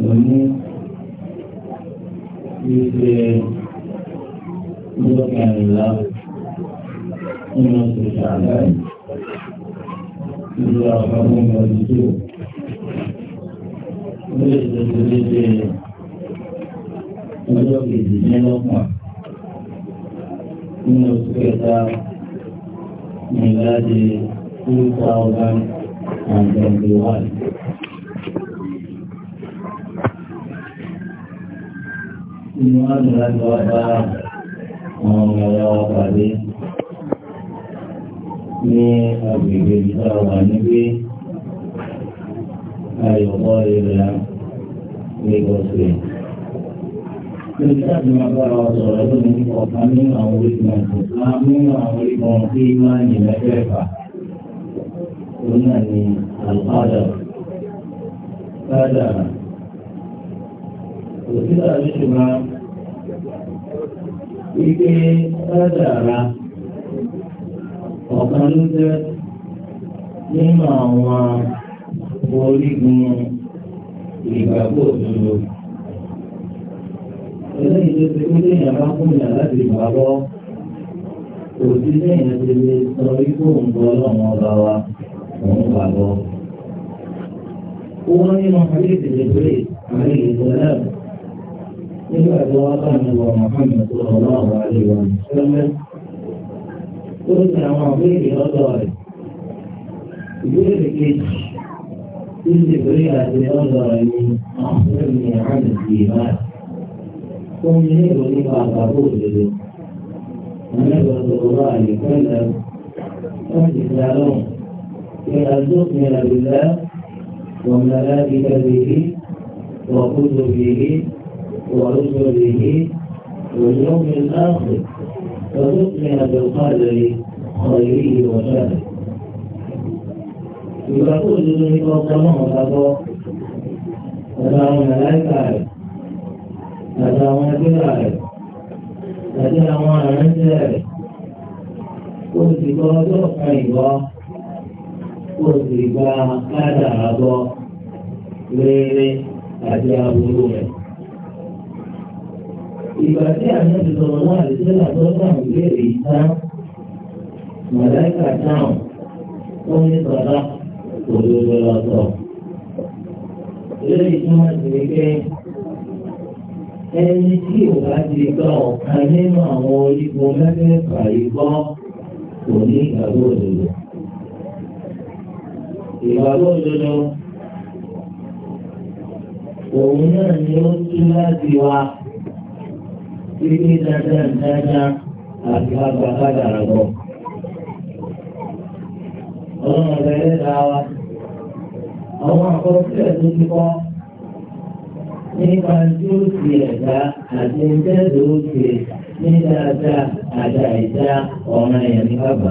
mo ní ìṣe ọjọ́ kẹrìnlá nínú oṣù ṣàlẹ́ ìlú àpapọ̀ ìgbàlódé tó lè tètè léde ọjọ́ kejìlélọ́gbọ̀n nínú oṣù kẹta nígbàdí. Semua dengan doa mengelola tadi ini lebih besar lagi. Ayo boleh bilang negosi. Kita cuma kalau soal itu nanti kami mau beri masukan, kami mau beri konfirmasi mereka. òun náà ni àlùfáàdà fáàdà òsítà lóṣùmá wípé fáàdà ra ọ̀kan ló jẹ́ nínú àwọn orígun ìgbàgbọ́ òdodo. Eléyìí tó ti kú léèyàn bá kún yàn láti gbàgbọ́, òsítà yẹn ti lè sọ ikú òǹgbọ́ ọlọ́run ọba wa. ومقابل ومن حديث جبريل عليه السلام إلى أدوات النبي محمد صلى الله عليه وسلم قلت عمامي أداري يقول جبريل أداري أخبرني عن الإيمان ومن هنا لما قبول النبي صلى الله عليه وسلم قد يسألون أن تؤمن بالله وملائكته وكتبه ورسله واليوم الآخر وتؤمن بالقدر خيره وشره ìgbàkóso ní ọkọ̀ náà gbàgbọ́ ọ̀dọ̀ àwọn mẹ̀láìkà rẹ̀ ọ̀dọ̀ àwọn ẹgbẹ́ra rẹ̀ ọ̀dọ̀ àwọn àrẹ́ńtẹ́ rẹ̀ ó sì kọ́ ọjọ́ kan ìgbọ́ kó o sì gba káàdà àbọ̀ rere àti aburú rẹ̀. Ìgbà tí àwọn ìṣòro náà lè ṣe àtọ́jà ìbéèrè yìí tán, màláìkà táwọn ó ní sọ̀rọ̀ òdodo lọ́sọ̀. Eléyìí túmọ̀ sí wípé ẹni tí ò bá ti gba ọ̀kan nínú àwọn orígun mẹ́fẹ̀ẹ̀fà yìí gbọ́ kò ní ìgbàgbọ́ òdodo ìwà lódodo òun náà ni ó tú láti wá títí dandan dandan àti agbápadà àgbọ̀. ọlọ́run ọ̀bẹ ẹ̀dá wa àwọn àkọsílẹ̀ tó ti kọ́ nípa tí ó ti ẹ̀dá àti ẹ̀dá tó ti ní dáadáa àdáìdá ọ̀ràn ẹ̀yàn ní bàbá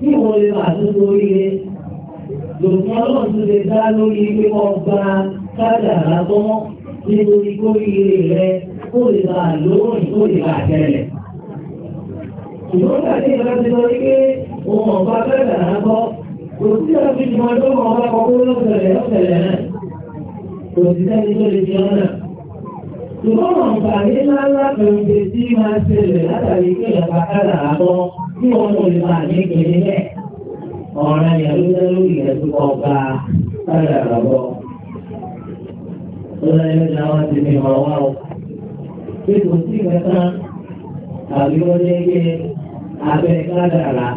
kí wọ́n lè máa tún lórí rẹ̀. Lòkùn ọlọ́run tún lè dá lórí pé wọ́n gba káàdà àgbọ́ nítorí kóríire rẹ̀ kó lè máa lóòrùn kó lè máa tẹ̀lẹ̀. Ṣùgbọ́n kàdé ìgbà ti sọ wípé òun ọ̀gbà káàdà àgbọ́ kò sí ọ̀gbìn ìmọ̀ ọdún ọ̀gbà kọ̀ọ̀kọ́ lọ́sẹ̀lẹ̀ lọ́sẹ̀lẹ̀ náà. Kò sí tó lè fi ọ́nà. Ṣùgbọ́n àǹfààní ńláńlá kan ń ṣe tí máa ṣẹlẹ̀ látàrí pé ìyàpá káàdà àgbọ́ bí wọn kò lè bá a lé kéré bẹ́ẹ̀ ọ̀ràn yẹn ló dé lórí ẹ̀sùn ọba sáyà lọ́wọ́. Lọ́la ẹ̀rọ ni àwọn ti fi hàn wá o. Bí kò sí ìrẹta tàbí ó lé ké abẹ́ kádàrà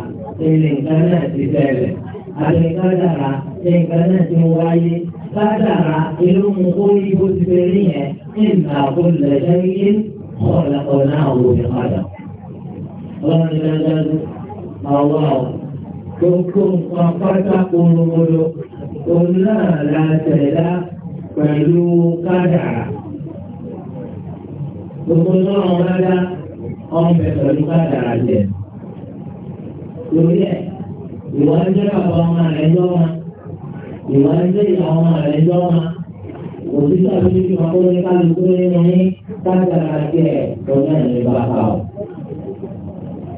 ilé nǹkan náà ti bẹ̀rẹ̀. Abẹ́ kádàrà nǹkan náà ti wáyé. Kádàrà ìlú mu ó yí bó ti fẹ́ rí yẹn. Ìgbà kò lẹ̀ ṣẹ́yìn kọ̀ọ̀lọ̀kọ̀ náà wò padà ọlọ́run ní dájú àwa ò gbogbo nǹkan pátá polówó òun náà la tẹ̀lá pẹ̀lú kádàrà. Gbogbo náà rárá ọmọbẹ pẹ̀lú kádàrà jẹ. Lórí ẹ̀, ìwà ń jẹ́ bàbá ọmọ rẹ̀ jọ́ wọn. Ìwà ń jẹ́ ìyá ọmọ rẹ̀ jọ́ wọn. Òṣìṣẹ́ àbíyí fi máa kó ní kálukú nínú ní kádàrà jẹ ọ̀gá ìrìn bàbá ọ̀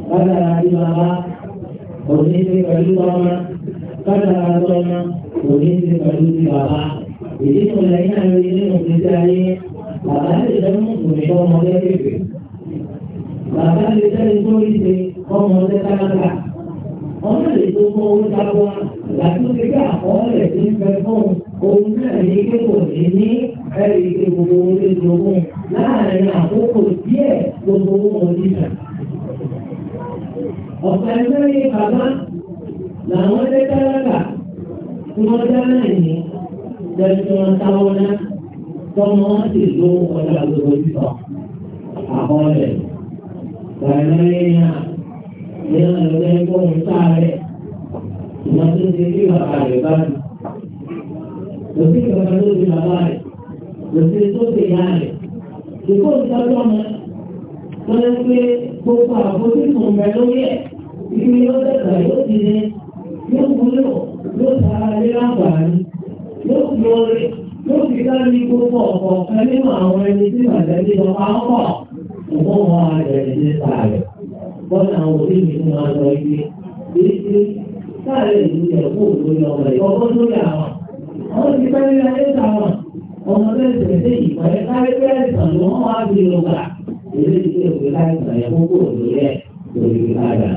kádàrá tí bàbá kò ní pẹ̀lú ọmọ kádàrá tí ọmọ kò ní pẹ̀lú ti bàbá èyí tó lẹ́yìn náà lórí nínú ìgbésí ayé bàbá lè jẹ́ mùsùlùmí ọmọ lẹ́gbẹ̀ẹ́ bàbá lè jẹ́ nítorí ṣe ọmọ lẹ́gbẹ̀ẹ́ ọmọ lè tó mọ owó sábọ́ látúnṣe bí àkọọ́lẹ̀ tí ń fẹ́ fún òun náà ní pé kò ní ní ẹ̀rí ìgbòho orí ìgbòho àkókò díẹ̀ gbogbo owó oníṣẹ́ ọ̀pọ̀ ẹgbẹ́ yìí bàbá làwọn ẹgbẹ́ tálákà tí wọ́n dá náà ní lẹ́nu wọn táwọn náà tọ́mọ wọn sì ló ọjà gbogbo sísọ àkọọ́lẹ̀ bàbá yìí náà ní ọ̀rẹ́ gbọ́n sáré ìwọ́n tó ti kí bàbá rẹ̀ bá mi. Òsì ìjọba ló bàbá rẹ̀, òsì tó ti yá rẹ̀, ìkó ìtọ́jú ọmọ lọ́dọ̀ pé gbogbo àfojúsùn rẹ̀ lórí ẹ̀ ìgbé yóò dẹ̀kọ̀ yóò ti ní yóò wúlò yóò tara ilé láǹfààní yóò fi orí yóò fi dárí gbogbo ọ̀kọ̀ọ̀kan nínú àwọn ẹni tí màdàbí lọ bá ń pọ̀ ọ̀pọ̀ wọn àgbẹ̀rẹ̀ ní sàárẹ̀ bọ́dà àwọn òbí mi fún wa lọ ilé èyí sáré ìlú ẹ̀kú òlórí ọmọ ìkọ́kọ́ lórí àwọn àwọn ti pẹ́ nílẹ̀ ayé sàwọn ọmọ bẹ́ẹ̀ ilé iṣẹ́ ìwé láìsàn yẹn kókó òní rẹ̀ lórí ìlànà.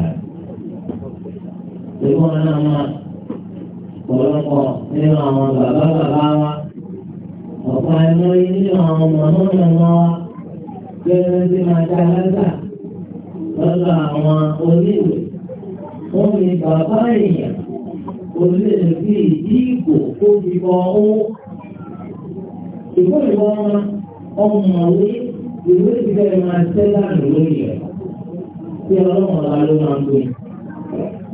Ìwọ́n náà máa pọ̀lọpọ̀ nínú àwọn bàbá bàbá wa. Ọ̀pọ̀ àìmọye nínú àwọn ọmọ náà mọ́ wa. Gbẹ́rẹ́ ti máa dá lásà lọ́dọ̀ àwọn oníwè. Wọ́n fi bàbá èèyàn olè fi ìdí kó fi bọ owó. Ìgbọ́ ìwọ́n ọmọwé ìwé ìfẹ́ máa tẹ́lá ìwé yẹn tí ọlọ́run ọba ló máa ń gbé.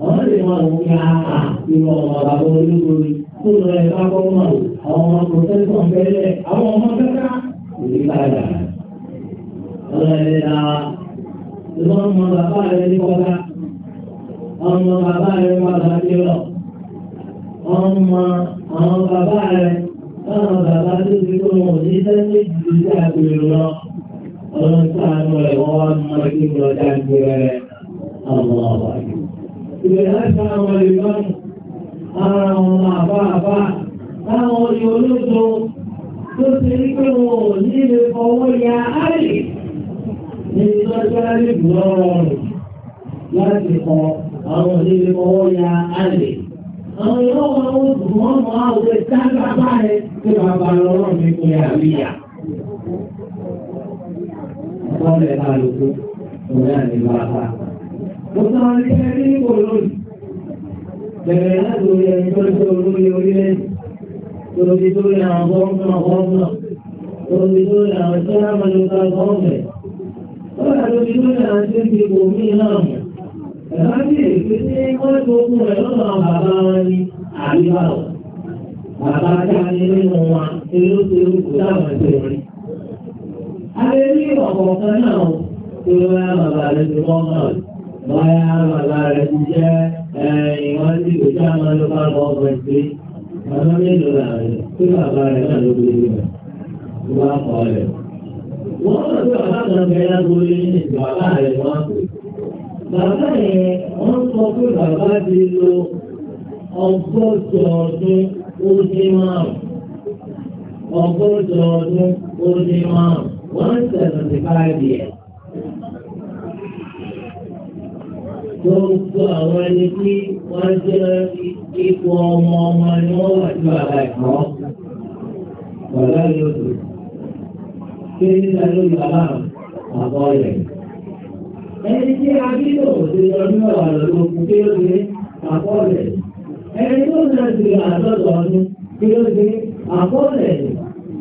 Àwọn lè máa wọ ní àhà ìwọ ọmọ bàbá olóògbé tó lọ ẹ bá kọ́ mọ̀ àwọn ọmọ pòfẹ́sọ̀ bẹ́lẹ̀ àwọn ọmọ kẹ́kẹ́ ìdí padà. Ọlọ́run ẹ̀dá ìwọ ọmọ bàbá rẹ̀ ní kọ́lá ọmọ bàbá rẹ̀ padà sí lọ. Ọmọ àwọn bàbá rẹ̀ táwọn bàbá tó ti kó wọn ò ní sẹ́ńtẹ̀jì sí àgbèrè lọ ọlọ́run sáánú rẹ̀ wọ́n wá mú ọdún ní ọjà ìgbé rẹ̀ àwọn ọ̀wà yìí. ìbẹ̀rẹ̀ láti àwọn olùgbọ́n ara wọn àbá àbá láwọn olè olóòtú tó ti rí pé wọn ò ní lè fọwọ́ ya áyì ní ìtọ́jú àlejò lọ́rọ̀ láti kọ àwọn olè lè fọwọ́ ya áyì. àwọn ìwọ́n wọn ó dùn mọ́mọ́ àwọn òwe sáńgá bá rẹ̀ pé bàbá lọ́rọ̀ mi kò yà wíyà àkọọ́lẹ̀ kálukú òun náà ní Mo sọ wọn ní ẹgbẹ́ ní kò lónìí. Bẹ̀rẹ̀ láti orí ẹni tó ń tó olórí orílẹ̀ Tòlóbi tó àwọn gọ́ọ̀mù gọ́ọ̀mù. Tòlóbi tó kú rẹ̀ lọ́nà bàbá wọn ní àríwá. Bàbá dá nínú wọn, eré ó ti rú kó dáwọn ẹgbẹ́ alẹ́ ní ọ̀pọ̀ọ̀kan náà tó náà One seventy-five years. Gbogbo àwọn ẹni tí wọ́n jẹ́ ipò ọmọ ọmọ ni wọ́n wà ní bàbá ẹ̀kọ́. Bàbá yóò dùn. Ṣé nígbà ló yọ bàbá àbọ̀ rẹ̀? Ẹni tí a bí lò ṣe ọdún mẹ́wàá lọ́dún kú kí ó ṣe àbọ̀ rẹ̀. Ẹni tó ń lọ sí àádọ́ta ọdún kí ó ṣe àbọ̀ rẹ̀.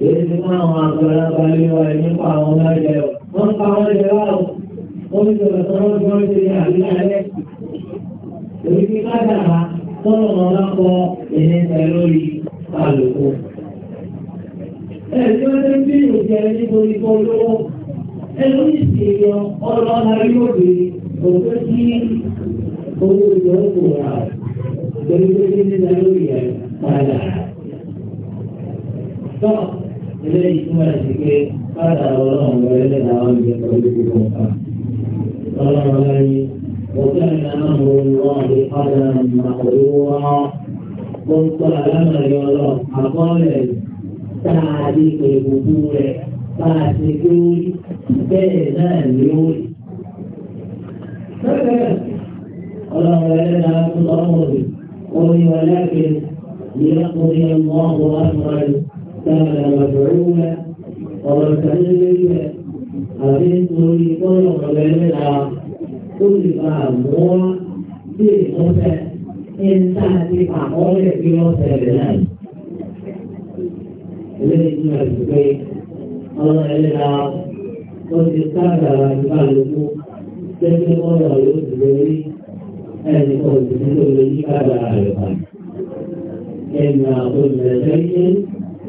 èyí tí wọ́n àwọn àgbàlagbà wa ẹ̀ nípa àwọn ọlọ́jẹ́ wọ́n pa wọ́n lè wá o ó ní sọ̀rọ̀ sọ́rọ́ tí wọ́n ti àbí alẹ́ èyí tí kádàrá tọ́rọ̀ wọn bá kọ ìní ẹ̀ lórí àlòkù. Ẹ̀sìn wọn ti bí ìròjẹ́ nítorí kan lówó ẹnu ìsìn èèyàn ọlọ́run ayọ́dẹ òkú sí owó ìyókù rà pẹ̀lú pé ẹ̀ padà eléyìí túmọ̀ sí pé káàdà ọlọ́run wọlé lẹ́nu àwọn ìgbẹ́ pẹ̀lú gbogbo nǹkan. ọlọ́run lẹ́yìn ọ̀gá mi náà mọ olùwọ́n àti káàdà mà olówó wọn. gbogbo alámọ̀lẹ́ ọlọ́run àkọọ́lẹ̀ táàdé pẹ̀lú rẹ̀ pàṣẹ pé ó rí bẹ́ẹ̀ náà ni ó rí. ọlọ́run wọlé náà tún lọ́wọ́ rẹ̀ ó ní ọlẹ́kẹ̀ẹ́ ìyẹ́kùnrin ọmọ ọ̀gbọ́n sábà àgbàdúrà ọ̀rọ̀ ìtàlélẹ́lẹ́ àbí nítorí tọ́lọ̀ ọ̀rọ̀ ẹlẹ́ra ó lè bá àmọ́ bí èèyàn fẹ́ ẹni tá a ti pàmọ́ lẹ̀ bí wọ́n tẹ̀lé náà. eléyìí ti rẹ̀ sí pé ọ̀rọ̀ ẹlẹ́ra ó ti sábà ìbálòpọ̀ gẹ́gẹ́ bọ́lọ̀ yóò ti lórí ẹni kò sí nítorí yíká dára rẹ̀ pa. ẹnì àwọn olùrẹ̀lẹ́yìn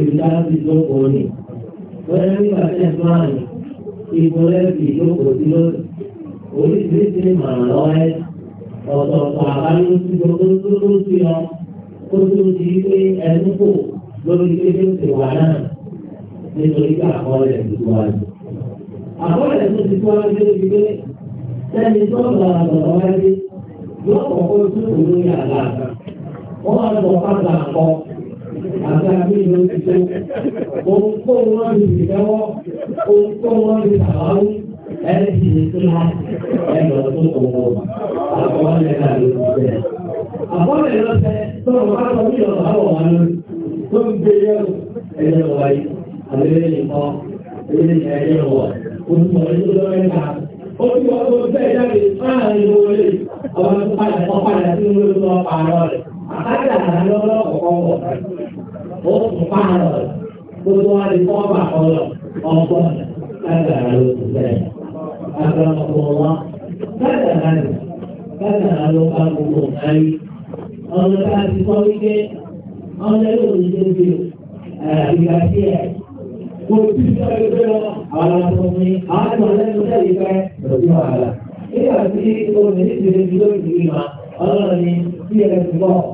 ibi táwọn ti jókòó ni wọ́n ní pàṣẹ plan ibo lẹ́bi ìjókòó sí lónìí oríṣiríṣi ìmọ̀ràn lọ́wọ́ ẹ ọ̀tọ̀ọ̀tọ̀ àbálò tí gbogbo tó tó sí ọ kó tó di pé ẹnu kò lórí pé tó ti wà náà nítorí pé àkọọ́lẹ̀ ti wà ní. àkọọ́lẹ̀ tó ti wá ní orí pé sẹ́ni tó ń lọ àgbọ̀dọ̀ wáyé yóò kọ́kọ́ tó kò lórí àlá. wọ́n á lọ pàtàkọ́ àti àgbéyìn ti tó ohun tó wọ́n ti ìdáwọ́ ohun tó wọ́n ti tàwárú ẹni tí ti tó náà ẹ̀rọ tó owó àkọọ́lẹ̀ náà ló ti bẹ̀rẹ̀. àkọọ́lẹ̀ lọ́sẹ̀ tó ń bá lọ bí ọ̀rọ̀ àwọ̀ wọn lórí tó ń gbé yẹ̀wò ẹ̀yẹ̀ wáyé wọ̀ orúkọ ẹ̀yẹ̀ lọ́rẹ́ náà ojú ọdún bẹ́ẹ̀ jáde láàrin wọlé ọ̀rọ̀ tó padà tó padà sí olóòtú ọ̀pá rẹ̀ 我吃饭了，我都把你包饭好了，好好的，谢谢，阿哥阿哥，谢谢，我哥阿哥，谢谢，阿哥阿哥，谢谢，阿哥阿哥，谢谢，阿哥阿哥，谢谢，阿哥阿哥，谢谢，阿哥阿哥，谢谢，阿阿哥，谢谢，阿哥阿哥，谢谢，阿哥阿哥，谢谢，阿哥阿哥，谢谢，阿哥阿哥，阿哥阿哥，谢谢，阿哥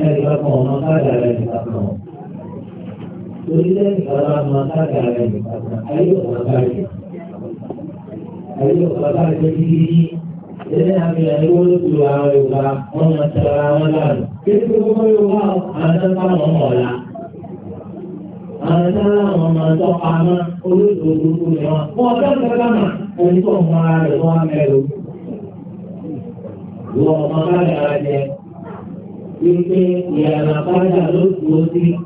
ẹ̀rọ kan ọmọ káàdà rẹ̀ nìkan kan. Torí bá rẹ̀ ayé ọ̀gá báyìí. Ayé ọ̀gá báyìí ilé àmì ẹ̀rọ lójú àwọn Yorùbá wọn máa tẹ̀ra wọn lánàá. Kí ló gbogbo Yorùbá àwọn tó ń wọn mọ̀ la? wọn máa tọ́ pamọ́ olóòtú olóòtú ni wọn. Wọ́n tọ́ ń mà oníkó ọmọ ara rẹ̀ wọ́n á mẹ́rù. Ìwọ ọmọ káàdà rẹ̀ Mungkin dia dapat jalur putih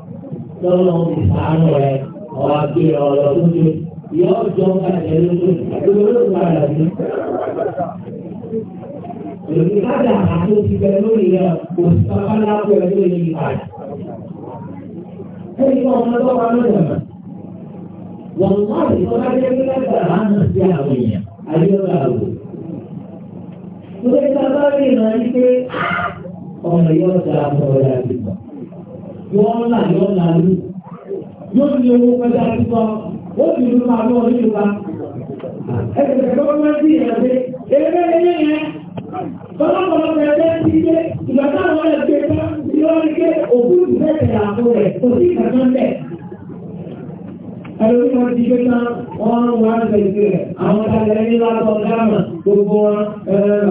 Tolong disahkan oleh wakil Allah wujud Ya, jomkan jalur putih Itu dulu bukan lagi Jadi kadang aku tiga dulu ya Bustakan aku yang itu ini kan Jadi kalau mana tau kamu jaman Wallah, itu kan yang kita berhantar setiap punya Ayo tahu Sudah kita tahu ini nanti ọmọ yóò da sọ̀rọ̀ yà sí sọ. Yóò ńlá yóò nà lù. Yóò ní owó pẹ́lú àtúntọ́. Ó sì ní máa lọ ní ìlú wa. Ẹgbẹ̀rẹ̀ tó wọ́n sí ìrẹsì. Èrè ilé yẹn. Tọ́lọ́pọ̀lọ́ bẹ̀rẹ̀ sí ilé. Ìgbà táwọn ẹgbẹ́ tán yóò rí pé òkú ìfẹ́ ẹlòmí wọn ti gbé tán wọn wá gbèsè rẹ̀ àwọn ọ̀tàlẹ̀ ní látọ̀ dáàmà gbogbo wọn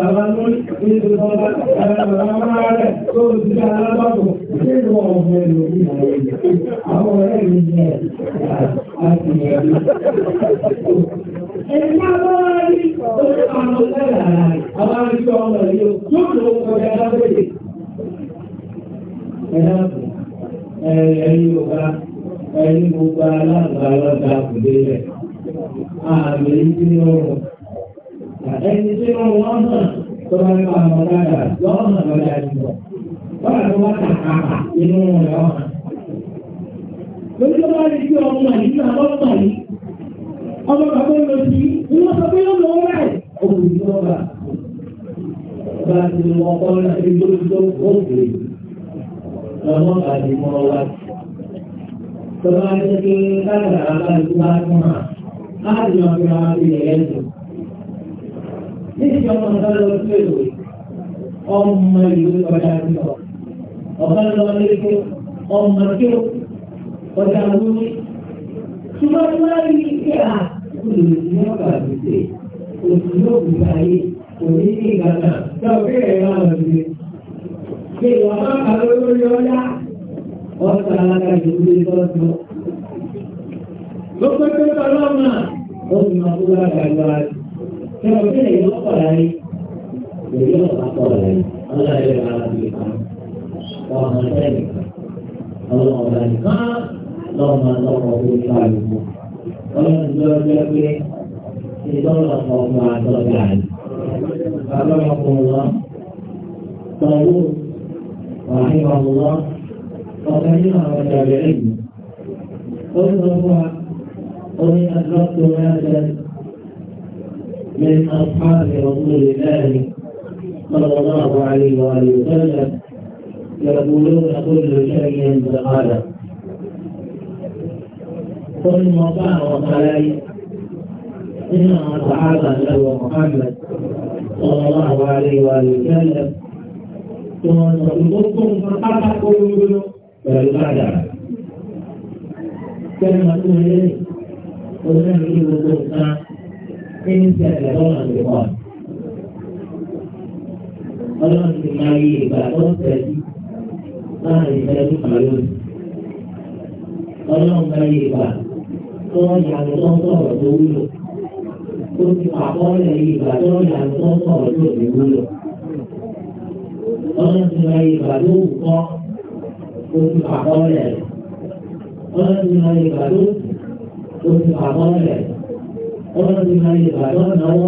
bàbá lórí ìlú bàbá bàbá rẹ̀ tó o ti ká alábàbò ṣé ìlú ọmọ ẹlò ní àwọn ọ̀rẹ́ mi jẹ́ àti ẹ̀rí. Ẹ̀sìn àbọ̀ wọn rí oṣù àwọn ọ̀sẹ̀ lára rẹ̀ àwọn arìnrìn ọmọ rẹ̀ yóò yóò tó kọjá lábẹ́rẹ́. Ẹ̀dá ẹ̀rí Yorùbá ẹni gbogbo alágbàlagbà kò délẹ̀. Àmì tí ó rọ̀. Ẹni tí ó wọ́n hàn tó bá ń pa àwọn ọ̀dàdà lọ́wọ́ hàn lọ́dà ìbọ̀. Bọ́lá tó bá kà kàkà inú rẹ̀ ọ̀ hàn. Lórí tó bá rí sí ọmọ yìí ní àbọ̀tàn yìí. Ọmọ bàbá ń lọ sí ní wọ́n sọ pé ó lọ wẹ̀. Òkùnrin ní ọba. ti lọ ọkọ náà ní lórí tó ó gbé. Tọ́lá ní ṣe pé káàkiri àbá ìlú bá tún hàn láti lọ fi ara ilẹ̀ yẹn tó. Ní ìṣẹ́ ọmọ ọ̀gá lọ sí èrò ọmọ ìlú ọjà àtìkọ̀. Ọ̀gá lọ ní pé ọmọ tí ó ọjà lórí. Ṣùgbọ́n tí wọ́n rí ike à olùdókòwò ní ọ̀gá àgbèsè òtún yóò kú sáyé òní ní ìgbà náà. Ṣé o kéré náà lọ sí? Ṣé ìwà máa kà lórí ọjà? ọ̀sán alákàtí ní ìtọ́jú. Ló pẹ́ pẹ́ ọlọ́mà, ó fi máa kúrò àgbàgbà rẹ̀. Ṣé ọjọ́ ìlú ọ̀pọ̀ láyé? Ìlú ọ̀pọ̀ láyé, ọlọ́rẹ̀ máa fi kan. Ọmọ ẹgbẹ́ nìkan, ọlọ́mọba nìkan, lọ́mọ lọ́mọ tó ń bá ìlú. Ọlọ́run ló jẹ́ pé ìtọ́lọ̀ ọmọ àtọ́jà rẹ̀. Bàbá ọmọkùnrin lọ, tọ́wọ́, wàhíwá lọ, وسميعها وتابعين انظرها ومن أدركت ناسا من أصحاب رسول الله صلى الله عليه وآله وسلم يقولون كل شيء بقدر قل قام عليه إن تعالى له محمد صلى الله عليه وآله وسلم ثم تقول فقطع قلوبكم pẹ̀lú Ọlọ́run ti máa yí ìgbà tó ń tẹ̀lé láàrin ìfẹ́lú pàlú. Ọlọ́run máa yí ìgbà tó ń yàgò tó ń sọ̀rọ̀ tó wúlò. Ó ti pàkọ́lẹ̀ ìgbà tó ń yàgò tó ń sọ̀rọ̀ tó wúlò. Ọlọ́run ti máa yí ìgbà tó wù kọ́ ó ti pàkọ́ọ̀lẹ̀ ọlọ́run ti máa lè gbàdó ó ti pàkọ́ọ̀lẹ̀ ti máa lè gbàdó náwó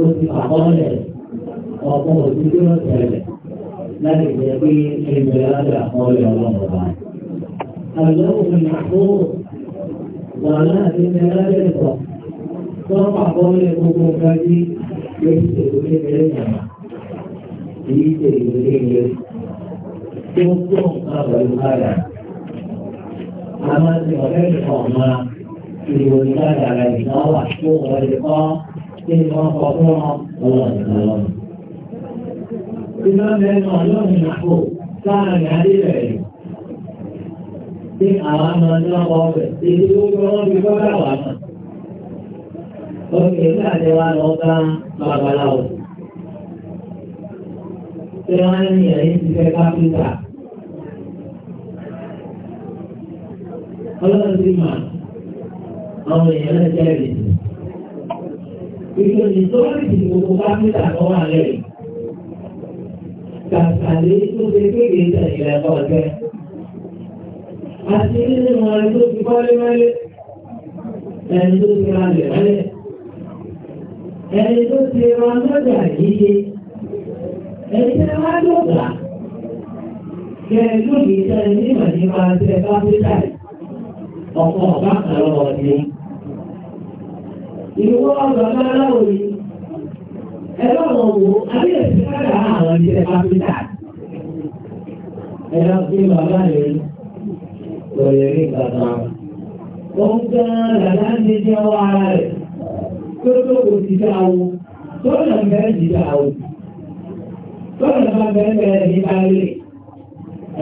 ó ti ọ̀pọ̀ òbí tí láti jẹ́ pé ẹgbẹ́ láti àkọọ́lẹ̀ ọlọ́run ọba. àlọ́ òfin àkókò wà láti ní alálẹ́kọ̀ọ́ tó ń pàkọ́ọ̀lẹ̀ gbogbo nǹkan tí yóò ṣètò kékeré yàrá èyí ṣètò kékeré tí ó tó nǹkan pẹ̀lú padà. A máa ti ọ̀rẹ́ ìfọ̀ ọ̀ma ìwò ìpadà rẹ̀ ìtàn wà tó wọ́n lè kọ́ tí wọ́n kọ fún wọn lọ́wọ́ nìkan lọ. Iná mẹ́rin ọlọ́run nàkó láàrin adé rẹ̀ yìí. Tí àwọn máa ń lọ́wọ́ rẹ̀ tí ó gbọ́dọ̀ bí bọ́dà wà náà. Ó kè é láti wá lọ bá tí wọ́n ń kápítà. Ọlọ́run ti mà àwọn tó wọ́n ti gbogbo kápítà tó wà lẹ́yìn. Kàkàlé tó ṣe kéde ìtẹ̀lẹ̀ tó ti kọ́lé mẹ́lẹ́. Ẹni tó ti ra lẹ̀ mẹ́lẹ̀. Ẹni tó ti ra lọ́jà yíyé ẹni tẹ́ wá lọ́gbà kẹ lóbi tẹ nígbà nípa ọ̀pọ̀ ọ̀gá kan lọ́wọ́ ni. Ìwọ bàbá aláwọ̀ ni ẹ bá wọn wò ẹ̀sìn kára àwọn tẹ bá pé táì. Ẹ lọ bàbá rẹ̀ kò lè rí bàbá. Òun gan-an làlá jẹ́ wá rẹ̀ tó tó kò sí dáa o tó lọ bẹ́ẹ̀ sí dáa lọ́nà bá bẹ̀rẹ̀ ní alẹ́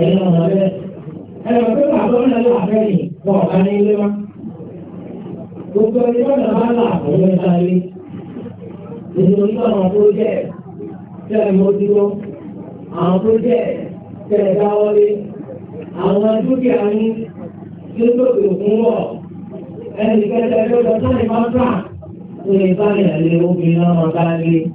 ẹ̀yìn ọ̀nà bẹ́ẹ̀. ẹ̀rọ pé bàbá ọ̀nà là bẹ́ẹ̀ wọ́n ọ̀gá ní ilé wa. gbogbo ẹni lọ́nà bá là ọ̀nà ìtàlẹ́. ìdìbò ní àwọn project tẹ̀lé mọ́tìrọ́ àwọn project tẹ̀lé dáwọ́lé àwọn dúkìá ní tí ó tóbi òkun wọ̀ ẹnì kẹta ẹgbẹ́ ọjọ́ sáyẹn máa tà ó lè bá ìyàlẹ́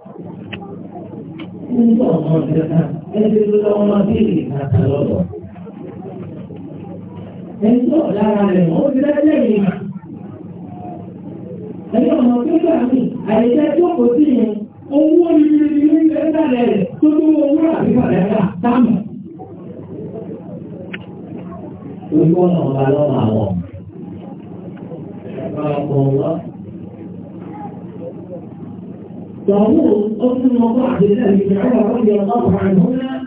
nígbà ọmọ ìjọba ẹni tó lọ́wọ́ máa bí ìgbàta lọ́dọ̀. ẹni tó lára rẹ̀ ó ti lẹ́lẹ́ ìgbà. ẹni ọmọ tó gbà mí tó kò sí yẹn owó ìrírí ní ẹgbẹ́ rẹ̀ tó tó owó àbíkọ̀ rẹ̀ rà táàmù. ojú ọ̀nà ọba lọ́wọ́ àwọn. ọ̀pọ̀ ọ̀pọ̀ طاووس أصل وقعد الله بن عمر رضي الله عنهما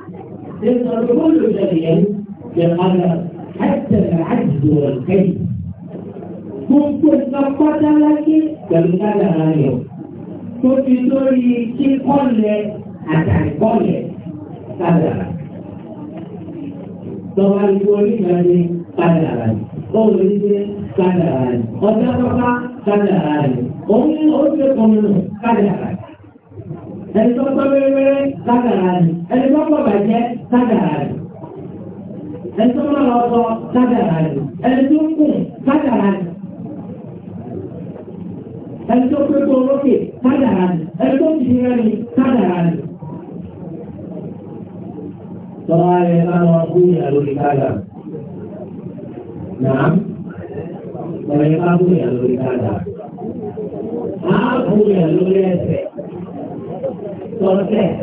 يقدر كل شيء يقال حتى العجز والكيد ممكن لك لكن كالكالا غيره كنت تقولي شيء قلة عشان قلة قدر طبعا يقول لي قدر قول لي قدر قدر قدر قدر قدر قدر قدر قدر ẹni tó pẹ́ wẹ́rẹ́wẹ́rẹ́ lágàrà rẹ̀ ẹni tó pọ̀ bàjẹ́ lágàrà rẹ̀ ẹni tó máa lọ sọ lágàrà rẹ̀ ẹni tó kùn lágàrà rẹ̀ ẹni tó pẹ́ tó lókè lágàrà rẹ̀ ẹni tó ti rẹ̀ ní lágàrà rẹ̀. Tọ́lá rẹ̀ láwọn akúnyà lórí kága. Nàá, ọ̀rẹ́ ká kúnyà lórí kága. Á kúnyà lórí ẹsẹ̀ sọ bẹ́ẹ̀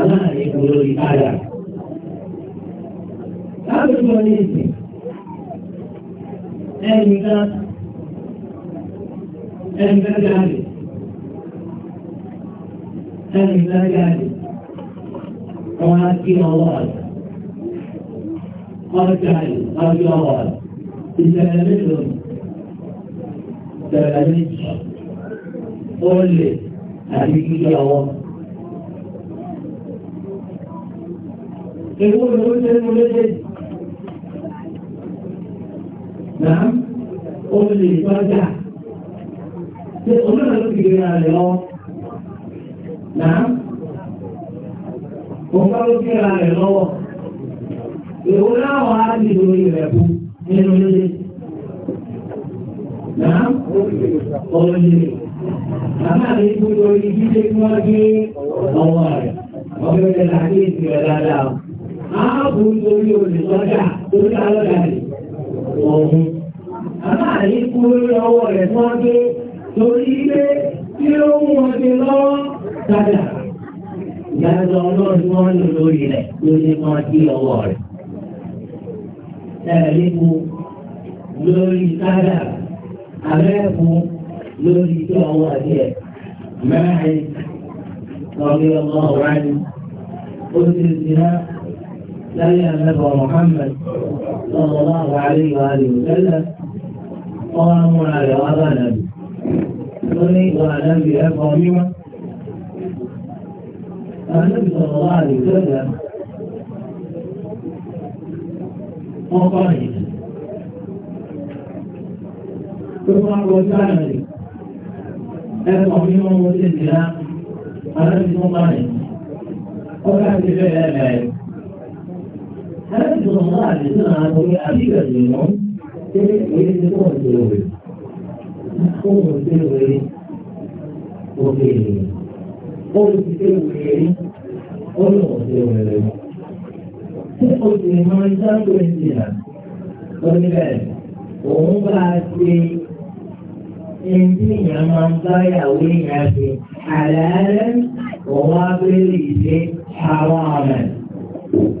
aláàrin ìgboro ìbára. Lábẹ́jọ́ ní ìsìn, ẹni ká ẹni ká jáde, ẹni ká jáde, wọ́n á kí ọwọ́ rẹ̀. Wọ́n jáde lọ́jọ́ ọwọ́ rẹ̀. Ìṣẹ̀lẹ̀ mélòó ni? Ìṣẹ̀lẹ̀ méjì. Ó lè àbí kíkí ọwọ́. èwo ló ń tẹnu lédè náà ó lè gbọ́dà ṣe olóòrùn ló fi gbéra rẹ̀ lọ náà òǹkà ló gbéra rẹ̀ lọ́wọ́ èwo láwọn á ti lórí rẹ̀ kú nínú lédè náà ó lè àmà rẹ̀ kú lórí jíjẹ́ máa bú orí olùsọ́jà torí alọ́jà rẹ̀ ọ̀hún. Bàbá àyí kú lórí ọwọ́ rẹ̀ fún ọdún torí pé tí ó mú lọ́wọ́ Ìyájọ́ ọlọ́run wọn lò lórí rẹ̀ lórí kan sí ọwọ́ rẹ̀. Ẹ̀rí mu lórí sádà, ọwọ́ Mẹ́rin ọ̀gbìn ọmọ ọ̀rá ni لأن النبي محمد صلى الله عليه وآله وسلم قاموا على أبا نبي وني ونبي أبا مما النبي صلى الله عليه وسلم وقائد ثم وسلم أبا مما وسلم صلى الله عليه وسلم وقائد láti tó wọn náà àwọn akọ̀wé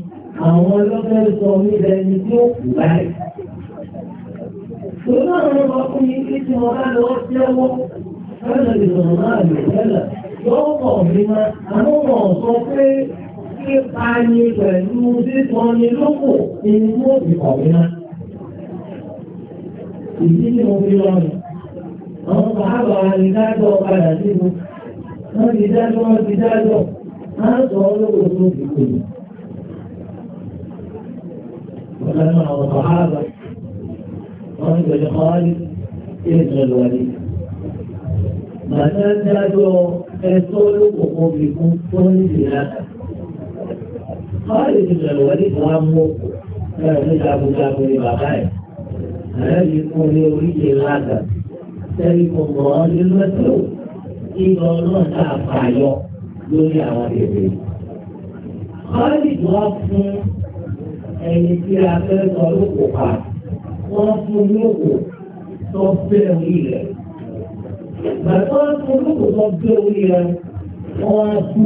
àwọn ọlọ́fẹ́ sọ mí lẹ́ni tí ó kù báyìí. Òun náà ló máa fún mi kí tí wọ́n bá lọ jẹ́wọ́ lọ́nà ìsọ̀rọ̀ náà lè tẹ́lẹ̀. Yóò mọ̀ mi máa, àmọ́ mọ̀ sọ pé kípa ni pẹ̀lú sísan ni lóko ni mo fi kọ̀ mí náà. Ìdí ni mo fi lọ rìn. Àwọn bàbá àrùn dájọ́ padà sí mi. Wọ́n ti dájọ́, wọ́n ti dájọ́. Má sọ ọ́ lóko tó fi kò yìí. وسلم والصحابة ومن لخالد ابن الوليد ما تزداد الرسول كل كلنا خالد بن الوليد وامه كان يلعب لعب لبابائه هذه يكون يريد هذا تلك الله المسلوب إذا الله تعفى يوم lórí àwọn èrè. Kọ́lì ẹni tí a fẹ́ sọ lóko pa wọ́n fún lóko tó bẹ́ orí rẹ̀. Bàtà fún lóko tó bẹ́ orí rẹ̀ wọ́n á kú.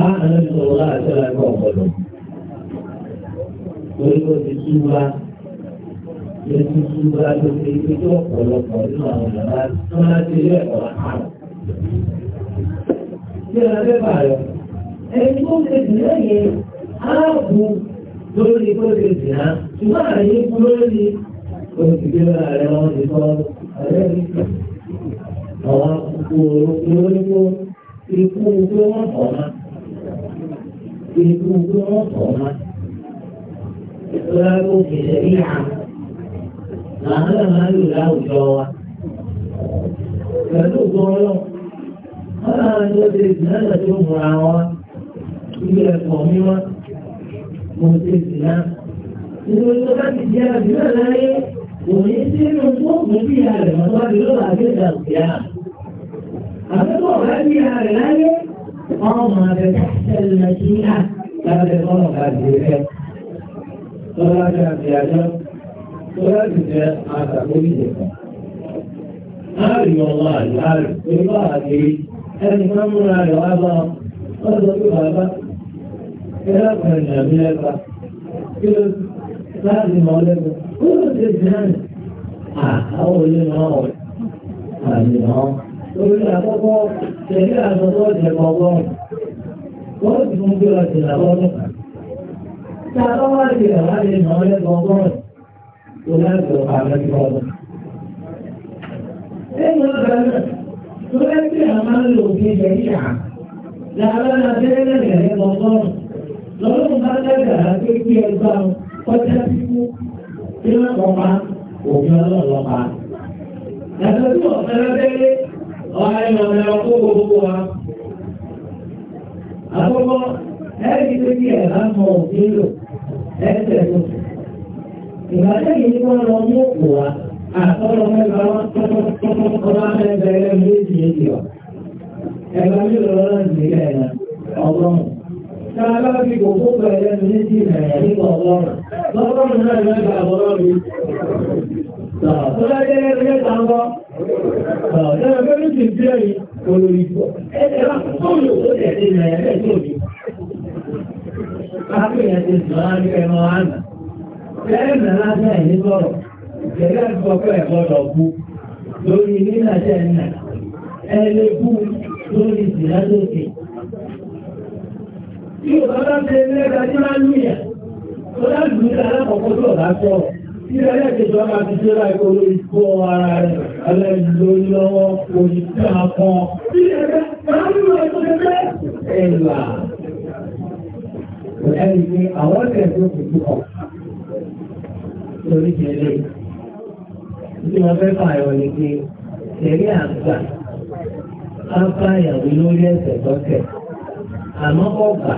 A nà sọ̀rọ̀ láti ṣẹlẹ̀ kọ̀ ọ̀gbọ̀dọ̀. Torí o ti tú wa. Ètò ìtura ló ti fi tó ọ̀pọ̀lọpọ̀ nínú àwọn ìjọba tó máa ti ilé ẹ̀kọ́ àárọ̀. Ṣé ẹ lọ bẹ́ẹ̀ Ẹni tó ṣe jùlọ yẹn ààbò lórí kóde ìdìnnà ṣùgbọ́n àyè kú lórí olùdíje ààrẹ wọn ti sọ ààrẹ mi. Àwọn akókò olóyìnbó ikú tó wọ́n tọ̀ ma. Ikú tó wọ́n tọ̀ ma. Ìtura ló fi ṣe ìhà. Làálà máa lò láwùjọ wa. Pẹ̀lú gbọ́rọ̀, wọ́n á lọ sí ìdìnnà tó múra wọn. Ilé ẹ̀kọ́ mi wá òun ti zìnà. Nítorí tó bá ti di ara jùlọ láyé, òní tí inú fóònù bí ara rẹ̀ mọ́ wá lọ́wọ́ àgbẹ̀dà òkèá. Àbẹ́kọ̀ ọ̀rá bí ara rẹ̀ láyé, ọmọ rẹ̀ tẹ̀lé Nàìjíríà lábẹ́ ọmọ kàdé rẹ̀. Tọ́lá ti àti àjọ, tọ́lá ti jẹ́ àtàkórí ìjẹ̀kọ̀. Láàrin ọmọ àjọ àrùn, orí bá àgbé, múra rẹ̀ wá bá ọ, ọ ẹlẹ́kùn ti fún gbé ọ̀sẹ̀ làbọ́dún tó láti ọ̀pá lẹ́kùn ọgọ́rùn. Ẹ̀yìn náà tó lẹ́sẹ̀ àmàlò òfin ìjẹ̀yà làbẹ́ àbẹ́rẹ́ lẹ́kùn ọgọ́rùn lọ́wọ́ bá dágbàrá pé kí ẹ gbá ọ kọjá sí kí wọ́n kọ́ pa òfin ọlọ́ọ̀lọ́ pa. Yàtọ̀ sí ọ̀fẹ́ lọ́dẹ́lẹ́ ọ̀hà ìrọ̀lẹ́ ọkọ̀ gbogbo wa. Àkọ́kọ́ ẹ̀rí pé kí ẹ̀ bá mọ òfin lò ẹ̀ẹ́dẹ̀ tó. Ìbàdàn yìí wọ́n lọ mú òkú wa àtọ́lọ́ mẹ́ta wọn mẹ́ta ẹlẹ́mú èjì èjì ọ̀. Ẹ̀gbọ́n mi lọ́ọ́ كان لا في قصوبة إلى مهنتنا يعني الله ضرر من هذا يرجع ضراري فلا يجب أن يرجع الله فلا يجب أن يرجع الله قولوا يحدينا يا أسولي أحقية الإسلام كما عنا لأن لا تأهل ضرر جلال فقه ضرره لولي لنا تأهلنا أهل الكون لولي سلاله Tí ò bá bá ṣe lẹ́gbà tí máa ń lùyà, tó dá lù ní alákọ̀ọ́kọ́ tó ọ̀dá sọ. Tí ẹlẹ́ kejì ọmọ àti tí ó bá ikọ̀ lórí kó ara rẹ̀, alẹ́ lórí lọ́wọ́, òní tí a kan. Tí ẹgbẹ́ máa ń lọ ẹ̀kọ́ ẹgbẹ́ ẹ̀là. Ẹni pé àwọn ẹ̀kẹ́ tó lórí ìjẹ́lẹ̀. Tí wọ́n fẹ́ fààyàn ni pé, ẹ̀rí àgbà, á ìyàwó lórí ẹ̀sẹ̀ tọ́kẹ̀ àmọ́ ọ̀gbà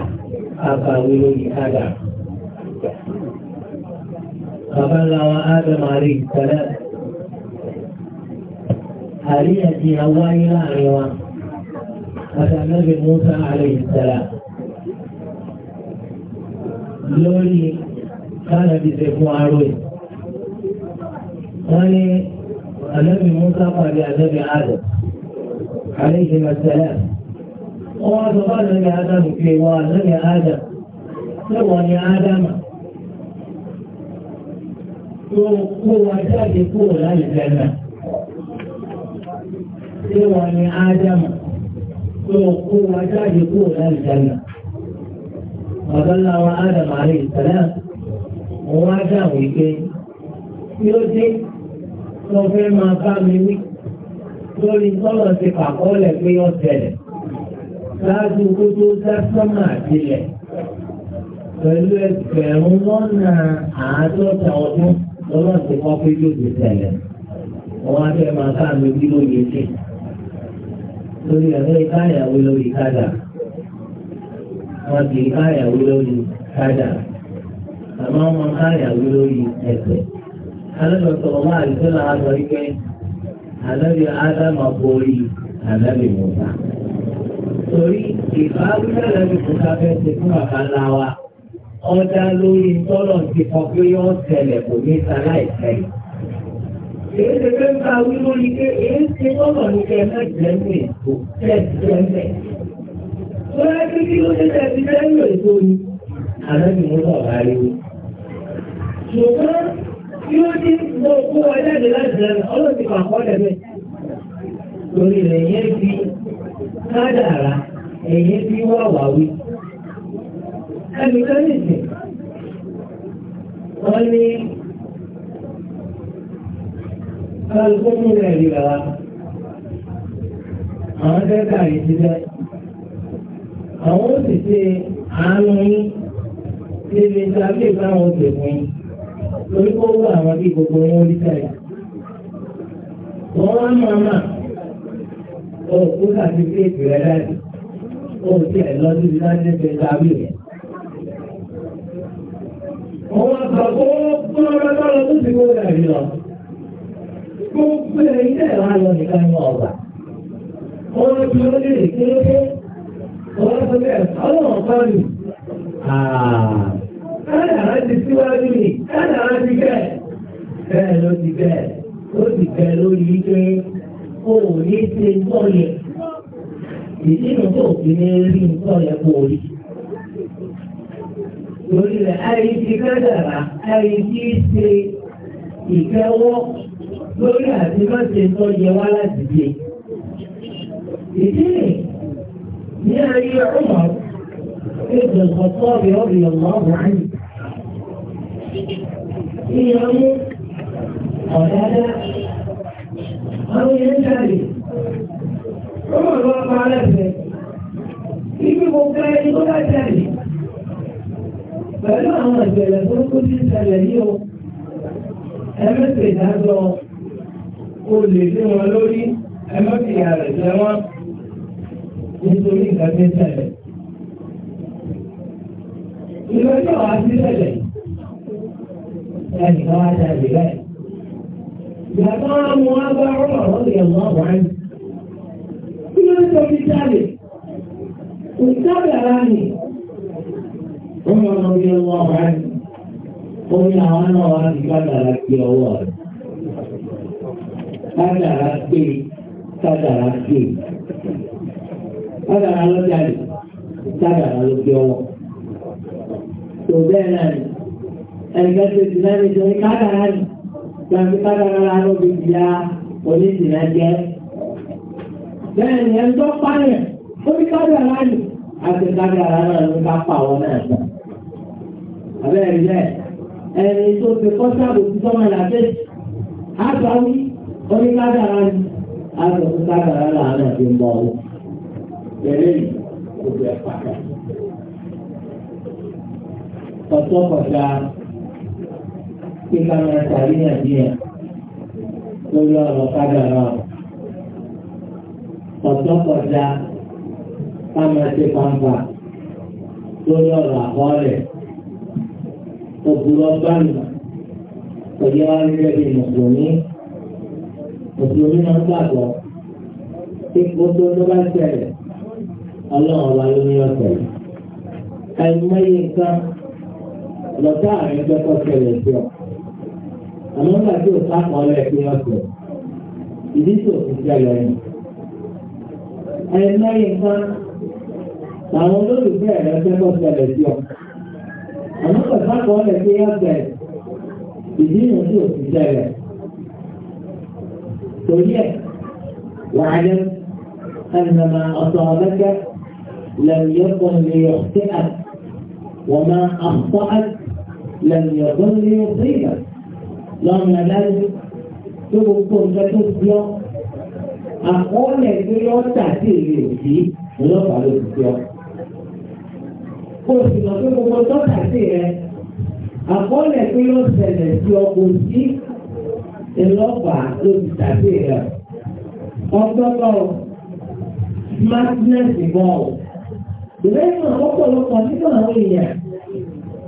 àbàwé lórí ádà. Bàbá ńlá wa Ádámù àrí ìtẹ́lẹ̀. Àríyànjiyàn wáyé láàrin wa. Àtàlẹ́bí Musa àrí ìtẹ́lẹ̀. Lórí kánàbí ṣe fún aró ẹ̀. Wọ́n ní àlẹ́bí Musa pàdé àlẹ́bí Ádámù. Àléhìí Màtẹ́lẹ̀ wọ́n sọ bá lẹ́yìn ádámù pé wọ́n lẹ́yìn ádámù lẹ́wọ̀n ni ádámù tó kó wa jáde kúrò láì lẹ́nà lẹ́wọ̀n ni ádámù tó kó wa jáde kúrò láì lẹ́nà ọ̀dọ́lá ádámù àrí ìtẹ́lẹ̀ wọ́n wá dáhùn ìgbé yóò dé tó fẹ́ máa bá mi wí lórí tọ́lọ̀ ti pàkọ́lẹ̀ pé ọ̀tẹ̀lẹ̀ ṣáájú kó tó dá sọ́mà àtìlẹ̀ pẹ̀lú ẹgbẹ̀rún lọ́nà àádọ́ta ọdún lọ́nà tí wọ́n pé yóò ti tẹ̀lẹ̀. Wọ́n á fẹ́ máa bá mi bí lóye sí. Lórí ẹ̀fẹ́ ìkáyàwó lórí kádà. Wọ́n ti ìkáyàwó lórí kádà. Àmọ́ wọn káyàwó lórí ẹ̀sẹ̀. Alẹ́ sọ̀rọ̀ wá àdìsẹ́ làwọn sọ wípé àlẹ́ bí Ádámà borí àlẹ́ bí Mùsà. Torí ìbálòpọ̀ lẹ́nu kò sábẹ́ ti fún bàbá ńlá wa. Ọjà lórí tọ́lọ̀ ti kọ pé yóò ṣẹlẹ̀ kò ní sáláìsẹ̀. Èyí ti fẹ́ bá wí lórí pé èyí ti tọ́lọ̀ ní kẹ́ mẹ́jẹ̀ ní ètò tẹ́jẹ̀ mẹ́. Bọ́lá pé kí ló ṣe tẹ́tí tẹ́lú ètò ni? Àná ni mo lọ bá rí. Ṣùgbọ́n tí ó ti mọ kó wa jáde láti rẹ̀ ọlọ́sìn pàkọ́ lẹ́bẹ̀ẹ́. Torí rẹ̀ yẹn fi kádàrá ẹ̀yìn tí wà wáwí. Ẹnìkan nìsìn, wọ́n ní alùpùpù rẹ̀ rí Àwọn kẹ́kà yìí Àwọn ó sì ṣe àánú yín níbi tí a lè bá wọn pè fún yín. Torí kó wọ àwọn bí gbogbo wọn rí sẹ́yìn. Wọ́n wá máa máa ohun kà sí kéèkì rẹ̀ lẹ́nu ohun tí ẹ̀ lọ sí láti ṣe dábì rẹ̀. Àwọn àgbàgbọ́ fún agbára tó ti kó rẹ̀ lọ. Gbogbo ẹ̀yìn tẹ̀ wá lọ nìkan ní ọ̀gbà. Wọ́n ti ó lè kí ló dé. Wọ́n sọ bẹ́ẹ̀ ọlọ́run bá lù. Kádàrá ti síwájú ni, kádàrá ti bẹ́ẹ̀. Bẹ́ẹ̀ ló ti bẹ́ẹ̀, ó ti bẹ́ẹ̀ lórí ike kó ṣe nǹkan yẹn ìdí inú tó fi ní rí nǹkan yẹn kó o rí. Torí rẹ̀ ayé ti kádàrá ayé ti ṣe ìkẹ́wọ́ lórí àti mọ́ṣe tó yẹ wá láti ṣe. Ìdí ní ayé ọmọ ابن الخطاب رضي الله عنه ìyàwó ọ̀dádá àwọn èèyàn jáde ó mọ̀ lọ́wọ́ pa alẹ́fẹ́ ibi gbogbo ẹni tó bá jáde pẹ̀lú àwọn ìbẹ̀rẹ̀ tó kó sí ìṣẹ̀lẹ̀ yìí o ẹ̀mẹ́sẹ̀ ìdájọ́ o lè dé wọn lórí ẹ̀mẹ́sẹ̀ ìyá rẹ̀ jẹ́ wọn nítorí nǹkan tó ń ṣẹlẹ̀ ìrọ̀lẹ́ ọ̀hún àti ìṣẹ̀lẹ̀ ẹnìkan wá jáde bẹ́ẹ̀. Datang Muadza Umar radhiyallahu anhu. Ini tadi tadi. Ustaz Arani. Umar radhiyallahu anhu. Umar radhiyallahu anhu kata lagi Allah. Kata lagi kata lagi. Kata lagi tadi. Kata lagi Allah. Sudahlah. Engkau sedang di sini kata lagi. tàbí kárára lóbi di ya oníṣìnà jẹ́. Bẹ́ẹ̀ ni ẹni tó pààyàn lórí kárára ni àti kárára náà ló ká pa àwọn náà sàn. Àbẹ́rẹ́ bẹ́ẹ̀ ẹni tó fi kọ́sàbò tí sọ́mọ làbẹ́ àgbáwí orí kárára ni àgbà tó kárára làánà fi mọ̀ ọ́. Bẹ́ẹ̀ ni gbogbo ẹ̀ pàtàkì. Ọ̀tọ́ kọjá pé ká máa ṣàríyànjiyàn lórí ọ̀rọ̀ kádà náà. Ọ̀tọ́kọ̀dá ká máa ṣe pàǹpà lórí ọ̀rọ̀ àkọọ́lẹ̀. Òbúrọ̀ gbàlù ọ̀yẹ́ wa rí rẹ́bí mùsùlùmí. Mùsùlùmí gbàgbọ́ pé gbogbo ló bá ṣẹlẹ̀ ọlọ́run ọba ló ní ọ̀sẹ̀ yìí. Àìmọye nǹkan lọ́tà àrùn ìjọpọ̀ ṣẹlẹ̀ sí ọ. àmọ́ nígbà tí òṣà kan lọ ẹ̀pẹ́ ọkọ̀ ìdí tí òṣì ṣẹlẹ̀ ni. ẹ̀ẹ́mẹ́rin kan làwọn olólùfẹ́ rẹ̀ fẹ́ kọ́ ṣẹlẹ̀ sí ọ. أن ما أصابك لم يكن ليخطئك وما أخطأك لم يكن ليصيبك lọ́nà dájú tó gbogbo nǹkan tó ti ọ́ àkọọ́lẹ̀ pé ọ́ tà sí èrè òbí ọlọ́pàá ló ti ọ́. Kó o sì mọ̀ pé gbogbo tó tà sí rẹ̀ àkọọ́lẹ̀ pé ó ṣẹlẹ̀ sí ọ kò sí ọlọ́pàá ló ti tà sí rẹ̀. Ọgbọ́gbọ́ smartness bọ̀. Ìrẹ́sìn ọ̀pọ̀lọpọ̀ nínú àwọn èèyàn.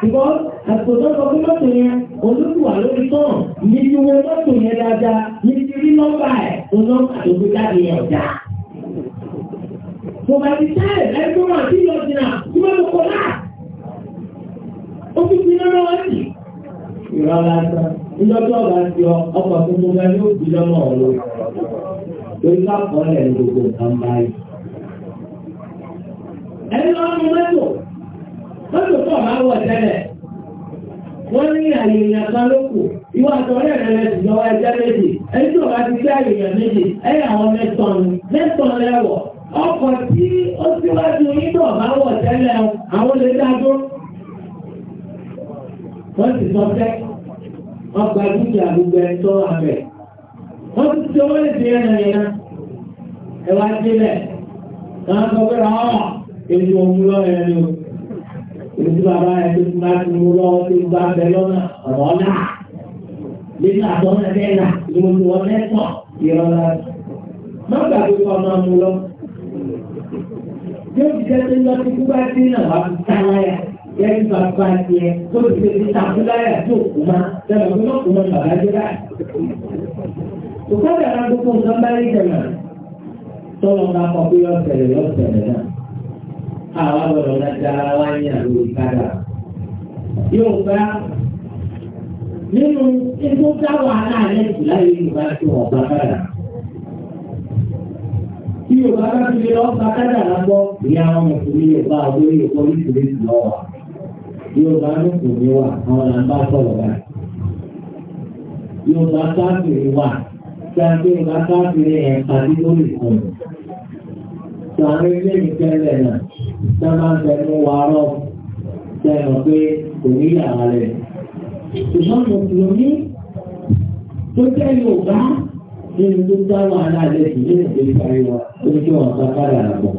ṣùgbọ́n àsìkò tó sọ fún mọ́tò yẹn olúwa lórí tán ní iye mọ́tò yẹn dáadáa ní ti rí nọ́mbà ẹ̀ tó nọ́mbà tó gbé jáde yẹn ọ̀dà. Mo bá ti sáré ẹgbẹ́ wọn àti ìlọ jìnnà tí wọ́n lọ kọ́ náà. Ó fi fi lọ́wọ́ wọn sí. Ìrọ̀ lásán, ìjọba ọ̀gá ti ọ ọkọ̀ tuntun gan ni ó fi lọ́mọ ọ̀rọ̀. Lórí ká kọ́ ẹ̀ gbogbo nǹkan báyìí. Ẹni wọ́n tó pọ̀ máa wọ̀ tẹ́lẹ̀ wọ́n ní ìwọ àtọ̀rẹ́ rẹ̀ méjì ẹni tí ọ̀gá ti fẹ́ méjì àwọn ni mẹ́tàn ọkọ̀ tí ó síwájú yín tó wọ̀ tẹ́lẹ̀ àwọn lè dájú wọ́n sì sọ dúkìá gbogbo tó wọ́n ti ṣe owó lè fi ẹ̀wá wọ́n á sọ pé Ìrètí bàbá rẹ̀ tó bá ti mú lọ́wọ́ tó bá bẹ lọ́nà ọ̀rọ̀ ọ̀la. Lẹ́yìn àtọ́nà ẹ̀dẹ́gbà ni mo ti wọ́n lẹ́tọ̀ ìrọ̀lá. Má gbàgbé kọ́ ọmọ mu lọ. Yóò ti jẹ́ pé lọ́tí kú bá dín náà wá fi tá láyà. Yẹ́nì bàbá tiẹ̀ tó ti fi tàkú láyà tó kù má. Sẹ́nu pé lọ́kùn mọ́ bàbá jẹ́ báyìí. Òkú àgbàrá gbogbo nǹkan bá rí jẹ̀mà. Tọ́lọ́ àwọn ọ̀rọ̀ náà dára wá ní àlọ́ ìkádà. Yóò bá nínú ikú dáwọ̀ aláàrẹ̀ jù láyé Yorùbá tó ọ̀gbà kádà. Tí Yorùbá bá ti lè lọ́ọ́ gba kádà lábọ́, ìyá àwọn mùsùlùmí Yorùbá àwọn Yorùbá oríṣiríṣi lọ́wọ́. Yorùbá mùsùlùmí wà àwọn là ń bá sọ̀rọ̀ báyìí. Yorùbá káàkiri wà kí a gbé Yorùbá káàkiri ẹ̀ pàdé lórí ìkànnì tá máa ń tẹnu wa rọ sẹ́yìn pé kò ní yàrá rẹ̀. ṣùgbọ́n mùsùlùmí tó jẹ́ Yorùbá nínú tó dá wàhálà rẹ̀ sí nínú ìgbésí ayé wa ó ní kí wọ́n sá padà bọ̀.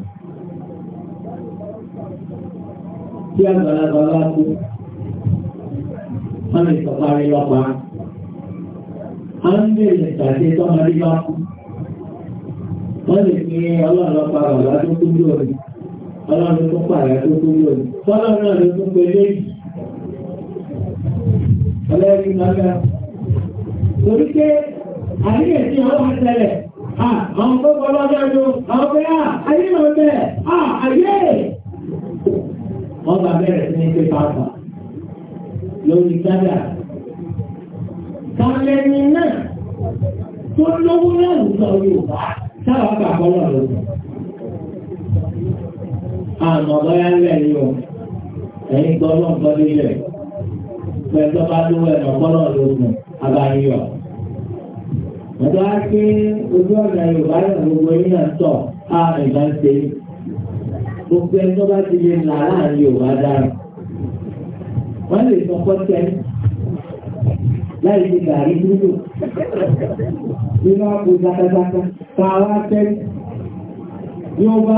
tí àgbàlagbà bá kú wọ́n lè sọ parí lọ́pàá. a ń bèèrè ìtàgé tọ́mọdé bá kú. wọ́n lè fi ọlọ́ọ̀lọ́pàá bàbá tó kú lórí ọlọ́run tó pààrẹ tó tó yọ ọlọ́run náà ló tún pé léyìí ọlọ́run náà ga torí pé àríyànjiyàn wà tẹ́lẹ̀ àwọn tó kọ́ lọ́jọ́ ju àwọn pé ayé náà bẹ̀rẹ̀ ayé wọ́n bá bẹ̀rẹ̀ sí ní pé pàápàá lórí kádà kálẹ́ni náà tó lówó náà lùsọ̀ Yorùbá sáwà gbà bọ́lọ̀ lọ́wọ́ àmọ́ bọ́yá ńlẹ̀ ni o ẹ̀yìn gbọ́ lọ́n gbọ́ nílẹ̀ pẹ̀lú bá lówó ẹ̀nà kọ́lọ̀ lóògùn abayọ̀. Ẹ̀dọ́ á pé ojú ọ̀nà Yorùbá yọ̀ gbogbo yín náà tọ̀ ààrùn ìbá ń ṣe. Gbogbo ẹni tó bá ti lè là láàrin Yorùbá dára. Wọ́n lè sọ pọ́tẹ́ láì fi gàrí dúró. Nínú àpò zakazaka, pa wá tẹ́lẹ̀. Yorùbá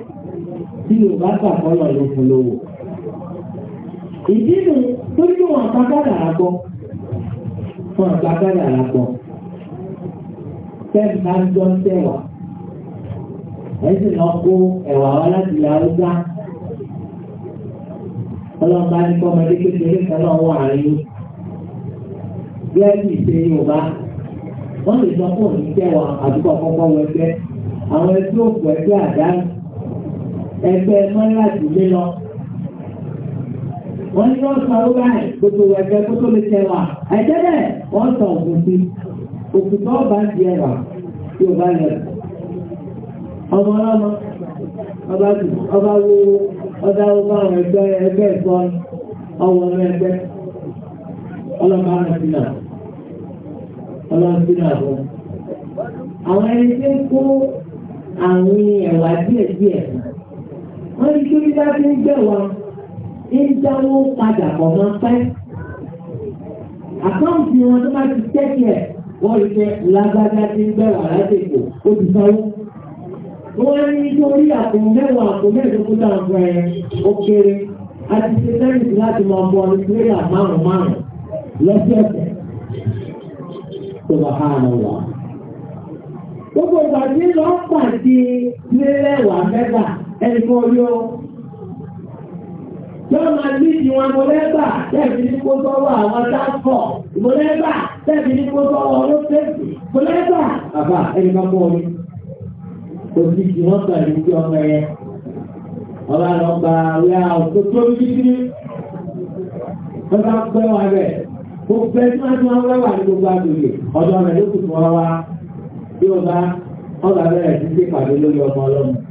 tí o bá gbà kọ́lọ̀ ló fún lówó. Ìdí tó ní wọn àgbàgbàdà àgbọ̀. Wọn àgbàgbàdà àgbọ̀. Fẹ́ẹ̀mì máa ń jọ ń tẹ̀wà. Ẹ̀sìn náà kó ẹ̀wà wá láti ilẹ̀ Haúsá. Ọlọ́run bá ní kọ́mọdé kékeré kan náà wọ àárín. Gẹ́gẹ́ bí ìṣe Yorùbá, wọ́n lè sọ fún òní tẹ̀wà àdúgbò àkọ́kọ́ wọ ẹgbẹ́. Àwọn ẹgbẹ́ òkú ẹgbẹ́ àdáyé. ẹgbẹ́ mọ́láàdì lé lọ. Wọ́n ní wọ́n sọ ọ́rọ́ báyìí gbogbo ẹgbẹ́ kó tó lè tẹ̀wà. Àìjẹ́ bẹ́ẹ̀ wọ́n sọ òkú sí. Òkú tó tí ò bá yẹ. Ọmọ ọlọ́mọ ọba wo ọba wo bá àwọn ẹgbẹ́ ẹgbẹ́ ẹ̀kọ́ ọwọ́ ọmọ ẹgbẹ́. Ọlọ́mọ Ọlọ́mọ Àwọn ẹni tí ń kó wọ́n ní kí wíwá ti ń gbẹ̀ wọn ń jáwó padà bọ̀ mọ́ pẹ́. àkáǹtì wọn tó bá ti tẹ́kì ẹ̀ wọ́n rí pé lágbájá ti ń gbẹ̀ wà lásìkò ó ti sanwó. wọ́n ní nítorí àpò mẹ́wàá àpò mẹ́ẹ̀ẹ́dógún náà fún ẹ ó kéré a ti ṣe sẹ́yìn láti máa bọ ọdún pírẹ́yà márùn-ún márùn-ún lọ́sẹ̀ẹ̀sẹ̀ tó bá há lọ wà. gbogbo ìgbà tí lọ́ọ́ pàdé pírẹ́yà mẹ́ta ẹni fún orí o yóò máa wọn ìmọ̀lẹ́gbà ní kó sọ́wọ́ àwọn dáńkọ̀ ní kó sọ́wọ́ bàbá ẹni bá kò sí wọ́n gbà ní kí ọmọ yẹn ọba lọ gba wíwá òkú tó bí kíkiri wọ́n bá pẹ́ rẹ̀ tí wọ́n ti ní gbogbo rẹ̀ ló kù fún ọ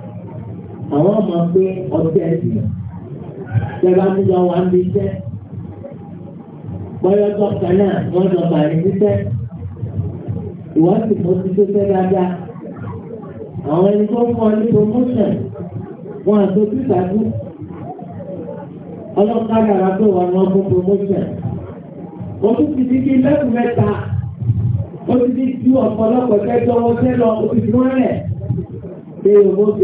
àwọn ọmọ pé ọtẹ ẹtì jẹba níjọ wà ń bí iṣẹ́ bọyọ dọkítà náà wọn lọ bàrí síṣẹ́ ìwádìí mo ti tó fẹ́ dáadáa àwọn ẹni tó fún ọ ní promotion wọn àtòkù ìtàkù ọlọ́kadà rà pé wọn lọ fún promotion wọ́n tún ti di bí lẹ́kùn mẹ́ta ó ti di ju ọ̀pọ̀lọpọ̀ tẹ́jọ́ wọn tẹ́ òfin mọ́lẹ̀ pé òun ó fi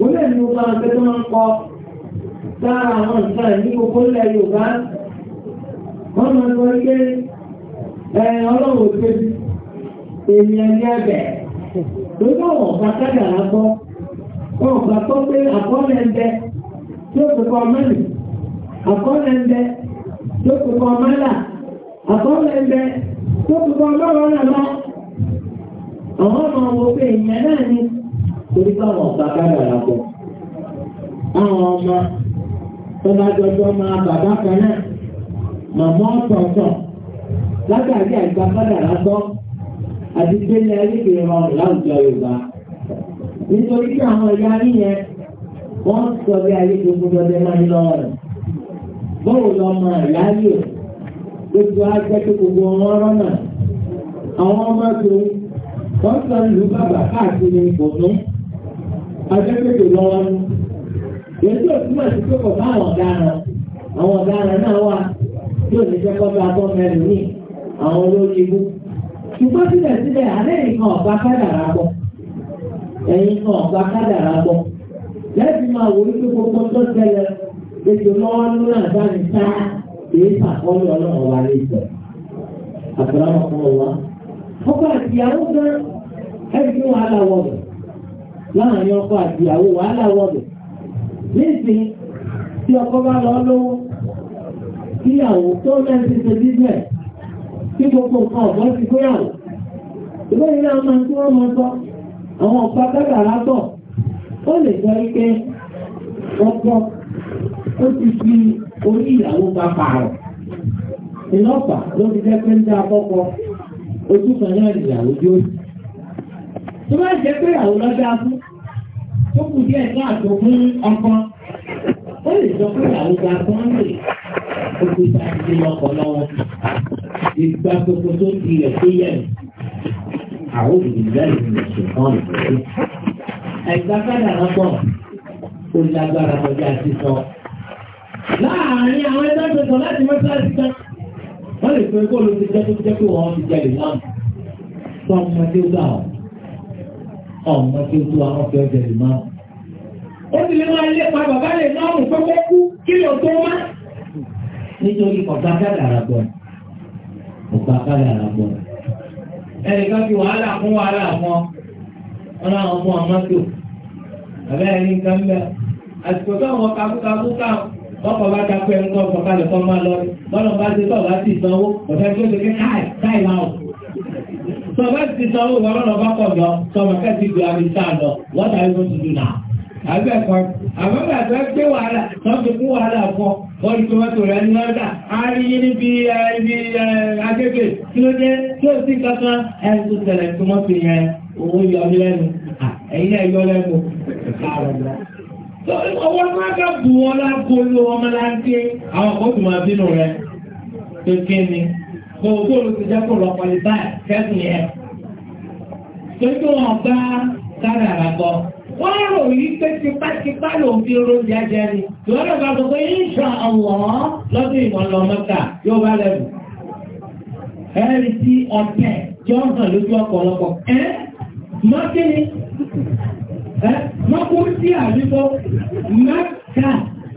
òun náà ni mo bá ń tẹ́tọ́ máa ń kọ lára àwọn nǹkan ní gbogbo ilẹ̀ Yorùbá wọ́n máa sọ pé ẹ ọlọ́run ò tóbi ènìyàn ní ẹ̀bẹ̀ lójú àwọn ọ̀gá kádàrá gbọ́ wọn tó pé àkọọ́lẹ̀ ń bẹ tí ó pèkọ́ mẹ́lì àkọọ́lẹ̀ ń bẹ tí ó pèkọ́ mẹ́là àkọọ́lẹ̀ ń bẹ tí ó pèkọ́ mẹ́là lọ àwọn ọmọ wo pé ènìyàn náà ni torí káwọn ọ̀gá kára àgbọ̀. Àwọn ọmọ tó bá jọjọ́ máa bàbá kan náà, màmá ọ̀tọ̀ọ̀tọ̀ látàrí àìgbà kára àgbọ̀ àti délé ayébi rọrùn láwùjọ Yorùbá. Nítorí kí àwọn ẹ̀yà yíyẹn wọ́n sọ bí ayé gbogbo ọdẹ máa ń lọ́wọ́ rẹ̀. Bọ́wọ̀ lọ mọ ẹ̀yà yìí gbogbo ajẹ́ tó gbogbo wọn rọ́nà. Àwọn ọmọ tó wọ́n sọ ìlú bàbá káàkiri kò ajẹ́pẹ̀tẹ̀ lọ́wọ́ ní. Èyí ò túmọ̀ sí pé kò bá àwọn ọ̀daràn. Àwọn ọ̀daràn náà wà tí ò ní kọ́ bá bọ́ mẹ́rin ní àwọn olórí ibú. Ṣùgbọ́n síbẹ̀síbẹ̀ alẹ́ nìkan ọ̀gbá kádàrà bọ̀. Ẹ̀yin kan ọ̀gbá kádàrà bọ̀. Lẹ́sìn máa wò wípé gbogbo tó tẹ̀lẹ̀ ètò lọ́wọ́ ní náà dání sá èyí sàkọ́lù ọlọ́run wà lè sọ. Àbúrò àwọn ọmọ wa. Ọkọ àti ìyàwó gan ẹni láàrin ọkọ àti ìyàwó wàhálà wọ̀bẹ̀. Nísìn tí ọkọ bá lọ lówó, kí ìyàwó tó mẹ́rin ṣe bíbẹ̀, kí gbogbo nǹkan ọ̀gbọ́n ti gbéyàwó. Ìwé ìlú àwọn máa ń tí wọ́n máa sọ, àwọn ọ̀pá kẹ́kàrá bọ̀, ó lè sọ wípé ọkọ ó ti fi orí ìyàwó pa pààrọ̀. Ìlọ́pàá ló ti jẹ́ pé ń dá akọ́kọ́ ojú kan náà ìyàwó yóò sì tó bá jẹ́ pé àwọn lọ́dá fún tó kù díẹ̀ káàtó fún ọkọ ó lè sọ pé àwọn ga fún ọ́n lè ojú sáàtì lọ́kọ̀ lọ́wọ́ ìgbà gbogbo tó ti rẹ̀ tó yẹ àwọn olùdarí ìrìn ṣùgbọ́n ìgbàlódé ẹ̀gbá kádà lọ́pọ̀ ó lágbára kọjá sísọ láàárín àwọn ẹgbẹ́ tó láti mọ́ṣáláṣí kan wọ́n lè fẹ́ kó ló ti jẹ́ tó jẹ́ pé wọ́n ti jẹ́ ìlànà tó ọmọdé gbà ọ́. ọmọ tí ó tó àwọn ọ̀fẹ́ ọ̀jẹ̀ máa. ó sì lè máa lépa bàbá lè máa mú kọ́kọ́ kú kí ló tó nítorí ọ̀gá ọ̀gá fi wàhálà fún wàhálà mọ́ ọmọ àbẹ́ ẹni bẹ́ẹ̀ àsìkò kakúkakú ọkọ̀ bá dákú ẹni ọkọ̀ máa lọ bọ́lọ̀ bá ti tọ̀ ọ̀fẹ́ tó ti káì káì so ti sọ owó ọlọ́rọ̀ bá pọ̀ lọ, sọ̀rọ̀ kẹ́ ti gbé àmì sáà what are you going to do now? Àgbẹ̀kọ́, àbọ̀dà tó gbé wàhálà, wọ́n fi kún wàhálà fọ́, a rí yí níbi ibi agbègbè tí ó jẹ́ tí ó sì kankan ẹni tó tẹ̀lẹ̀ tó mọ́ fi yẹn owó yọ ní lẹ́nu, ẹ̀yìn náà yọ lẹ́nu, ọwọ́ máa ká bù wọn lágbó ló ọmọ àwọn kò tún rẹ̀, pé kí kò owó olùsí jẹ́ kó lọ pọ̀lì báyìí kẹ́sì yẹn. torí pé bá sára àrà bọ̀ wọ́n rò yí pé tipátipá lòun fi oró jẹjẹ ni ìwọ́n náà bá sọ pé ìṣàn ọ̀wọ́n lọ́dún ìwọ̀n lọ mọ́ta yóò bá lẹ́bù. ẹ̀rí tí ọ̀tẹ̀ jọ́sàn lójú ọ̀pọ̀lọpọ̀ ẹ̀ mọ́kíní ẹ̀ mọ́kú sí àdúgbò mẹ́ta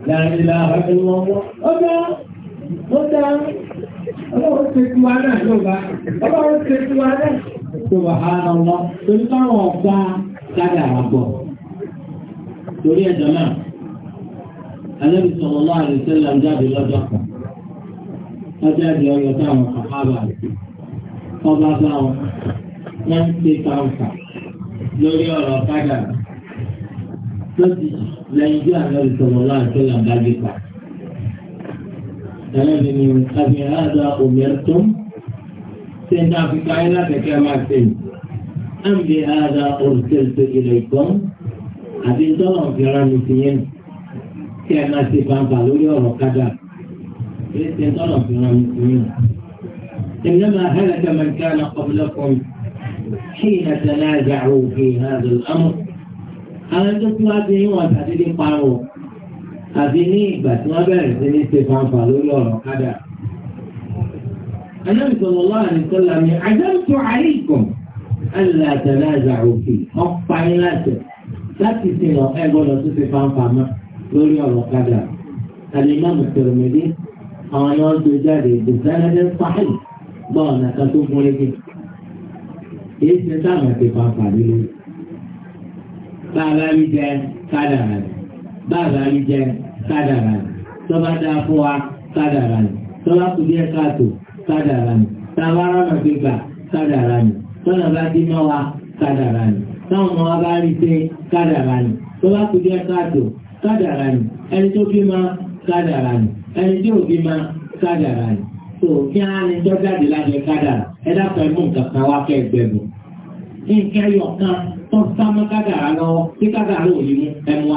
láàrin làwọn ẹ̀rọ ọmọ ọjọ́ ó dá Ọlọ́run torí ẹ̀jọ̀ náà, Ànábì sallallahu alaihi wasallam jáde lọ́jọ́ kan. Ọjọ́ ẹ̀jẹ̀ ọyọ táwọn sàhábà rẹ̀. Ọba bá wọ́n ṣe káńtà lórí ọ̀rọ̀ kádà. Lọ́sì lẹ́yìn bí Ànábì sallallahu alaihi wasallam bá gbé أذن أبي هذا أمرتم سنة في كائنة كما سن أم بهذا أرسلت إليكم أذن طلعوا في رمسيين كما إنما هلك من كان قبلكم حين تنازعوا في هذا الأمر هذا الدكتور هذه هو تحديد قاروه àti ní ìgbà tí wọ́n bẹ̀rẹ̀ sí ní ṣe fanfà lórí ọ̀rọ̀ kádà. Anábì sọ̀rọ̀ láàrin sọ́la mi, àjọ́tò àríkùn alàtàlà àzàròkè ọ̀pá ńláṣẹ láti sin lọ ẹ gbọ́dọ̀ tó ṣe fanfà mọ́ lórí ọ̀rọ̀ kádà. Alimami Tìrìmìdì, àwọn ni wọ́n gbé jáde ìdòsánadé sáhìl bọ́ọ̀ nàka tó gúnrégé. Èyí ti sáàmù ṣe fanfà lórí. Bàbá mi jẹ kádà rẹ̀. Bàbá mi jẹ kádàrà ni tọ́ba dá fún wa satu, ni tọ́ba kù díẹ̀ káàtó kádàrà ni tàbá rọ̀nà gbígbà kádàrà ni tọ́nà bá dín mọ́ wa kádàrà ni táwọn ọmọ wa bá rí pé kádàrà ni tọ́ba kù díẹ̀ káàtó kádàrà ni ẹni tó bí ma kádàrà ni ẹni tí ò bí kan wá kẹ́ ẹgbẹ́ bò nǹkan yọ̀ kan tó sá mọ́ kádàrà lọ́wọ́ kí kádàrà ò ní mú ẹ mú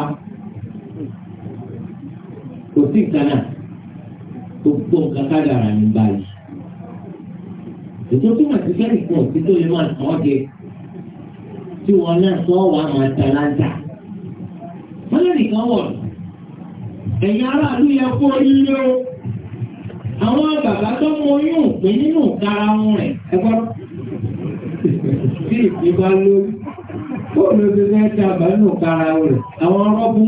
kò sí nǹkan náà gbogbo nǹkan kádàrà ní báyìí. ètò tí màá ti kẹ́rì kan òsì tó lè máa tàn ọ́ jẹ tí wọn náà sọ wàá máa ta láńtà. wọ́n lè nìkan wọ̀ ẹ̀yin aráàlú yẹ kó ilé o àwọn bàbá tó mọ yóò pé nínú kára wọn rẹ̀ ẹ̀kọ́ bí ìpín bá lórí fóònù ti fẹ́ ta bàánù kára rẹ̀ àwọn rọ́bù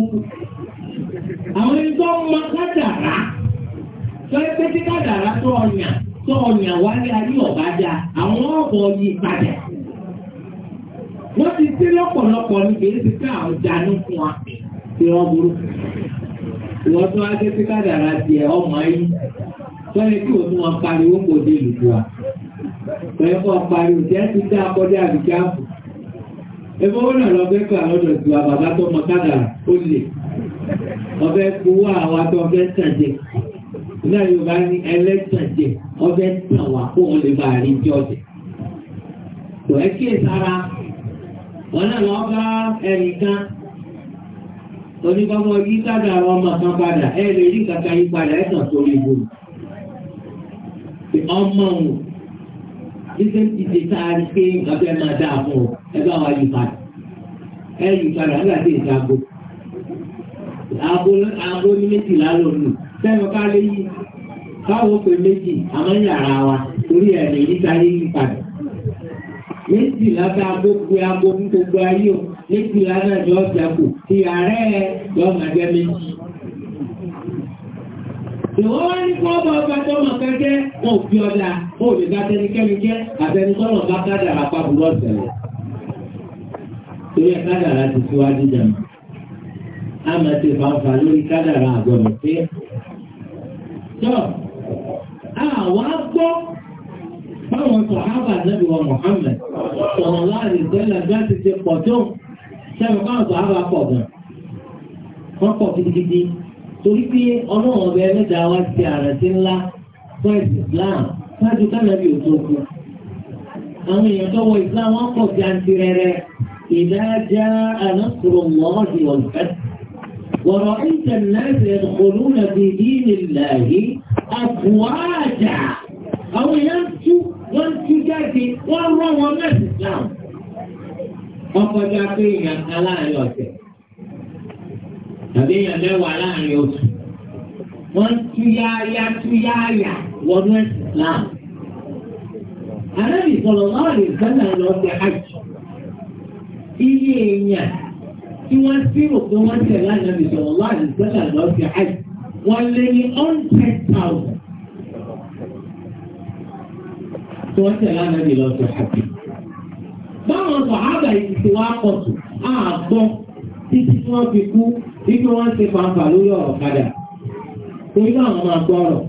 àwọn ẹni tó mọ kádàrá tó ẹ pé tí kádàrá tó ọyàn tó ọyàn wálé ayé ọ̀bá dá àwọn ọ̀bọ̀ yí padà wọ́n ti tí lọ́pọ̀lọpọ̀ ní kìí ti ká àwọn jánu fún wa wọ́n burú ìwọ́n wáá ti ẹ̀ ọmọ ayé kí wọn pariwo kò dé ìlú wa kọ́ pariwo ti dá akọ́dé ẹgbẹ́ wọn ọbẹ̀ gbowó àwọn àti ọbẹ̀ tàjẹ̀ ilé Yorùbá ní ẹlẹ́tàjẹ̀ ọbẹ̀ tàn kó wọn lè bá rí bí ọ̀jẹ̀ tó ẹ kí sára wọn náà lọ bá ẹnìkan onígbàmọ yí kádà àwọn ọmọ kan padà ẹ lè rí kàkà yí padà ẹ tàn sórí ibò ọmọ òun títí títí sáárí pé ọbẹ̀ máa dáa fún ọ ẹ bá wa yí padà ẹ yí padà nígbà tí ìta gbogbo aago ní méjìlá lòlù sẹ́yìn ká lé yí káwọ́ pé méjì àmọ́ yàrá wa torí ẹ̀ lè yí sáré yí padà. méjìlá tá a gbogbo aago fún gbogbo ayé o méjìlá náà ni ọjà kù ti ààrẹ lọ́mọ ẹgbẹ́ méjì. Ìwọ́n wá ní kọ́ bọ́ ọba tó mọ̀ kẹ́kẹ́ wọn ò fi ọjà ó lè bá tẹnikẹ́ni jẹ́ àtẹnitọ́nà bá kádàrà pàbùrọ̀ ọ̀sẹ̀ Torí ẹ̀ kádàrà ti síwájú jẹun a máa ti fàǹfà lórí kádàrà àgbọ̀nmọ̀ pé tọ́ àwọn agbọ́ báwọn sọ̀hábà nẹ́bí wa Muhammad sọ̀rọ̀ láàrin ìgbẹ́lẹ̀ láti ti pọ̀ tó sẹ́mi báwọn sọ̀hábà pọ̀ gan wọ́n pọ̀ gidigidi torí pé ọlọ́run ọbẹ̀ ẹlẹ́dà wa ti àrántí ńlá fún ẹ̀sìn Islam ṣáájú kánàbí òtòkù àwọn èèyàn tó wọ Islam wọn pọ̀ sí àǹtí rẹ̀rẹ̀ ìdájá àná ورأيت الناس يدخلون في دين الله أفواجا أو يمشوا والسجاد والروى الإسلام ọkọjá pé èèyàn kan láàrin ọ̀sẹ̀ tàbí èèyàn mẹ́wàá láàrin oṣù wọ́n túyáyá túyáyá wọnú Islam. Àrẹ́bì sọ̀rọ̀ náà lè sẹ́lẹ̀ lọ sí àjò. Iye èèyàn tí wọ́n sírò pé wọ́n tẹ̀ lánàá mi sọ̀rọ̀ láàrin sẹ́lẹ̀ lọ sí àjì wọ́n lé ní hundred thousand tí wọ́n tẹ̀ lánàá mi lọ sí àjì. báwọn sọ̀hábà yìí ti wá pọ̀tù àgbọ̀ títí tí wọ́n fi kú wípé wọ́n ti fàǹfà lórí ọ̀rọ̀ padà torí báwọn máa gbọ́rọ̀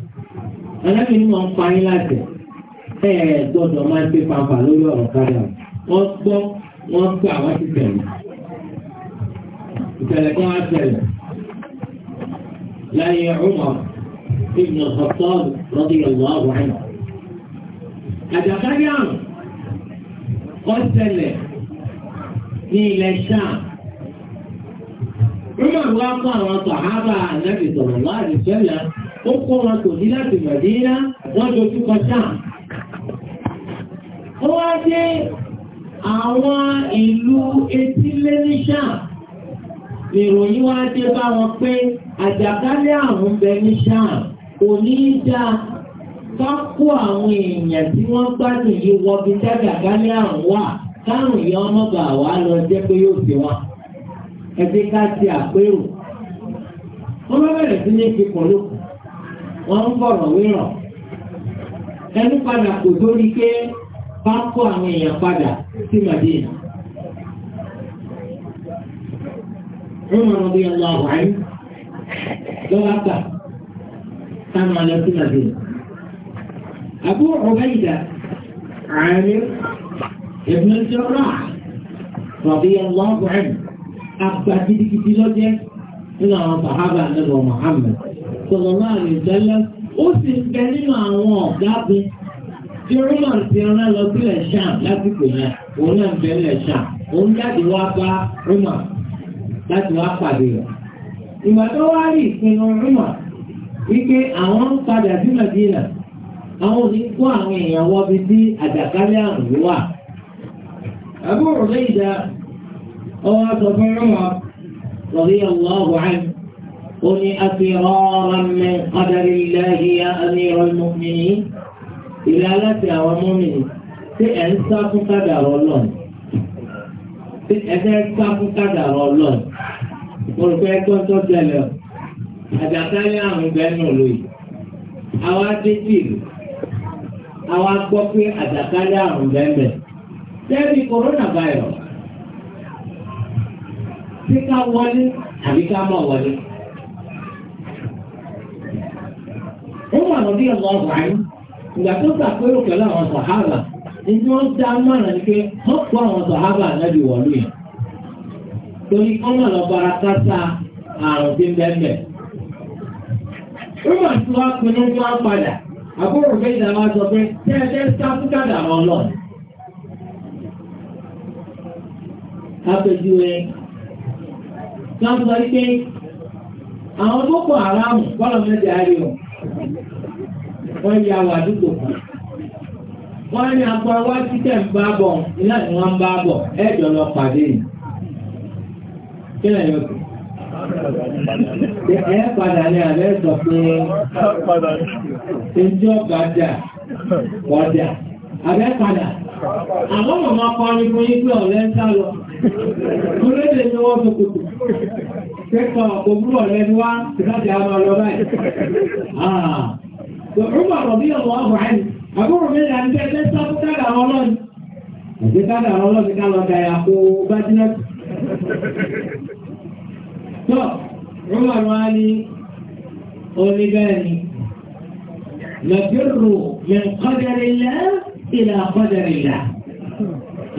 ẹlẹ́mìí ni wọ́n ń parí láti ẹ̀ gbọ́dọ̀ máa ti fàǹfà lórí ọ̀rọ̀ padà wọ́n gbọ́ wọ́n gbà wọ́n ti tẹ̀lé ìṣẹ̀lẹ̀ kan á ṣẹlẹ̀ láyé Umar ibn al-Khattab radiyallahu anhu. àjàkálẹ̀ àrùn kan ṣẹlẹ̀ ní ilẹ̀ Ṣáà. Umar wá kọ́ àwọn sàhábà ànábì sallallahu alaihi wasallam ó kó wọn kò ní láti Mẹ̀dínà wọ́n dojú kọ Ṣáà. ó wá dé àwọn ìlú etílé ní Ṣáà. ìròyìn wá dé bá wọn pé àjàkálẹ̀ àrùn bẹ ní sáà kò ní í dáa ká àwọn èèyàn tí wọ́n gbádùn yìí wọ bí àjàkálẹ̀ àrùn wà káàrùn yìí wa lọ jẹ́ pé yóò wọn. ká ti àpérò wọ́n bá bẹ̀rẹ̀ sí ní fi pọ̀ lóko wọ́n ń bọ̀rọ̀ wérọ̀ ẹnu padà kò tó àwọn padà sí Màdínà. Umar radiyallahu anhu lọ́wọ́ àgbà táwọn alẹ́ sí Nàìjíríà. Abu Ubaida Amir ibn al-Jarrah radiyallahu anhu àgbà gidigidi lọ́jẹ́ nínú àwọn sàhábà àdébọ̀ Muhammad sallallahu alaihi wasallam ó sì ń bẹ nínú àwọn ọ̀gágun tí roman ti rán lọ sílẹ̀ Ṣáàm lásìkò yẹn òun náà ń bẹ̀rẹ̀ Ṣáàm òun jáde wá bá roman láti wá pàdé rẹ̀. ìgbà tó wá rí ìpinnu rúmọ̀ wípé àwọn ń padà sí Màdínà àwọn ò ní kó àwọn èèyàn wọbi sí àjàkálẹ̀ àrùn yìí wà. àbúrò lẹ́yìnda ọwọ́ sọ fún rúmọ̀ lọ́rí ọlọ́ọ̀bù àìmọ́. قل أفرارا من قدر الله يا أمير المؤمنين إلى لا تعوى مؤمنين ṣé ẹ̀ ń sá fún kádàrọ̀ ọlọ́run ṣé ẹ̀ fẹ́ sá fún kádàrọ̀ ọlọ́run olùkọ́ ẹ̀kọ́ tó tẹ̀lẹ̀ àjàkálẹ̀ àrùn gbẹ́nù lóyè àwa tètè àwa gbọ́ pé àjàkálẹ̀ àrùn gbẹ́nbẹ̀ tẹ́lẹ̀ corona virus tí ká wọlé àbí ká má wọlé. ó ọmọ ọgbàáyé ìgbà tó sàhábà dá mọ́ràn ni pé wọ́n àwọn sàhábà náà di wọ̀lú yẹn. torí kọ́nà lọ́ba akásá àrùn tí ń bẹ́ẹ̀ Rúmọ̀ tí wọ́n pinnu tí wọ́n padà, àbúrò méjì àwọn sọ pé tẹ́ ẹ jẹ́ sáfúkàdà àwọn ọlọ́ọ̀. Àpèjúwe, wọ́n sọ wípé àwọn Boko Haram ayé o, ya wà ní wá títẹ̀ ń bá bọ̀, kí lè yọ sí. Ẹ padà ní àlẹ́ sọ pé ẹjọ́ ọ̀gá dà ọ̀dà. Àbẹ́ padà. Àwọn ọmọ máa parí fún yí pé ọ̀lẹ́ ń sá lọ. Orílẹ̀-èdè ni wọ́n sokòtò. Kẹ́kọ̀ọ́ òbúrò ọ̀lẹ́ ni wá ìdájẹ́ àwọn ọlọ́ báyìí. Ah. Rúbà rọ̀bí ọ̀wọ́ ọ̀hún ẹni. Àbúrò mi là ń bẹ́ ẹgbẹ́ sábú kádà àwọn ọlọ́ni. kádà àwọn ká lọ dàyà kó bájínẹ́tì. tọ́ rọ́mà wá ní oníbẹ̀ẹ́ni lọ́jọ́rò yẹn kọ́dẹ̀rẹ̀lá ìlà kọ́dẹ̀rẹ̀lá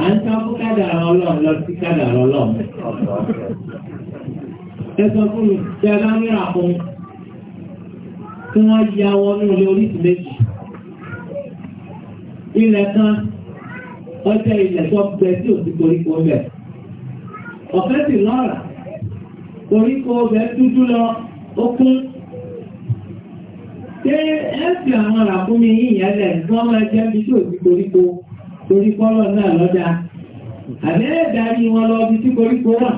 à ń tán fún kádàrà ọlọ́run lọ sí kádàrà ọlọ́run tí a bá wọ́n ya wọnú ilé méjì ilẹ̀ kan ọjọ́ ilẹ̀ tó gbẹ tí ò oríkọ ọbẹ̀ dúdú lọ okún ṣé ẹ́sì àwọn àràkúnmi ìyẹ̀lẹ̀ tó máa jẹ́ bí tó ti koríko koríko lọ náà lọ́jà àbẹ́ ẹ̀dárí wọn lọ bí tí koríko wà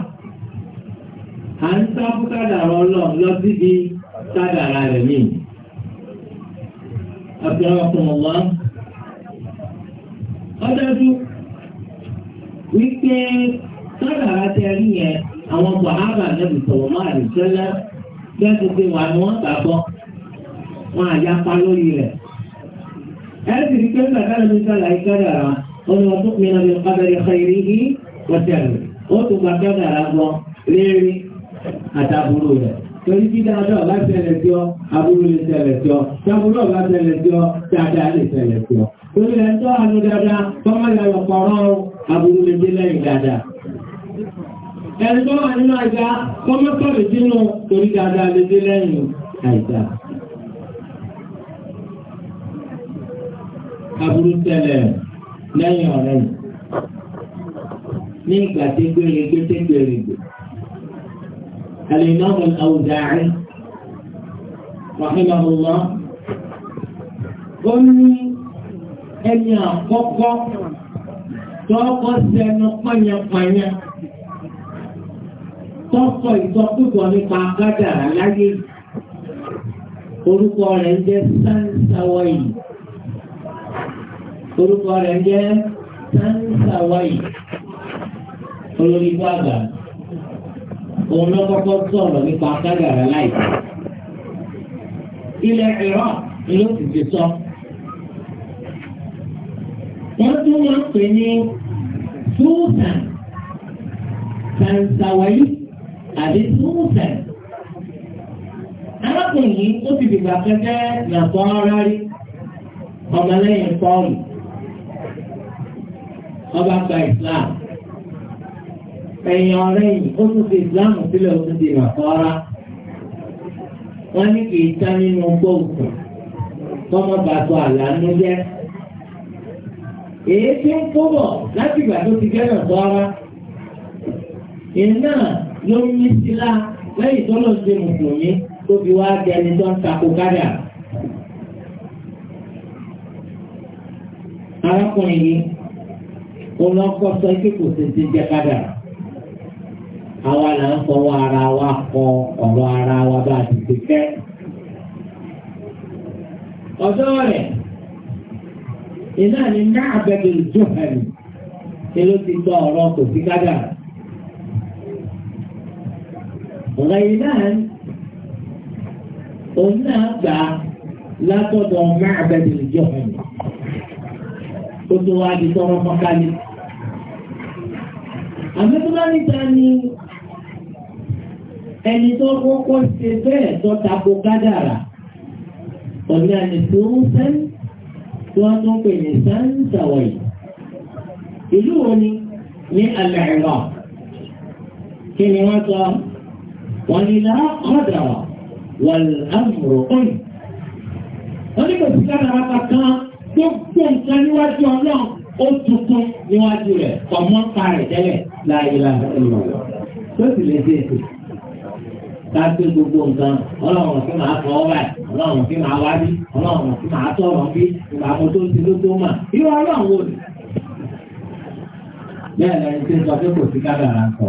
à ń sá fún kádàrá ọlọ́ọ̀ lọ síbi kádàrá rẹ̀ mí. Àbúrọ̀kùnmọ̀mọ́ ọdọ́dún wípé kádàrá àwọn buhara nẹ́bí sọ̀rọ̀ máa rí sẹ́lẹ̀ gẹ́gẹ́ bí wà ní wọ́n tàbọ̀ wọn àyapa lórí rẹ̀. ẹ sì rí pé bàbá mi sọ̀rọ̀ àìkọ́dà rà wọn ni wọn tó pinnu mi kábẹ́rẹ́ xẹ́rí yìí wọ́n tẹ̀lé ó tún gba kẹ́dà rà gbọ́ léèrè àtàbúrò rẹ̀ torí bí dáadáa ọba ṣẹlẹ̀ sí ọ aburú lè ṣẹlẹ̀ sí ọ dábúrú ọba ṣẹlẹ̀ sí ọ dáadáa lè ṣẹlẹ̀ sí ọ torí rẹ̀ àánú dáadáa kọ́mọ́ yà lọ pọ̀rọ́ aburú lè dé lẹ́yìn dáadáa. ẹni tó wà nínú àjá kọ́mọ́tọ̀rì sínú torí dáadáa lè dé lẹ́yìn àìdá. aburú tẹ̀lẹ̀ lẹ́yìn ọ̀rẹ́ yìí ní ìgbà tí gbèrègbè tí gbèrègbè. الإمام ẹni àkọ́kọ́ tọ́kọ́ sẹ́nu tó sọ ìtọ́kùtọ̀ nípa kádàrá láyé orúkọ rẹ̀ ń jẹ́ sánsàwáyì orúkọ rẹ̀ ń jẹ́ sánsàwáyì olórí gbàgbà òun ló kọ́kọ́ sọ̀rọ̀ nípa kádàrá láyé ilẹ̀ ìrọ̀ ló sì ti sọ wọ́n tún wọ́n pè ní súùtàn sánsàwáyì. àbí túnṣẹ̀. arákùnrin yìí ó ti dìgbà kẹ́kẹ́ yàtọ̀ ara rí ọmọlẹ́yìn pọ́ọ̀lù ọba Islam ẹ̀yìn ọ̀rẹ́ yìí ó tún fi Islam sílẹ̀ ó tún di yàtọ̀ ara tí ń ti ara ìnáà ló ń mí sí lá lẹ́yìn tó lọ sí mùsùlùmí tó fi wá di ẹni tó ń takò kádà. arákùnrin yìí olọ́kọ́ sọ pé kò sì ti jẹ àwa là ń ara wa kọ ọ̀rọ̀ ara wa bá a ti ti fẹ́. ọjọ́ rẹ̀ ló ti gbọ́ ọ̀rọ̀ kò sí غيلان òun náà gbà látọ̀dọ̀ máàbẹ̀dì ìjọ ọ̀hún tó tó wá di tọrọ fọ́nkálí. àmọ́tọ́lá níta ni ẹni tó kọ́kọ́ ṣe bẹ́ẹ̀ tó tako kádàrà ọ̀nà ìṣòro sẹ́ń tí wọ́n tún pè ní sáńsàwọ̀ yìí. ìlú wo ni ní àlẹ́ ìrọ̀ kí ni wọ́n sọ? wàlìlá kọ́dà wàlìlámùrò ọ̀yìn. wọ́n ní kò sí kádàrá kankan gbogbo nǹkan níwájú ọlọ́run ó tuntun níwájú rẹ̀ ọmọ ń parẹ̀ tẹ́lẹ̀ láìlá ẹ̀lọ́ tó sì lè dé ètò. Káàpé gbogbo nǹkan ọlọ́run fi máa fọ ọ́rà ọlọ́run fi máa wá bí ọlọ́run fi máa tó ti ló tó mà irú ọlọ́run wò ni. Bẹ́ẹ̀ ni tí ń sọ pé kò sí kádàrá ń sọ.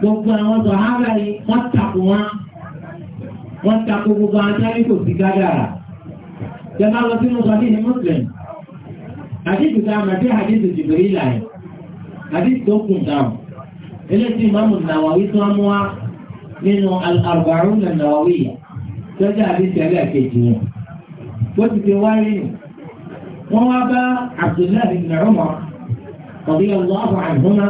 gbogbo àwọn sọ̀hárà yìí wọ́n takò wọn wọ́n takò gbogbo àtàrí kò sí gádàrà jẹba lọ sínú sọ́dí ní muslim àdìsù ká màtí àdìsù jìbìrì láì àdìsù tó kùn dáhùn eléyìí ìmáàmù nàwàwí tó mú wa nínú àgbàrún nà nàwàwí sọ́jà àdìsù ẹ̀rẹ́ àkejì wọn bó ti ti wá rí wọn wá bá Abdullahi bin Umar radiyallahu anhuma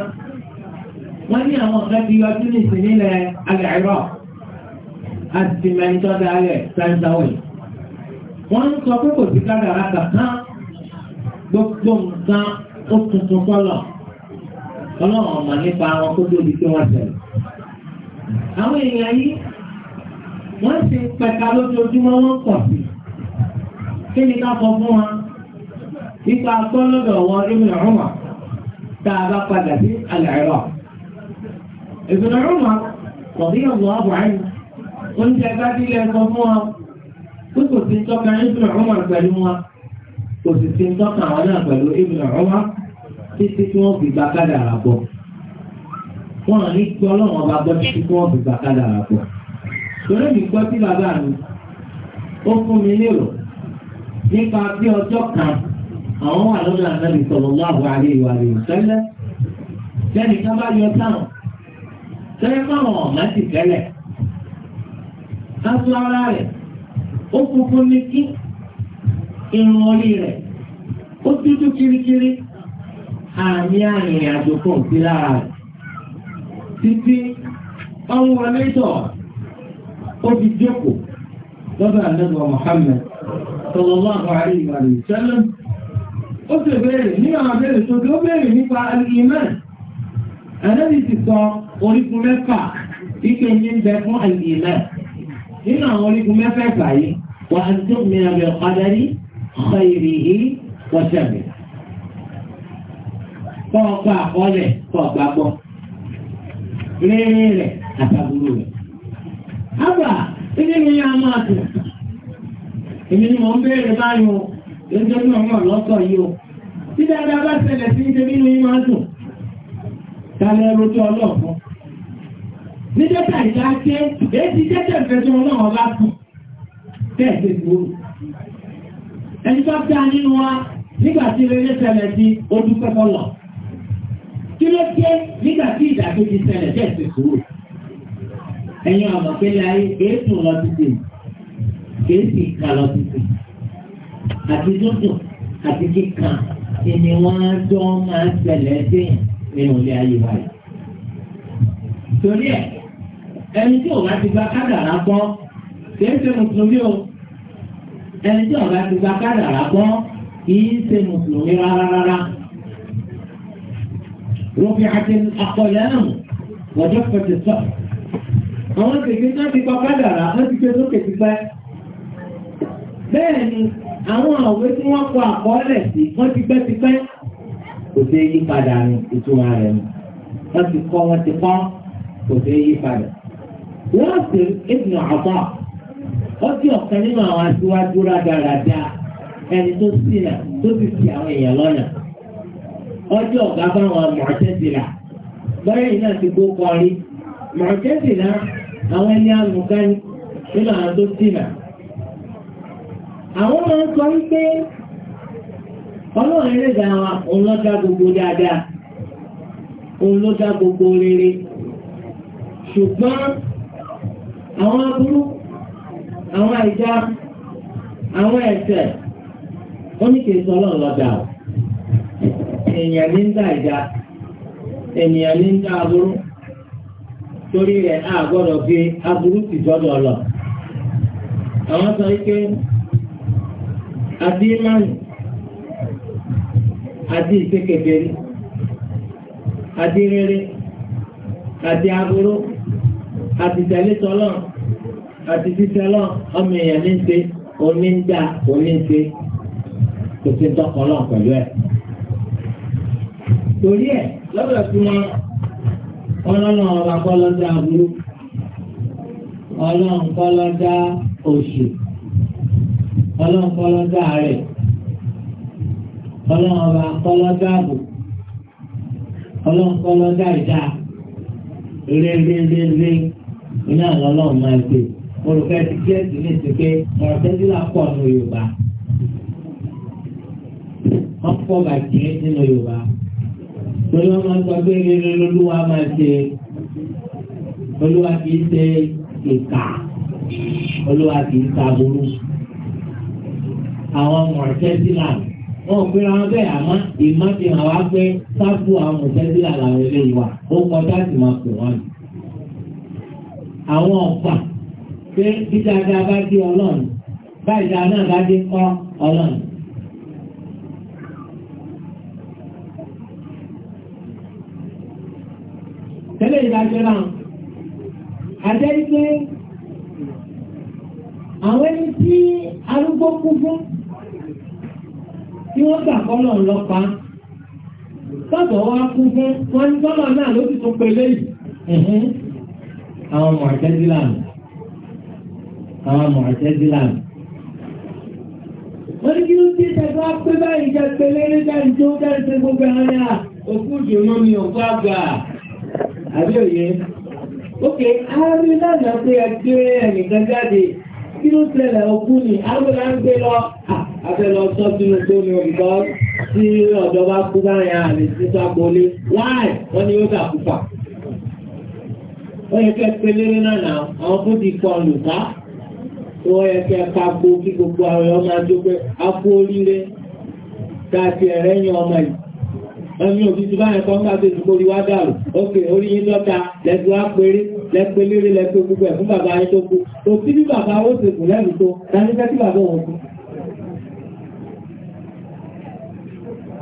wọ́n ní àwọn ọ̀gá ti yọjú ní ìsìnlẹ̀ alẹ́ ẹ̀rọ àti mẹ́ńtọ́dà alẹ́ sáńsáwẹ̀. wọ́n ń sọ pé kò sí kádàrá kankan gbogbo nǹkan ó tuntun kọ́lọ̀ ọlọ́run ọ̀mọ̀ nípa àwọn kó tóbi tí wọ́n tẹ̀lé. àwọn èèyàn yìí wọ́n ti pẹ̀ka lójoojúmọ́ wọ́n pọ̀ sí kí ni ká sọ fún wa nípa akọ́lọ́dọ̀ wọn ìmìlẹ̀ ọ̀hún wa tá a bá padà sí alẹ́ ẹ̀rọ. ابن عمر رضي الله عنه قلت أبادي لأنفسها كنت تنتقى ابن عمر ولا ابن عمر في بكاد عربه mi gbọ́ sí bàbá mi ó mi lérò nípa bí ọjọ́ kan àwọn wà lọ́dọ̀ àná mi sọ̀rọ̀ lọ́wọ́ àlè ìwà sẹ́lẹ̀ ká bá Sẹ́yìn fáwọn ọ̀gá sì tẹ́lẹ̀. Aṣọ ara rẹ̀ ó funfun ní kí irun orí rẹ̀ ó dúdú kirikiri àmì àrìnrìn àjò kan sí lára rẹ̀. Títí ọ̀hún wọlé tọ̀ ó fi jókòó lọ́dọ̀ àdébọ̀ Mùhàmmad sallallahu alaihi wa sallam. Ó sì béèrè ní àwọn abẹ́rẹ́ tó dé ó béèrè nípa al-iman. Àdébì ti sọ orígun mẹ́fà ike ní bẹ fún àìlèmẹ́ nínú àwọn orígun mẹ́fà ẹ̀fà yìí wà á tó mìíràn bẹ̀ qadari khayrihi wa sharrihi. kọ́ọ̀pá àkọọ́lẹ̀ kọ́ọ̀pá gbọ́ rírí rẹ̀ àtàbúrò rẹ̀. Àbà ilé mi yá máa dùn. Èmi ni mò ń béèrè báyìí o, lójó ní ọmọ lọ́tọ̀ yìí o. Tí dáadáa bá ṣẹlẹ̀ sí ní tẹ́bí ní máa dùn. Tálẹ̀ rojú ọlọ́ọ̀fún ní dẹ́ta ìdá ṣe èyí jẹ́jẹ́ ìfẹ́sọ́ náà bá fún tẹ́ẹ̀sẹ̀ gbòòrò ẹni tó dá nínú wa nígbà tí rere ṣẹlẹ̀ sí ojú pẹ́kọ́ lọ kí ló dé nígbà tí ìdàkejì ṣẹlẹ̀ tẹ́ẹ̀sẹ̀ gbòòrò ẹ̀yin ọ̀nà pélé ayé èédùn lọ títì èédì ìka lọ títì àti dúdùn àti kíkan ìní wọn jọ máa ń ṣẹlẹ̀ dé nínú ilé ayé wa yìí torí ẹ̀. ẹni tí ọba ti gba kádàrá gbọ́ kìí ṣe mùsùlùmí o ẹni tí ọba ti gba kádàrá gbọ́ kìí ṣe mùsùlùmí rárá. Rọ́bì àti àkọlẹ́nù wọ́jọ́ pẹ̀tẹ̀ sọ. Àwọn kèké náà ti gba kádàrá wọ́n ti gbé lókè ti pẹ́. Bẹ́ẹ̀ ni àwọn àwé tí wọ́n kọ àkọọ́lẹ̀ sí wọ́n ti pẹ́ ti pẹ́. Kò sí yípadà ní ìtura rẹ̀ mu. Wọ́n ti kọ́ wọ́n ti kọ́ kò sí yípadà. Wọ́ọ̀sì ìbùnà àbá ọjọ́ ọ̀kan nínú àwọn aṣíwájú rádaràda ẹni tó ṣìnà tó ti fi àwọn èèyàn lọ́nà. Ọjọ́ ọ̀gá báwọn mọ̀ọ́tẹ́sìlà bọ́yá yìí náà ti gbó kọrí. Mọ̀ọ́tẹ́sìlà àwọn ẹni àmùkání nínú àwọn tó ṣìnà. Àwọn máa ń sọ wípé ọlọ́run ẹlẹ́dà wa òun ló gbogbo dáadáa òun rere ṣùgbọ́n àwọn aburú àwọn àìjá àwọn ẹ̀ṣẹ̀ ó ní kì í sọ o ní ń dá ìjà ènìyàn ní ń dá torí rẹ á gbọdọ fi aburú ti gbọ́dọ̀ lọ. àwọn sọ wípé àti imáni àti ìsekèbèrè àti rere àti àti títí ọlọ́run ọmọ èèyàn ní ṣe onídà oníṣe kò sí tọkàn náà pẹ̀lú ẹ̀. torí ẹ lọ́dọ̀ tí wọ́n ọlọ́run ọba kọ́ lọ́dọ̀ àbúrò kọ́ oṣù ọlọ́run kọ́ lọ́dọ̀ ọba kọ́ àbò kọ́ ìdá olùkọ́ ti jẹ́ ìdílé ti pé ọ̀rọ̀ tẹ́sílà pọ̀ nù yorùbá wọ́n pọ̀ bàjẹ́ nínú yorùbá torí wọ́n máa ń sọ pé rere lolúwa máa ṣe olúwa kì í ṣe ìkà olúwa kì í ta burú àwọn ọ̀rọ̀ tẹ́sílà wọn ò pera wọn bẹ́ẹ̀ àmọ́ ìmọ̀ fi hàn wá pé sáfù àwọn ọ̀rọ̀ tẹ́sílà làwọn eléyìí wà ó kọjá sì máa pè wọ́n àwọn ọ̀pá pé bí dáadáa bá dé ọlọ́run bá ìdá náà bá dé kọ́ ọlọ́run. tẹ́lẹ̀ ìdájọ́ náà àjẹ́ wípé àwọn ẹni tí arúgbó kú fún tí wọ́n gbà kọ́lọ̀ lọ́pàá tọ́tọ̀ wá kú fún wọn ní kọ́lọ̀ náà ló ti tún pelé àwọn ọmọ àjẹ́sílà nù àwọn mọ̀ọ́tẹ́sílà. wọ́n ní kí ló dé tẹ̀sán pé báyìí jẹ́ pé lẹ́yìn dáhùn tó dáhùn tó gbogbo ẹran ní à òkú ìdùnnú ni òkú àgbà àbí òye. ókè àárín lánàá pé ẹgbẹ́ ẹnìkan jáde kí ló ṣẹlẹ̀ òkú ni àwọn là ń gbé lọ abẹ́ lọ sọ sínú tó ní olùkọ́ tí ọ̀dọ́ bá kú báyà àmì sísá gbolé láì wọ́n ní ó dà púpà. yẹ kẹ́ pélé náà àwọn fún ti pọ̀ wọ́n yẹ kí a kápò kí gbogbo àwọn ọmọ àjọpẹ́ apó oríire káàkiri ẹ̀rẹ́ yan ọmọ yìí ẹ̀mí òbí ti báyẹn kan káàkiri ìdúgbò orí wá dàrú ókè orí yín lọ́ta lẹ́gbẹ́ wá péré lẹ́gbẹ́ lérè lẹ́gbẹ́ gbogbo ẹ̀ fún bàbá yín tó kú kò sí bí bàbá ó ṣe kù lẹ́nu tó dání fẹ́ kí bàbá òun kú.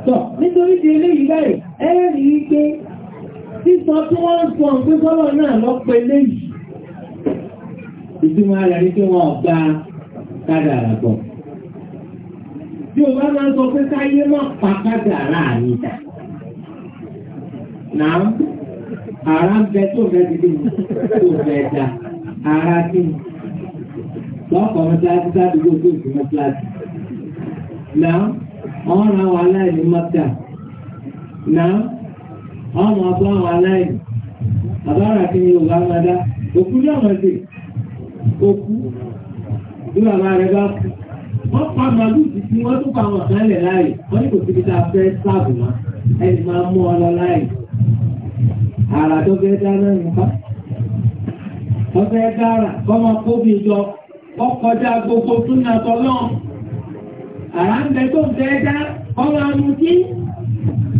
tọ́ nítorí ti eléyìí báyìí ẹ̀rí pé sísọ tí wọ́n ń sọ pé ìtumọ̀ rẹ̀ ní pé wọn ọ̀gá kádàrà bọ̀. Bí o bá máa ń sọ pé káyé má pa kádàrà mi dà. Nàá ara ń bẹ tó bẹ dídí tó bẹ dà ara kí ni. Lọ́kọ̀ọ́ mi kíláàsì sádùúgbò tó ìsìn mi kíláàsì. Nàá ọ̀ràn àwọn aláìní mọ́tà. Nàá ọ̀ràn àbọ̀ àwọn aláìní. Àbára kí ni Yorùbá máa dá? Òkú ní àwọn ẹ̀sìn òkú bí bàbá rẹ̀ bá kú wọ́n pa màálù sí tí wọ́n tún pa àwọn ọ̀sán ẹ̀lẹ̀ láàyè wọ́n ní kò síbi tá a fẹ́ sáàbù wọn ẹni máa mú ọ lọ láàyè àrà tó fẹ́ dáná nǹkan wọ́n fẹ́ dára kọ́mọ kóbi jọ wọ́n kọjá gbogbo tó nà tọ́lọ́ àrà ń bẹ tó ń fẹ́ dá ọmọ amutí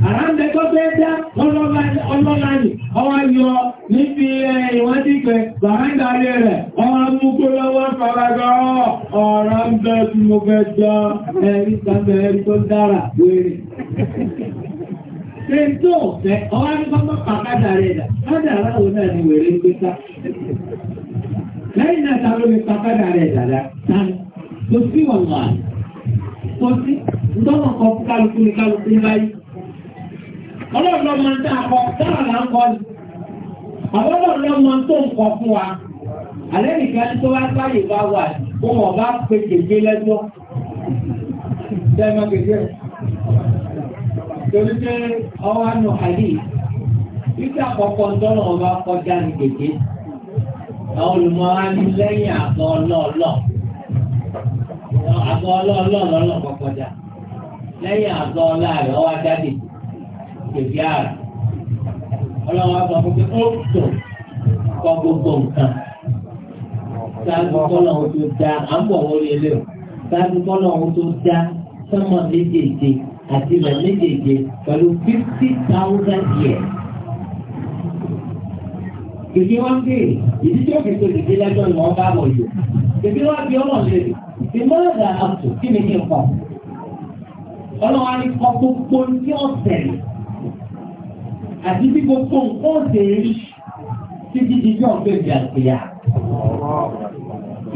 àrántẹ́kọ́ fẹ́ dá ọlọ́lá yìí ọwá yọ níbi ìwọ́n ti pẹ̀ bàrántà ayé rẹ̀ ọwá mú kó lọ́wọ́ fàrágọ́ ọ̀rọ̀ ń bẹ́ tí mo fẹ́ jọ ẹ̀rí tàbí ẹ̀rí tó dára wèrè ṣe tó fẹ́ ọwá ní pápá pàkádà rẹ̀ dà kádàrá òun náà ni wèrè ń gbé sá lẹ́yìn náà ta ló ní pàkádà rẹ̀ dàdá tani kò sí wọ̀n wà kò sí ń tọ́wọ̀ kọ kálukú ní kálukú ní báyìí ọlọ́run lọ máa ń tẹ́ àkọ́ tó nǹkan fún wa alẹ́ nìkan wá sáyè bá wà kó wọ́n bá lẹ́jọ́ sẹ́ẹ̀mọ́ gègé torí pé ọwọ́ àlè ìgbà àkọ́kọ́ tọ́lọ̀ kọjá ní gègé àwọn pèsè àrùn ọlọ́run wa sọ fún pé ó tò kọ́ gbogbo nǹkan sáájú kọ́nà òun tó dá à ń bọ̀ wọlé lé o sáájú kọ́nà òun tó dá sọ́mọ méjèèjì àti ilẹ̀ méjèèjì pẹ̀lú fifty thousand years. Kìkì wá ń béèrè, ìdí tí ó fi tóbi dé lẹ́jọ́ ni wọ́n bá wọ̀ yìí. Kìkì wá bí ọmọ lè rí, ìmọ̀lẹ̀ dà àpò kí ni kí n kọ̀? Ọlọ́wà ní kọ́ gbogbo ní ọ̀sẹ̀ yìí àti bí gbogbo nǹkan ṣe rí títí di bí ọ̀gbẹ́ ìjà ìpìyà.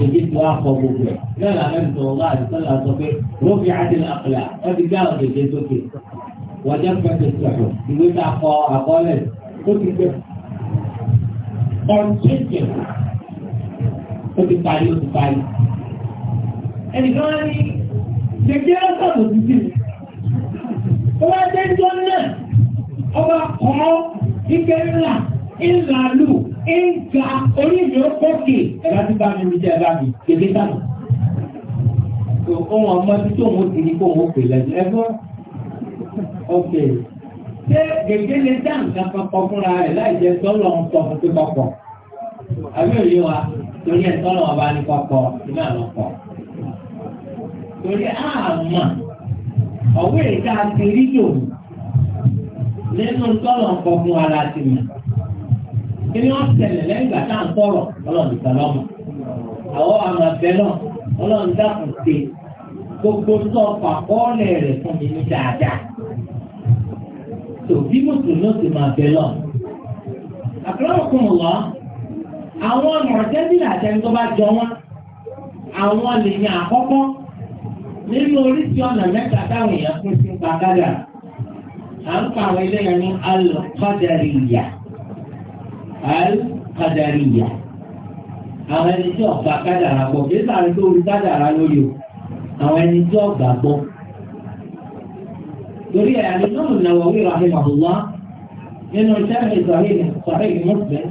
Èdè tó wá kọ gbogbo ẹ̀. Bẹ́ẹ̀ la ẹni sọ̀rọ̀ wá àti sọ́lá sọ pé lófi àdìlẹ̀ àpìlà ẹbí gbá ọ̀dẹ̀ dé sókè. Wọ́n jẹ́ pẹ́ẹ́tẹ̀ sọ̀rọ̀ ìwé tá a kọ àkọọ́lẹ̀ tó ti gbẹ. Ọ̀jẹ̀jẹ̀ ó ti parí ó ti parí. Ẹnìkan ní ṣe kí ẹ sọ̀rọ̀ títì. Ó wá jẹ́ jọ́ náà ọba kọ́ ike ńlá ńlá lù ńga orí mi ó kókè láti bá mi jẹ́ bá mi kéde sáà. Ohun ọmọ tí tóun ó ti ní kóun ó pè lẹ́nu ẹgbẹ́ ọ̀kẹ́ ṣé gègé lè dá nǹkan kan kọ fúnra rẹ̀ láì jẹ́ sọ́lọ̀ ń sọ fún pípọ̀ pọ̀ àbí òye wa torí ẹ̀ sọ́lọ̀ ọba ní kọ̀kọ̀ iná lọ pọ̀ torí àmà ọ̀wé ìta àti rí nínú tọ́lọ̀ ń kọ́ fún ara ti mọ̀. kí ni wọ́n tẹ̀lẹ̀ lẹ́yìn ìgbà tá à ń tọ̀rọ̀ ọlọ́run ìtàlọ́mọ. àwọn àmọ̀ ẹ̀fẹ́ náà ọlọ́run dákun ṣe gbogbo tó ọkọ̀ àkọọ́lẹ̀ rẹ̀ fún mi ní dáadáa. tòbí mùsùlùmí ó ti máa bẹ lọ. àkàràkùn lọ àwọn mọ̀tẹ́bílà àtẹni tó bá jọ wọn àwọn lè ní àkọ́kọ́ nínú oríṣi ọ̀nà mẹ́ta táwọn èèyàn pín sí gbàgádà à ń pa àwọn eléyàn ní alùpàdàríyà alùpàdàríyà àwọn ẹni tí ọ̀gbà kádàrà gbọ́ kí sáré tó rí kádàrà lórí o àwọn ẹni tí ọ̀gbà gbọ́. torí ẹ̀ àdìsọ́nù Nawawi rahimahullah nínú sẹ́mi sọ̀rọ̀ sọ̀rọ̀ Muslim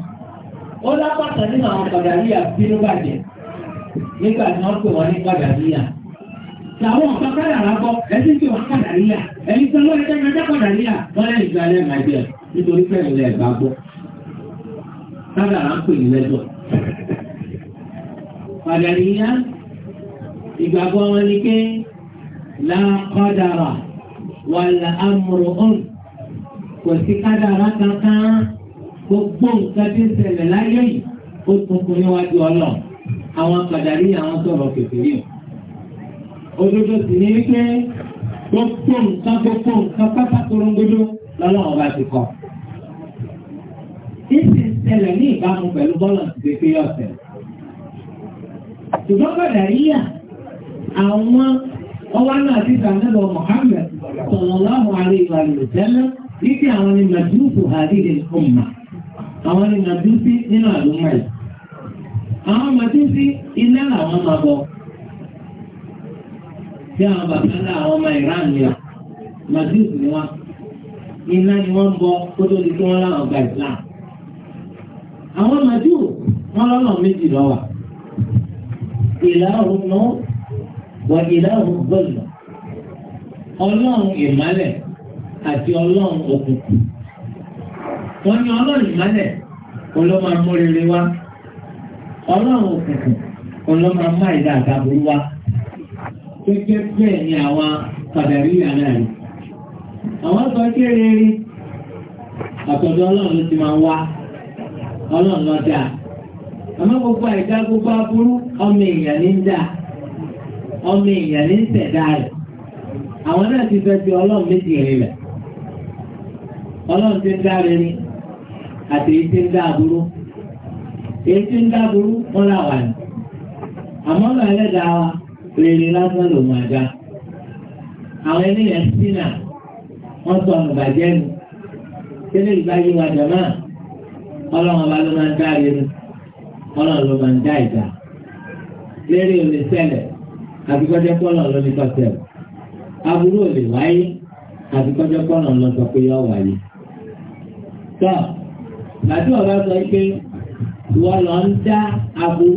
ó lápàtà nínú àwọn kádàríyà bínú bàjẹ́ nígbà tí wọ́n pè wọ́n ní kádàríyà làwọn nǹkan káyà lábọ́ ẹ̀sìn tí wọ́n kàdà níyà ẹ̀yìn tí wọ́n ẹ̀jẹ̀ ẹ̀jẹ̀ kàdà níyà wọ́n lẹ́yìn ìgbà lẹ́yìn àjẹ́ nítorí pé ẹ̀rẹ̀ ẹ̀gbà gbọ́. Kádà là ń pè ní lẹ́jọ́. Kàdà níyà ìgbàgbọ́ wọn ni pé lákọ́dàrà wà là ámúrò ọ̀n kò sí kádàrà kankan gbogbo nǹkan tí ń ṣẹlẹ̀ láyé yìí ó tuntun níwájú ọlọ́ àwọn kàdà níyà wọn sọ̀rọ̀ kèfèrè yìí òdodo sì ní wípé gbogbo nǹkan gbogbo nǹkan pátá korongodo lọ́lọ́run ọba ti kọ́. Ìsìn ṣẹlẹ̀ ní ìbámu pẹ̀lú bọ́ọ̀lù ti pépé ọ̀sẹ̀. Ṣùgbọ́n bàdà yíyà àwọn ọwá náà ti sàmúlò Mùhàmmad sallallahu alaihi wa sallam wípé àwọn ni Màdúùsù àdìrẹ̀ ọ̀mà. Àwọn ni Màdúùsì nínú àlùmọ̀ yìí. Àwọn Màdúùsì ilé làwọn máa bọ̀ tí àwọn bàbá ńlá àwọn ọmọ Iran ni ọ Madrid ni wọn iná ni wọn bọ kó tó di kí wọn láwọn gba Islam àwọn Madrid wọn lọ́nà méjì lọ́wọ́ ìlà òun náà wọ ìlà òun gbọ́dọ̀ ọlọ́run ìmálẹ̀ àti ọlọ́run òkùnkùn wọ́n ní ọlọ́run ìmálẹ̀ olóma múrere wá ọlọ́run òkùnkùn olóma máìdá àtàbúrú wá. gẹ́gẹ́ bẹ́ẹ̀ ni àwọn kàdàríyà náà àwọn sọ kéré rí àtọ̀dọ̀ ọlọ́run ti máa wá ọlọ́run lọ dáa àmọ́ gbogbo àìdá gbogbo aburú ọmọ èèyàn ní ń dà ọmọ èèyàn ní ń tẹ̀dá rẹ̀ àwọn náà ti fẹ́ fi ọlọ́run méjì rìn rẹ̀ ọlọ́run ti ń dá rẹ̀ ni àti ti ń dá aburú rere lásán ló máa dá. Àwọn ènìyàn sínà wọ́n sọ ọ̀nà bàjẹ́ nu. Tẹ́lẹ̀ ìbáyé wa jàmá ọlọ́run ọba ló máa ń dá rere ọlọ́run ló máa ń dá ìjà. Lérè ò lè ṣẹlẹ̀ àti kọ́jọ́ pọ́nà ló ní kọ́sẹ̀. Aburú ò lè wáyé àti pọ́nà ló sọ pé yọ wáyé. Tọ́, bàtí ọ̀rọ̀ sọ pé wọ́n lọ ń dá aburú.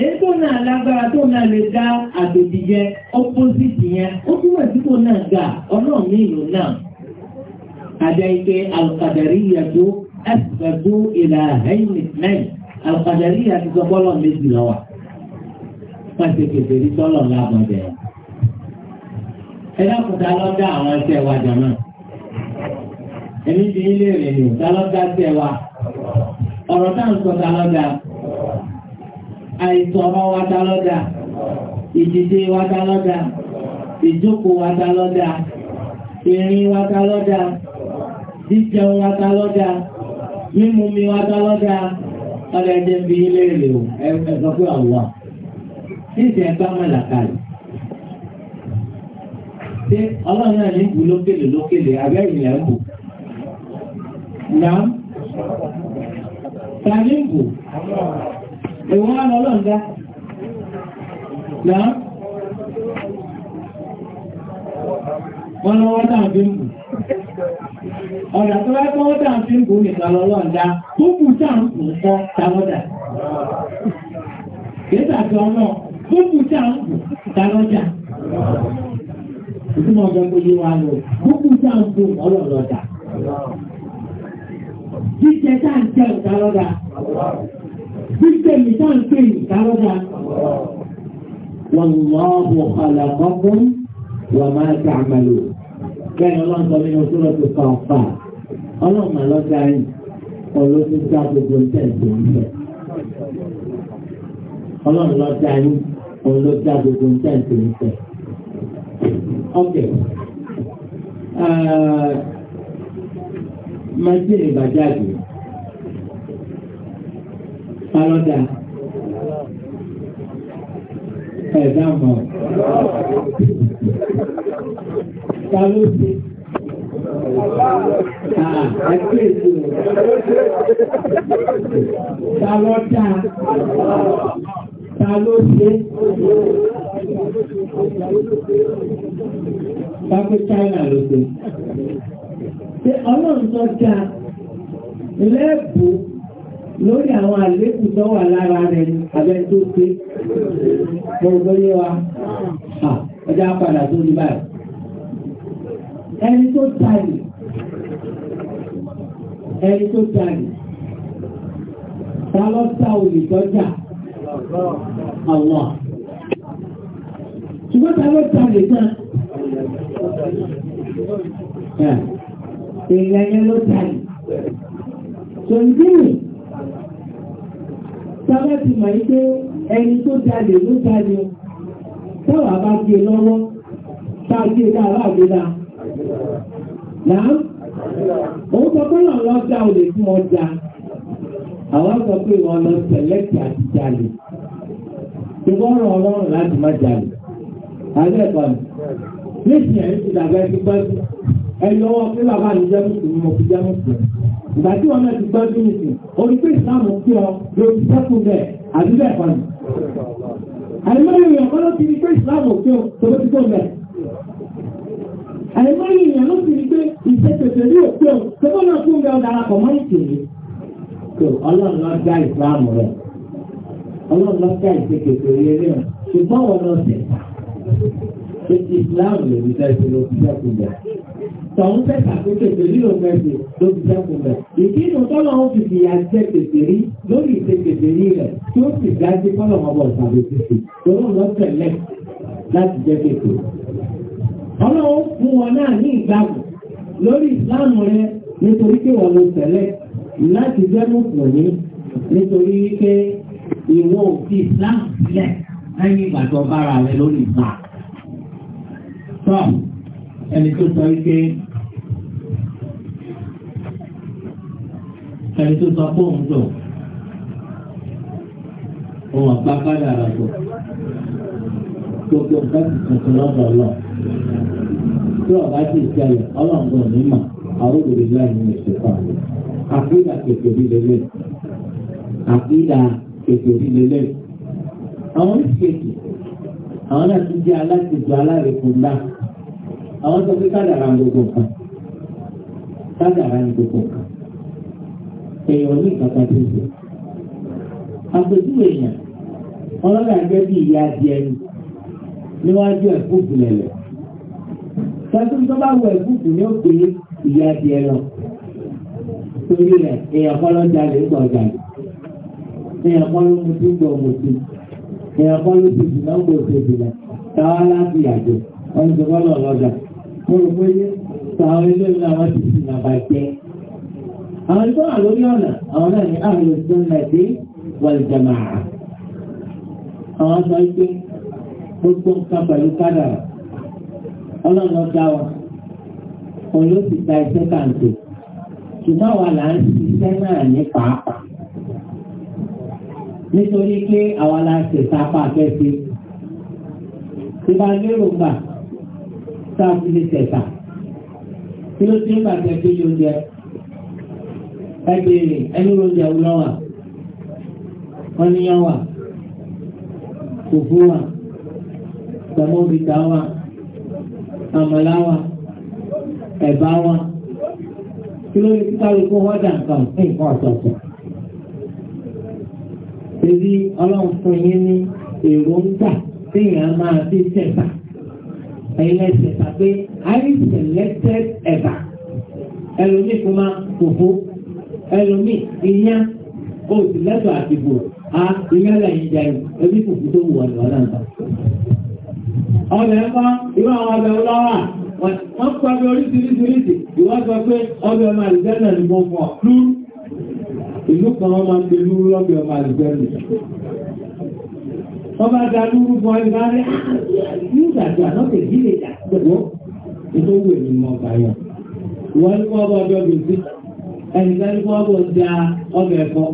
èyí tó náà lágbára tó náà lè dá àgbègbè yẹn ọ́pọ́sìtì yẹn ó túmọ̀ sí kò náà gà ọ̀nà mìíràn náà àdáyíké alùpàdàríyà tó ẹ̀sìkàdó ìlà ẹ̀yìnmẹ̀tìmẹ̀yì alùpàdàríyà ti sọ bọ́lọ̀ méjì lọ́wọ́ pàṣẹ kẹfẹ́ rí sọ́lọ̀ lábọ̀dẹ̀ ẹ dákúta lọ́dá àwọn ẹsẹ̀ wa jàmọ́ ẹni bí ilé rẹ̀ ni ò dá lọ́dá ẹsẹ̀ wa ọ̀rọ̀ táà ń sọ dá àìsọ̀rọ̀ wa ta lọ́dà ìdìde wa ta lọ́dà ìjókòó wa ta lọ́dà ìrìn wa ta lọ́dà jíjẹun wa ta lọ́dà mímu mi wa ta lọ́dà ọ̀rẹ́ ẹ̀jẹ̀ bí ilé ìlú ẹ̀sọ́ pé ẹ̀gbá ṣé ọlọ́run náà ní ìbú lókèlè lókèlè abẹ́ ìrìnlẹ̀ ń bù ẹ̀wọ̀n á lọ lọ́nà náà wọ́n lọ́wọ́ dáa fi ń bù ọ̀dà tó wáyé tọ́wọ́ dáa ń bù nìkan lọ lọ́nà tó bù dáa ń bù kọ́ tàlọ́dà kìíta tó bù Christian nìkan ń pè ní kárọ́dà. Wallahu khalaqakum wa ma ta'malun. Bẹ́ẹ̀ni ọlọ́run sọ nínú sọ́rọ̀ tó kà ọ̀fà. Ọlọ́run mà lọ́jà yìí. Ọlọ́ tó dá gbogbo ń tẹ̀sí ìfẹ́. Ọlọ́run lọ́jà yìí. Ọlọ́ dá gbogbo ń tẹ̀sí ìfẹ́. Okay. Uh, ah, Májèlé bàjáde alọ́dà ẹ̀dá mọ̀ ta ló ṣe ẹgbẹ́ ètò ta lọ́dà ta ló ṣe Pápé China ló ṣe. Ṣé ọlọ́run tó dá lẹ́bùú lórí àwọn àlékù tó wà lára rẹ̀ abẹ́ tó pé gbogbo yé wa ọjà padà tó ní báyìí ẹni tó tààlì ẹni tó tààlì ta lọ sá olùtọ́jà àwọn ṣùgbọ́n ta ló tààlì èèyàn yẹn ló tààlì tòǹdínì tábà ti mọ̀ pé ẹni tó jalè ló jalè táwa bá gbé lọ́wọ́ tá a dáa láàgbé dáa. òun sọ pé àwọn ọjà ò lè fún ọjà àwọn sọ pé wọn lọ sẹlẹ̀tì àti jalè. Ṣùgbọ́n ọ̀rọ̀ ọlọ́run láti má jalè. Àlẹ́ ẹ̀kọ́ mi. Níṣìyẹn ti dàgbà ẹni gbọ́dọ̀. Ẹ̀yọ́ wọn pé bàbá mi jẹ́ mùsùlùmí mo fi jẹ́ mùsùlùmí ìgbà tí wọn náà ti gbọ́ bí nìsín orí pé ìsìláàmù kí ọ ló ti sẹ́kù bẹ́ẹ̀ àbí bẹ́ẹ̀ kọ́ni. àìmọye èèyàn kọ́ ló ti rí pé ìsìláàmù kí ọ tó ló ti tó bẹ́ẹ̀. àìmọye èèyàn ló ti rí pé ìṣètòtò ní òkú ọ tó bọ́ náà fún bẹ́ẹ̀ darapọ̀ mọ́ ìkèlè. tó ọlọ́run lọ dá ìsìláàmù rẹ̀ ọlọ́run lọ dá ìṣètòtò rẹ̀ rẹ̀ ṣùgbọ́n wọn lọ tọ̀hún fẹ́ sàkókèké nínú mẹ́sì ló ti sẹ́kùn rẹ̀. ìdínú tọ́lọ̀ ń fi fìyà jẹ́ kèké rí lórí ìṣe kèké rí rẹ̀ tí ó sì dájú kọ́lọ̀ ọmọ ìsàbò títì lórí lọ tẹ̀lẹ̀ láti jẹ́ kèké. ọlọ́run fún wọn náà ní ìgbàgbọ́ lórí ìsìláàmù rẹ nítorí pé wọn ló tẹ̀lẹ̀ láti jẹ́ mùsùlùmí nítorí pé ìwọ òfin ìsìláàmù sílẹ̀ lẹ́yìn ìgbà tó bára rẹ lórí ìsìláàmù ẹni tó sọ wípé ẹni tó sọ fóun sọ òun àgbàkálẹ̀ ara sọ gbogbo nǹkan ti tuntun lọ́dọ̀ lọ tí ọ̀gá sì ṣẹlẹ̀ ọlọ́ngbọ̀n nímọ̀ àwọn òbí láì ní ìṣèkọ́ àkídà kékeré lélẹ̀ àkídà kékeré lélẹ̀ àwọn ìṣèkì àwọn náà ti jẹ́ aláṣejù alárekùn náà àwọn tó fi kádàrà gbogbo kan kádàrà ní gbogbo kan èèyàn ní ìkàkà tó ṣe àpèjúwe èèyàn ọlọ́dà jẹ́ bí ìyá adìẹ ni níwájú ẹ̀fúùfù lẹ̀lẹ̀ tẹ́tún tó bá wọ ẹ̀fúùfù ní òkè ìyá adìẹ lọ torí rẹ̀ èèyàn kọ́ lọ́jà lè gbọ̀ ọ̀gá èèyàn kọ́ ló mu tí gbọ̀ mu tí èèyàn kọ́ ló ti dùn náà gbọ̀ tó dùn náà táwa láti yàjọ wọ́n ti sọ fọ́lọ́ ọlọ́dà gbogbogbòye àwọn ilé ńlá wọn ti fi nàbà jẹ. Àwọn tó wà lórí ọ̀nà àwọn náà ní àwọn olùsọ ńlá dé wàlìjàmà. Àwọn sọ pé gbogbo nǹkan pẹ̀lú kádàrà. Ọlọ́run ọjà wa, òun ló ti ta iṣẹ́ kàǹtò. Ṣùgbọ́n àwa là ń ṣiṣẹ́ náà ní pàápàá. Nítorí pé àwa la ṣèṣapá akẹ́sí. Ìbá lérò gbà tá a fi lè tẹ̀sà kí ló ti ń bàtẹ́ ẹgbẹ́ yóò jẹ ẹgbẹ́ rẹ̀ ẹni ló jẹ wúlọ wà wọ́n níyàn wà òfú wà tẹ̀mọ́bìtà wà àmàlà wà ẹ̀bá wà kí ló lè kíkàlù wọ́n dà nǹkan ní nǹkan ọ̀tọ̀ọ̀tọ̀. Èyí ọlọ́run fún yín ní èròǹgbà téèyàn máa fi tẹ̀sà ẹlẹ́sẹ̀ tàbí highly selected ẹ̀bà ẹlòmíì kò máa fòfó ẹlòmíì ìyá oṣù lẹ́tọ̀ àdìbò a ìyá lẹ́yìn jẹ́ ẹbí fòfó tó wù ọ̀nà ọ̀nà nǹkan. ọ̀nà ẹ̀fọ́ irú àwọn ọbẹ̀ ọlọ́wà wọ́n pa bí oríṣiríṣiríṣi ìwọ́n sọ pé ọbẹ̀ ọmọ àlùjẹ́nà ni mo fọ̀ lú ìlú kan wọ́n máa ń pe lúrú lọ́bẹ̀ ọmọ àlùjẹ́nà wọ́n bá da lúrú bọ́ ẹgbẹ́ rẹ̀ yóò dàgbà lọ́kẹ̀ ìdílé ìdàgbẹ̀wọ́ ètò owó èmi mọ̀ ọ̀gá yọ. wọ́n ní wọ́n bọ́ ọjọ́ gbèsè ẹnìkan ní wọ́n bọ́ da ọbẹ̀ ẹ̀fọ́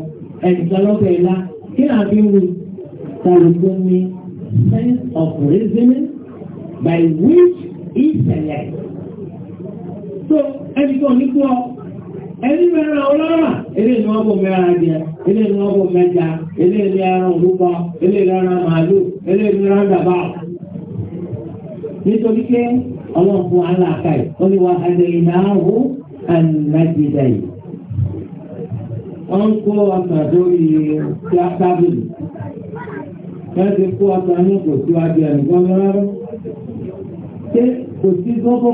ẹnìkan lọ́bẹ̀ ẹ̀lá kí náà fi of reasoning by which he select. so ẹnìkan ní kú ọ ẹni mẹ́rin ọlọ́rà ilé ìlú ọgbọ̀n mẹ́rin adìẹ ilé ìlú ọgbọ̀n mẹ́ta ilé ìlú ẹran òkúkọ ilé ìlú ẹran màálù ilé ìlú ẹran dàbà nítorí pé ọlọ́run fún aláàkà yìí ó ní wa adé ìnáwó ànàjìdá yìí wọ́n kó ọkà lórí tábìlì wọ́n ti kó ọkà ní kò sí adìẹ nìkan rárá ṣé kò sí kókó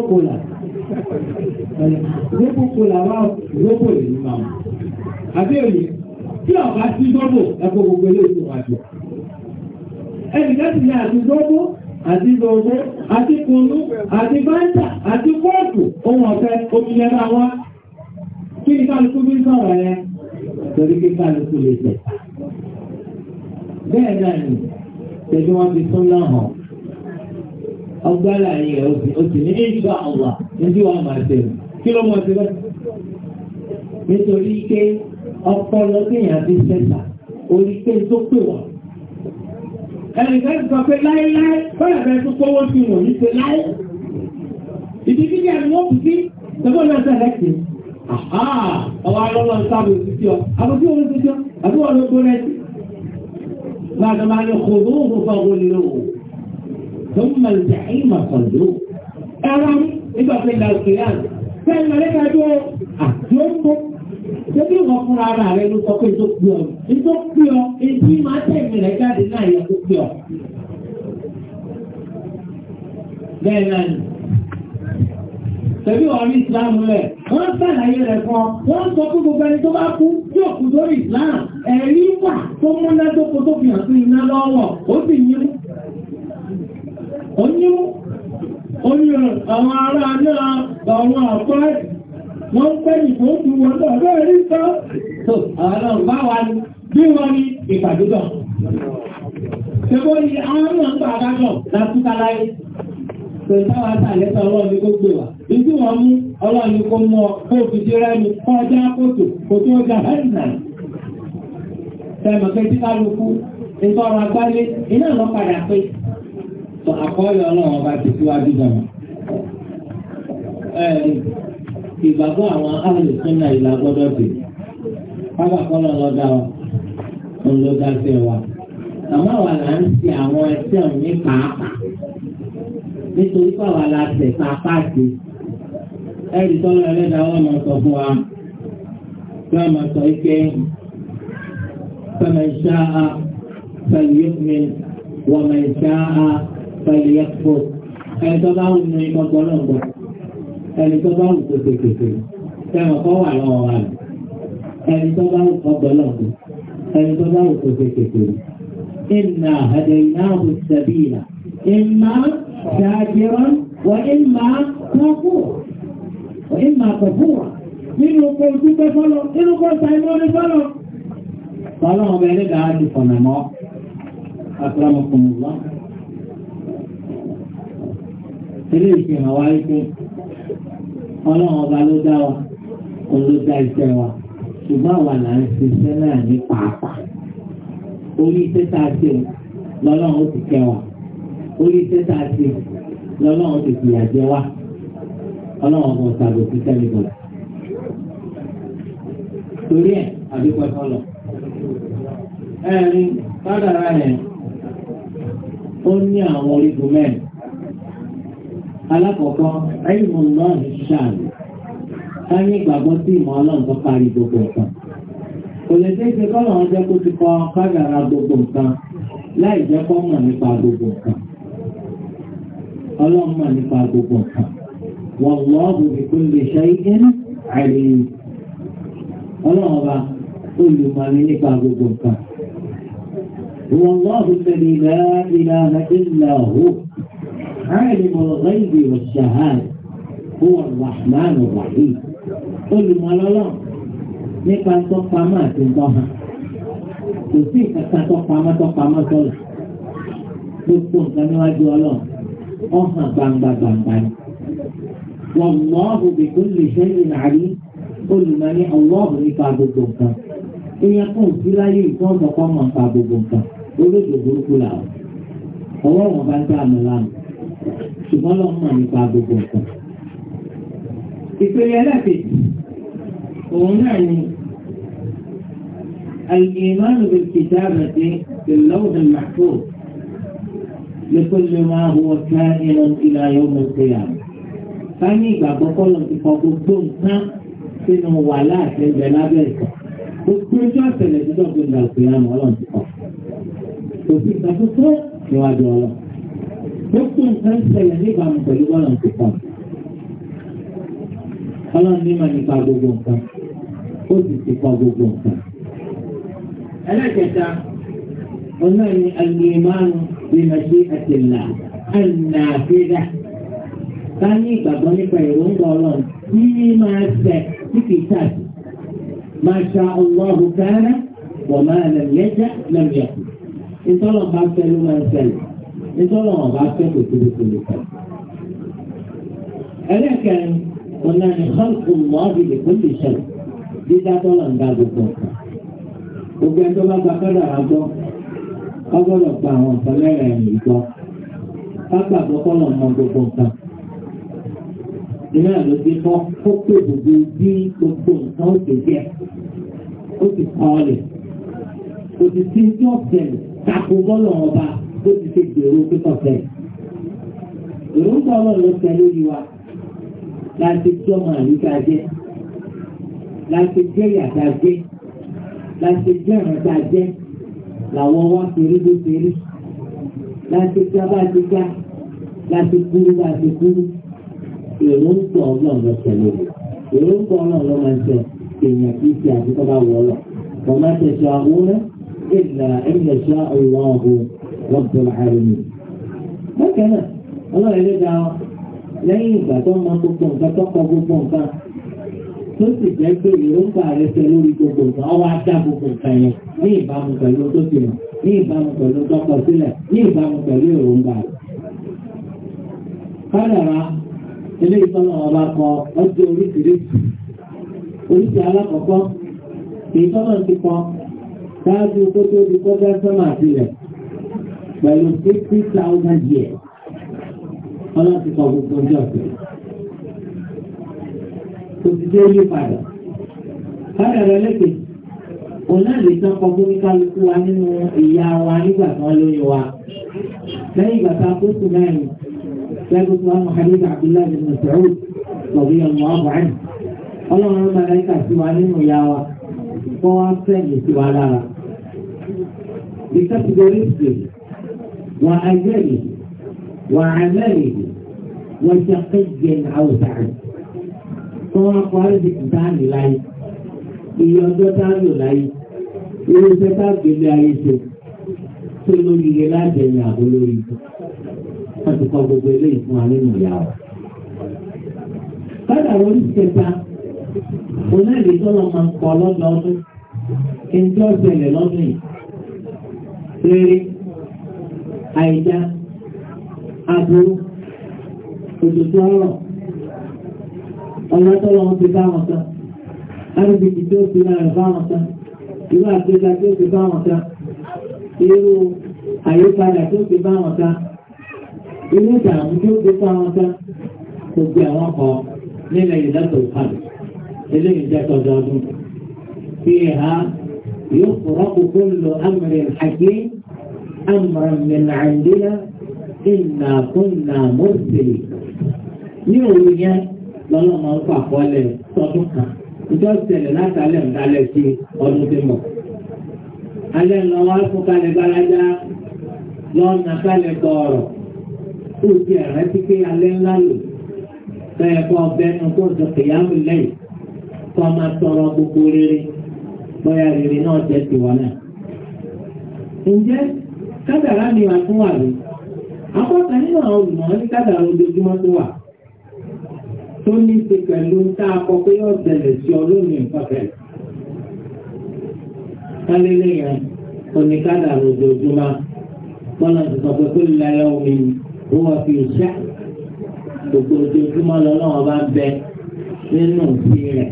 Róbò kò làwọn róbò lè ní màmá. Àbẹ́rẹ́ tí ọ̀gá sí róbò ẹ̀kọ́ gbogbo ilé ìfowó àjọ. Ẹnì kẹ́sì ni àti róbò àti gbogbo àti kùnú àti báńtà àti kóòtù ohun ọ̀fẹ́ omi yẹn máa wá. Kí ni kálukú bí sọ̀rọ̀ yẹn? Torí kí kálukú lè tẹ̀. Bẹ́ẹ̀ náà ni tẹ̀lé wọn fi tún náà hàn ọgbàlà yìí ó sì ní ìgbà ọ̀wà ní bí wọ́n máa tẹ̀lé kí ló mọ̀ sí bẹ́ẹ̀ nítorí pé ọpọlọ kéèyàn fi sẹ́sà orí pé tó pè wá ẹnì kan sọ pé láéláé bọ́lá bẹ́ẹ̀ tó kọ́wọ́ sí wọn ní pé láé ìdí kíkẹ́ ni wọ́n fi sí tẹ́gbọ́n náà sẹ́lẹ̀ kì í ọwọ́ alọ́lọ́ sábà òsìsí ọ àbúkí òun ti jọ àbí wọn ló gbóná ẹsẹ̀ máa dọ̀ máa ní kòdó òun fún ọgbọ́n nínú òun tó ń mọ̀ ní ẹ̀yìn màkàndó Bẹ́ẹ̀ni Tẹ̀bí ọ̀rí ìsìláàmù rẹ̀, wọ́n sàlàyé rẹ̀ fún ọ, wọ́n sọ fún gbogbo ẹni tó bá kú tí òkú ìsìláàmù, ẹ̀rí wà tó múnádóko tó fi hàn sí iná lọ́wọ́, ó sì yín. onye àwọn ará náà àwọn àpá wọ́n pẹ́yìn tó kú wọn lọ́rọ̀ rí sọ tó àwọn ọ̀bá wa ní bí wọ́n ní ìpàdúgbọ̀ ni àwọn náà ń pàdá látúkà láyé tó táwa tà ọlọ́run kó gbé wa sọ àkọọ́lẹ̀ ọlọ́run ọba ti síwájú dànù. ìgbàgbọ́ àwọn áàlù sínú ìlà gbọ́dọ̀ dé pápá kọ́lọ̀ lọ́dà wa òun ló dá sí wa. àmọ́ àwa là ń ṣe àwọn ẹsẹ̀ ní pàápàá nítorí pàwa la tẹ̀ pàápàá sí. ẹ̀rí tọ́lọ́ ẹlẹ́dàá wọn máa sọ fún wa kí wọ́n máa sọ ike fẹ́mi ṣáá fẹ́mi yókùnmi wọ́n máa ṣáá pẹ̀lẹ́pọ̀ ẹni tó bá wù ní ọgbọ́n náà gbọ́ ẹni tó bá wù kó tètè ẹ̀wọ̀n kọ́ wà lọ́wọ́ wa lọ ẹni tó bá wù ọgbọ́n náà gbọ́ ẹni tó bá wù kó tètè ìnà àdéhìnà àbò sàbíìnà ìmà ṣáàjẹrán wà nínú kó dúpẹ́ fọ́lọ́ nínú kó sàìmọ́ ní fọ́lọ́ Ọlọ́run ọba ẹlẹ́dàá á di fọ̀nà mọ́. ilé ìfihàn wa wípé ọlọ́run ọba ló dá wa òun ló dá iṣẹ́ wa ṣùgbọ́n àwa là ń ṣiṣẹ́ náà ní pàápàá orí iṣẹ́ tá a ṣe lọ́lọ́run ó ti kẹ́ wa orí iṣẹ́ tá a ṣe lọ́lọ́run ó ti fìyà jẹ wa ọlọ́run ọba torí ẹ̀ àdúgbò ẹ̀kọ́ lọ. ẹ̀rín alákọ̀ọ́kọ́ ẹ̀yìnmọ̀ náà ní ṣáàlì ká ní ìgbàgbọ́ sí ìmọ̀ ọlọ́run tó parí gbogbo nǹkan kò lè dé ṣe kọ́ lọ́wọ́ jẹ́ kó ti kọ́ kádàrá gbogbo nǹkan láì jẹ́ kó mọ̀ nípa gbogbo nǹkan ọlọ́run mọ̀ nípa gbogbo nǹkan wallahu bi kulli shay'in alim ọlọ́run ọba olùmọ̀ni nípa gbogbo nǹkan wallahu alladhi la ilaha illa hu. عالم الغيب والشهادة هو الرحمن الرحيم قل ما لا لا نيكا توقع ما تنتهى وفيك توقع ما توقع ما توقع gbogbo nǹkan níwájú ọlọ́run ọ̀hàn gbangba gbangba ni. Wallahu bi kulli shay'in alim olùmọ̀ ní ọlọ́ọ̀hún nípa gbogbo nǹkan. Ìyẹn kò sí láyé ìtàn ọ̀sọ̀kọ́ mọ̀ nípa gbogbo nǹkan. Olóògbé burúkú làwọn. Ọwọ́ wọn bá ń dá àmì lánàá ṣùgbọ́n lọ mọ̀ nípa gbogbo ọ̀kan. Ìpele ẹlẹ́kẹ̀ẹ́jì, òun náà ni الإيمان بالكتابة في اللوح المحفوظ لكل ما هو كائن إلى يوم القيامة. Fáyín ìgbàgbọ́ kọ́lọ̀ ti kọ gbogbo nǹkan sínú wàhálà àti ẹgbẹ́ lábẹ́ ìkọ̀. Gbogbo ojú ọ̀sẹ̀ lẹ́dídọ́gbọ̀n ìgbà òkè àmọ́ ọlọ́run ti kọ̀. Kò sí ìgbà tó tó níwájú ọlọ́run gbogbo nǹkan ṣẹlẹ̀ níbàámu pẹ̀lú bọ́lá ń pípa. Ọlọ́run ní ma nípa gbogbo nǹkan, ó sì ti pa gbogbo nǹkan. Ẹlẹ́kẹta, ọ̀nà ni alìmánu lè máa ṣe àtìlà ànàfẹ́dà. Ká ní ìgbàgbọ́ nípa ìròǹgbà ọlọ́run tí máa ṣẹ tí kìí ṣáàtì. Máa ṣa Allahu kana wa ma lam yaja lam Ìtọ́lọ̀ bá fẹ́ ló máa ṣẹlẹ̀ nítorí wọn bá fẹ́ kò tóbi kò lè kàn. ẹlẹ́kẹ̀rin ọ̀nà ìhọ́nkùn mọ́ọ̀dì lè kó lè ṣẹlẹ̀ dídá tọ́lọ̀ ń dá gbogbo ọ̀kan. gbogbo ẹjọ́ bá gba kọ́dà rà gbọ́ wọ́n gbọ́dọ̀ gba àwọn nǹkan lẹ́rẹ̀ ẹ̀yìn gbọ́ wọ́n gbàgbọ́ kọ́lọ̀ mọ gbogbo nǹkan. ìrìnà ló dé kọ́ ó pè gbogbo bí gbogbo nǹkan ó ti jẹ́ ó ti kọ́ ọ lẹ̀ kò sì sí bẹ̀rẹ̀ takò bọ́lọ̀ ọba bó ti ṣe gbèrò pípọ̀ fẹ́. Èròǹgbà ọlọ́run ló fẹ́ lórí wa láti jọmọ àyíká jẹ́ láti jẹ́ yàtá jẹ́ láti jẹ́ ìrántá jẹ́ làwọn wá fèrè ló fèrè láti já bá ti já láti kúrú bá ti kúrú èròǹgbà ọlọ́run ló fẹ́ lórí wa èròǹgbà ọlọ́run máa ń tẹ èèyàn kì ṣe àti tó bá wọ̀ ọ́ lọ. وما تشاءون إلا أن يشاء الله Rabbil alamin. bákan náà ọlọ́run ló dá ọ lẹ́yìn ìgbà tó mọ gbogbo nǹkan tó kọ gbogbo nǹkan tó sì jẹ́ pé ìrọ́pà rẹ fẹ́ lórí gbogbo nǹkan ọwọ́ ajá gbogbo nǹkan yẹn ní ìbámu pẹ̀lú tó ti mọ̀ ní ìbámu pẹ̀lú tó kọ sílẹ̀ ní ìbámu pẹ̀lú èròǹgbà rẹ̀. kádàrá ilé ìtọ́nà ọba kọ ọjọ́ oríṣiríṣi oríṣi alákọ̀ọ́kọ́ ìtọ́nà ti kọ ṣáájú kó tó kọjá sọ́mà sílẹ̀ pẹ̀lú sixty thousand years ọlọ́run kọ gbogbo ọjọ́ pé kò sì dé yí padà padà rẹ lẹ́kẹ̀ẹ́ òun náà lè tán kọ fún kálukú wa nínú ìyá wa nígbà tán lóyún wa lẹ́yìn ìgbà tá a kó sùn mẹ́rin lẹ́gbẹ̀ẹ́ tó wà mọ́ hadith abdullahi bin masoud lọ́bí ọmọ ọ̀bọ̀n ọlọ́run mọ̀lẹ́kà sí wa nínú ìyá wa wọ́n wá fẹ́ẹ̀lì sí wa lára. Ìkàtúgbò rí ìsèlú. وأجله وعمله وشقي أو سعد tọ́wọ́ parí ti dáàmì láyé iye ọjọ́ dáàmì láyé irúfẹ́ tábìlì ayé ṣe tó lórí ilé láti ẹ̀yìn àbò lórí ikú wọ́n ti kọ́ gbogbo eléyìí fún wa nínú ìyá wa. kọ́dà wọ́n ti kẹta onáìlè tọ́lọ́ máa ń pọ̀ lọ́dọọdún kí n jọ́ ṣẹlẹ̀ lọ́dún yìí àìdá aburú òtútù ọ̀rọ̀ ọ̀nà tọ́lọ wọn ti báwọn kan arúgbìkì tó fi lára báwọn kan irú àgbéga tó fi báwọn kan irú àyípadà tó fi báwọn kan irú ìdààmú tó fi báwọn kan kò gbé àwọn kan nílẹ̀ ìdájọ́ ìpàdé eléyìí jẹ́ tọ́jú ọdún. فيها يفرق كل أمر حكيم أمرا من عندنا إنا كنا مرسلين ní òru yẹn lọ́nà máa ń fà fọ́lẹ̀ tọdún kan ìjọ ìṣẹ̀lẹ̀ látàlẹ̀ ńdálẹ̀ sí ọdún tí mọ̀. alẹ́ ńlọ wá fún kalẹ̀ gbáradá lọ́nà kalẹ̀ tọ̀ọ̀rọ̀ tó ti ẹ̀rẹ́ ti alẹ́ ńlá lò bẹ́ẹ̀ kọ́ bẹ́nu kó sọ kìyàwó lẹ́yìn kọ́ máa tọrọ gbogbo rere bóyá rere náà jẹ́ tiwọn náà. ǹjẹ́ kádàrá ni wà fún wà rí apáta nínú àwọn olùmọ̀ ní kádàrá ojoojúmọ́ tó wà tó ní ṣe pẹ̀lú tá a kọ pé yóò ṣẹlẹ̀ sí ọlọ́run kálẹ́lẹ́ yẹn kádàrá ojoojúmọ́ ti sọ pé kó omi ó fi ṣá gbogbo ojoojúmọ́ lọ́nà ọba bẹ nínú rẹ̀.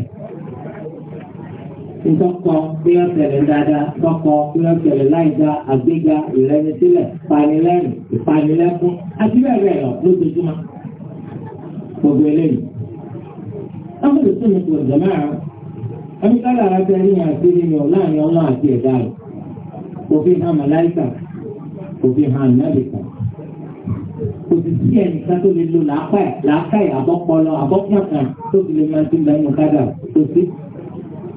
ìtọ́kọ pé ó ṣẹlẹ̀ dáadáa tọkọ pé ó ṣẹlẹ̀ láìda àgbéga ìrẹnisílẹ̀ ìpanilẹ́rìn ìpanilẹ́kún àti bẹ́ẹ̀ bẹ́ẹ̀ lọ lójoojúmọ́ gbogbo eléyìí. wọ́n fi sùn ní kò jẹ̀mọ́ àrùn ẹni ká lára tẹ ní àti nínú láàrin ọlọ́run àti ẹ̀dá rẹ̀ kò fi hàn màláìkà kò fi hàn mẹ́rìkà kò sì sí ẹnìkan tó lè lo làákàyà àbọ́pọlọ àbọ́pọ̀kan tó fi lè máa ti lẹ́nu kádà tó sí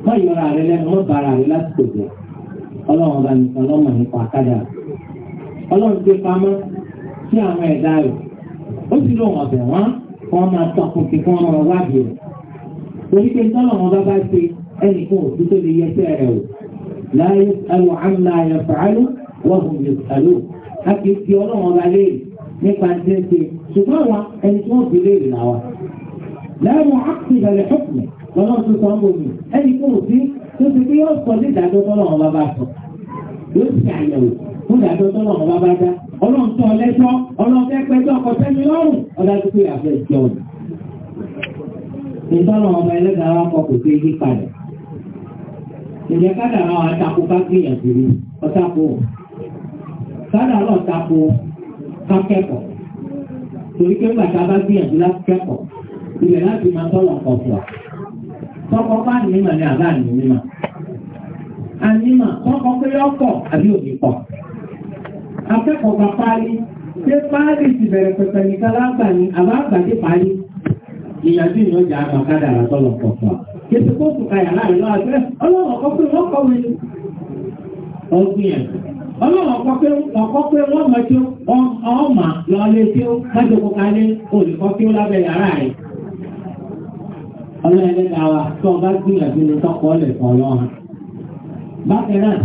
má yọra rẹ lẹ́nu mọ́ bàrà rẹ lásìkò jẹ ọlọ́run bá nìkan lọ́mọ nípa kádà ọlọ́run gbé pamọ́ sí àwọn ẹ̀dá rẹ̀ ó sì lóun ọ̀bẹ̀ wọ́n wọ́n máa tọkùn sí fún ọmọ wádìí rẹ̀ torí pé tọ́lọ̀ wọn bá bá ṣe ẹnì kan òtún tó lè yẹsẹ̀ rẹ̀ o láyé ẹlò àmà ẹ̀fàálù wọ́n kò lè sàlù a kì í fi ọlọ́run ọba léèrè nípa ṣe ń wa ẹni tí wọ́n fi léèrè làwa láyé wọn á ti bẹ̀rẹ̀ fọ́ọ̀mù lọ́nà tó sọ ń bòmí ẹni kò sí tó ti bí yóò sọ ní ìdájọ́ tọ́lọ̀ bá bá sọ yóò ṣe àyẹ̀wò fún ìdájọ́ tọ́lọ̀ bá bá dá ọlọ́run tó ọlẹ́jọ́ ọlọ́run fẹ́ pẹ́jọ́ ọkọ̀ lọ́rùn ọ̀dà tó pé àfẹ́ ìjọ ọ̀nà. ìtọ́lọ̀ ọba ẹlẹ́dàá wa kọ kò sí yí padà ìjẹ́ kádàrá wa tako ká gbìyànjú rí ọ̀tako kádàrá ọ̀tako ká kẹ́kọ̀ọ́ torí pé gbàtà bá gbìyànjú láti kẹ́kọ̀ọ́ ilẹ̀ láti máa tọ́lọ̀ ọ̀pọ̀ Tọ́kọ bá ní mímọ̀ ní àbá ní mímọ̀. Ànímọ̀ tọ́kọ pé ọkọ̀ àbí òbí pọ̀. Akẹ́kọ̀ọ́ bá parí, ṣé parí ti bẹ̀rẹ̀ pẹ̀pẹ̀ ní kálágbà ní àbá àgbàdé parí. Ìyàjú ìyàn jà àgbà kádà rà tọ́lọ̀ pọ̀pọ̀. Kèsì kó kù kayà láàrin lọ́wọ́ àgbẹ̀, ọlọ́wọ́ kọ́ pé wọ́n kọ́ wẹ̀ ọgbìn ẹ̀. Ọlọ́wọ́ kọ́ pé ọkọ́ pé wọ́n mọ̀ tí ó ọmọ lọ lé tí ó májòkó kalé olùkọ́ tí ó lábẹ́ yàrá rẹ̀ ọlọ́run ẹlẹ́dàá wa tí wọ́n bá gbìyànjú ní tọ́kọ́ lẹ̀ fọ́ lọ́run. bákan náà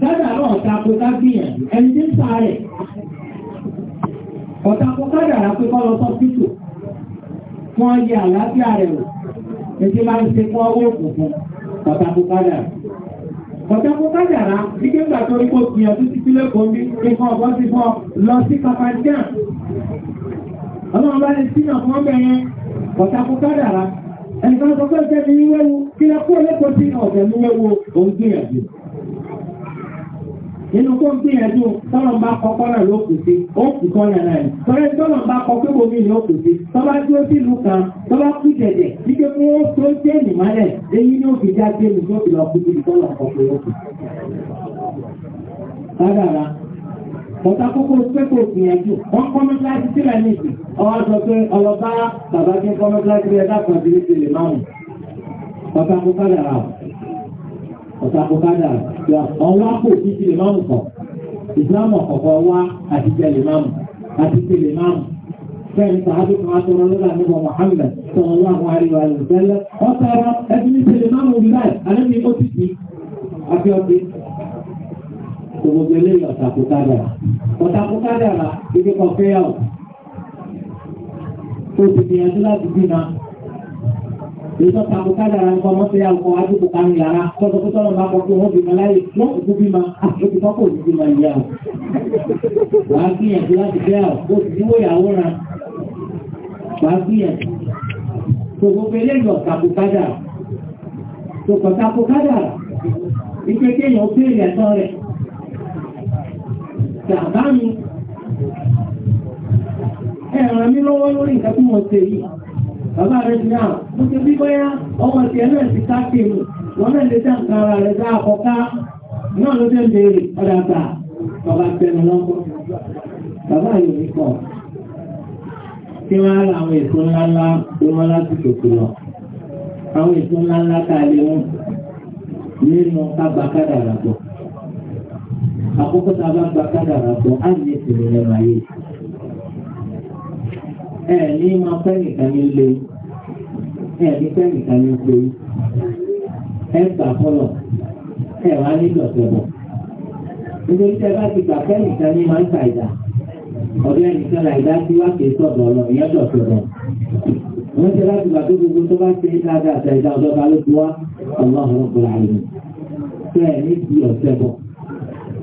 kádà náà tako ká gbìyànjú ẹni tí ń sáré ọ̀tako kádà rà pé kọ́ lọ sọ́sítù wọ́n yẹ àlàáfíà rẹ̀ wò ètí máa ń ṣe fún ọwọ́ òkùnkùn ọ̀tako kádà rà. ọ̀tako kádà rà ike ń gbà tó rí kó gbìyànjú títí lè sínà fún ọbẹ̀ yẹn ọ̀tako Ẹnìkan Inú kó ń gbìyànjú tọ́lọ̀ bá kọ kọ́nà ló kù sí, ó kù kọ́nà náà ni. Tọ́lẹ̀ tọ́lọ̀ bá kọ pé bomi ló kù sí, tọ́lá dúró sí ìlú kan, tọ́lá kú jẹ̀jẹ̀, wípé kí ó tó jẹ́ ìmọ̀lẹ̀, èyí ni ó fi já gbé mi tó fi lọ kú sí ìtọ́lọ̀ kọ̀ Bọ̀tà kókó pépò gbìyànjú, wọ́n kọ́ mi kíláàsì sílẹ̀ ní ìsìn. Ọwọ́ sọ pé ọlọ́bá bàbá kí n kọ́ mi kíláàsì rẹ̀ dákan sí ìsìn lè máa mú. Bọ̀tà kó ká dàrà. Bọ̀tà kó ká dàrà. Ọwọ́ kò sí ti lè máa mú kọ̀. Ìsìlámù ọ̀kọ̀ọ̀kọ̀ wá àti jẹ lè máa mú. Àti ti lè máa mú. Bẹ́ẹ̀ni sàádùn kan aṣọ́rọ̀ lọ́dà nígbà Mùhàmmad sọ̀rọ̀ àríwá àrùn tẹ́lẹ̀. Ọ̀sẹ̀ ẹ̀rọ ẹbí ní ti lè máa mú bí Àlẹ́ mi ó ti kì í gbogbo eléyìí ọ̀tàkùnkádàrà ọ̀tàkùnkádàrà ibi kan fẹ́yàwó tó ti gbìyànjú láti bímọ ètò ọ̀tàkùnkádàrà ń kọ́ ọmọ fẹ́yàwó kan adúgbò kan yàrá tọ́jú tó tọ́lọ́ bá kọ́ pé wọ́n bímọ láyé wọ́n kò tún bímọ àti ah, kọ́ kò ní bímọ ìyá o wàá gbìyànjú láti fẹ́yàwó kó ti díwó ìyàwó ra wàá gbìyànjú tó gbogbo eléyìí ọ̀tàkùnkádàrà tó kọ̀tàkùnkádàrà ìpèkéyàn ó bèèrè ẹ̀tọ́ rẹ̀ gàbá mi ẹ̀ràn mi lọ́wọ́ lórí ìtẹ́kùn ọ̀sẹ̀ yìí bàbá rẹ̀ ti náà ó ti bí bóyá ọmọ ti ẹ̀ náà ti ká kéwù wọn náà lè dáǹkà ara rẹ̀ dá àkọ́ká náà ló dé béèrè ọ̀dà gbà bàbá tẹnu lọ́kọ́ bàbá yìí ní kọ́ kí wọ́n á ra àwọn èso ńláńlá tó wọ́n láti tòkè lọ àwọn èso ńláńlá tá a lè mú nínú kábàkádà làbọ̀. àkókò tá a bá gba kádàrà fún á ní ìsinmi lẹ́nu ayé. ẹ ní máa fẹ́ nìkan ní lé ẹ ní fẹ́ nìkan ní pé ẹ gbà fọlọ̀ ẹ wá nílò ọ̀sẹ̀ bọ̀. nítorí tẹ bá ti gbà fẹ́ nìkan ní máa ń ta ìdá ọ̀dọ́ ẹnìkan là ìdá tí sọ̀dọ̀ dọ̀tẹ̀ bọ̀. wọ́n ti láti gbà tó gbogbo tó bá dáadáa wá ọlọ́run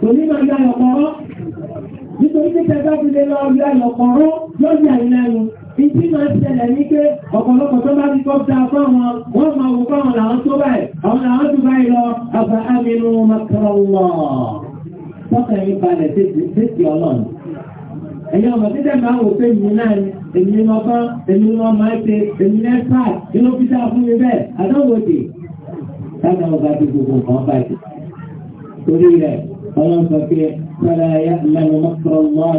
kò ní lọ yá lọ̀kọ̀rọ̀ nítorí pé tẹ́gbà ti lè lọ yá lọ̀kọ̀rọ̀ lọ́jà ìlẹ́nu ìdí máa ṣẹlẹ̀ ní pé ọ̀pọ̀lọpọ̀ tó bá ti kọ́ da fáwọn wọ́n máa wò fáwọn làwọn tó báyìí àwọn làwọn tó báyìí lọ àbá àmínú makarọ̀lọ̀ tọ́kàn yín balẹ̀ tètè ọlọ́run ẹ̀yin ọmọ títẹ̀ máa wò pé mi náà ni èmi ni mo kán èmi ni mo máa ṣe èmi ní ẹ́fà inú fíjà fún mi bẹ́ẹ̀ àdánwò dè táwọn ọba ti gbogbo nǹkan báyìí torí rẹ̀ ọlọ́run sọ فلا fẹ́lẹ́ مكر الله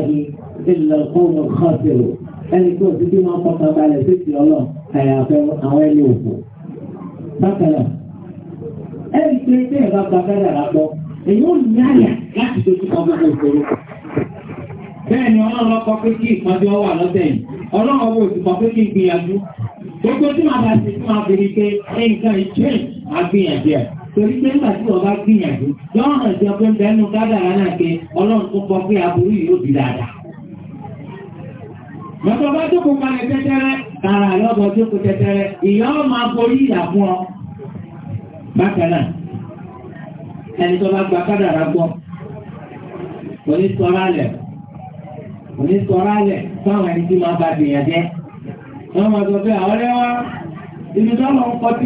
إلا القوم ilẹ̀ fóònù kọ́sìrò ẹni tó ti bí wọn fọkàn balẹ̀ sétí ọlọ́ àyàfẹ́ àwọn ẹni òfò. bákan náà ẹni tó ń tẹ́ ẹ̀bá gba fẹ́lẹ́ rà gbọ́ èyí ò ní àyà láti dojú kọ gbogbo ìṣòro. bẹ́ẹ̀ ni ọlọ́run lọ́kọ pé kí ìpàdé ọwọ́ àlọ́tẹ̀ yìí ọlọ́run ọwọ́ òsì kọ pé kí ìgbìyànjú gbogbo tí màá bá ti fún abìnrin pé nǹkan ìjẹ́ àgbìyànjẹ́ torí pé nígbà tí wọ́n bá gbìyànjú yọ́n hàn jọ pé bẹ́ẹ̀nu kádàrá náà pé ọlọ́run tó gbọ́ pé aburú yìí ó di dáadáa. Mọ̀tọ́ bá jókòó kalẹ̀ tẹ́tẹ́rẹ́, tààrà lọ́bọ̀ jókòó tẹ́tẹ́rẹ́, ìyá ọ máa borí ìyà fún ọ. Bákan náà, ẹni tó bá gba kádàrá gbọ́, kò ní sọ̀rọ̀ alẹ̀, kò ní sọ̀rọ̀ alẹ̀ fáwọn ẹni tí máa bá gbìyànjẹ́. Wọ́n mọ̀ sọ pé àwọn ẹlẹ́wà, ibi tó lọ ń kọtí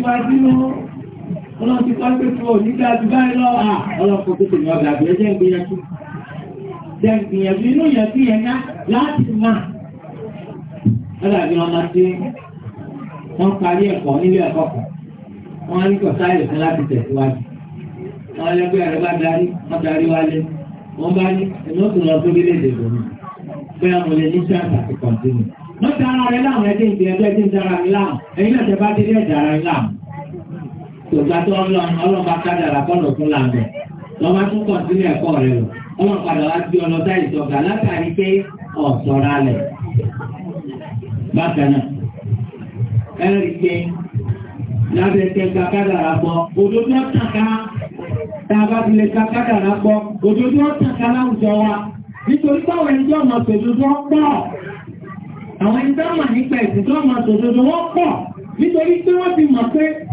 ọlọ́run ti pàpẹ́ fún ọ nígbà àti báyìí lọ à ah, ọlọ́run kò tètè ní ọgbà àgbẹ̀ jẹ́ ìgbìyànjú jẹ́ ìgbìyànjú inú ìyànjú yẹn ná láti máa ọlọ́run ọmọ tí wọ́n parí ẹ̀kọ́ nílé ẹ̀kọ́ kan wọ́n á ní kọ̀ sáyẹ̀ fún láti tẹ̀síwájú wọ́n á lẹ́gbẹ́ ẹ̀rọ bá darí wọ́n darí wálé wọ́n bá ní ẹ̀mọ́ tó lọ sórí léde lòun bẹ́ẹ̀ mo lè ní chance àti continue. wọ́n dára rẹ ìgbà tó ọlọ́run ọlọ́ba kádàrà kọ́lọ̀ fún làǹdẹ̀ lọ́ba tún kọ̀ sílẹ̀ ẹ̀kọ́ rẹ̀ o ọmọ padà wá sí ọlọ́dá ìjọba látàrí pé ọ̀sọ̀ra lẹ̀ bákan náà ẹ̀rí pé lábẹ́sẹ̀ gba kádàrà pọ̀ òdodo ọ̀tàn ká tá a bá ti lè gba kádàrà pọ̀ òdodo ọ̀tàn ká láwùjọ wa nítorí báwọn ẹni tó ọmọ tòdodo wọn pọ̀ àwọn ẹni tó ọmọ nípa ẹ̀sìn tó ọmọ tòdodo wọn pọ̀ nítorí pé wọ́n ti mọ̀ pé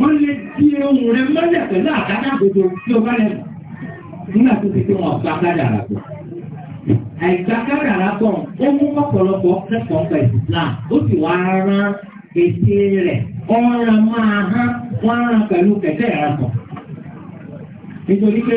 wọ́n lè di ohun rẹ̀ mọ́lẹ̀ pẹ̀lú gbogbo tí ó bá lẹ́nu nígbà tó ti fi wọn ọ̀pá kádàrà pọ̀. àìgbà kádàrà pọ̀ ó mú wọ́n rán pẹ̀lú kẹ̀kẹ́ nítorí pé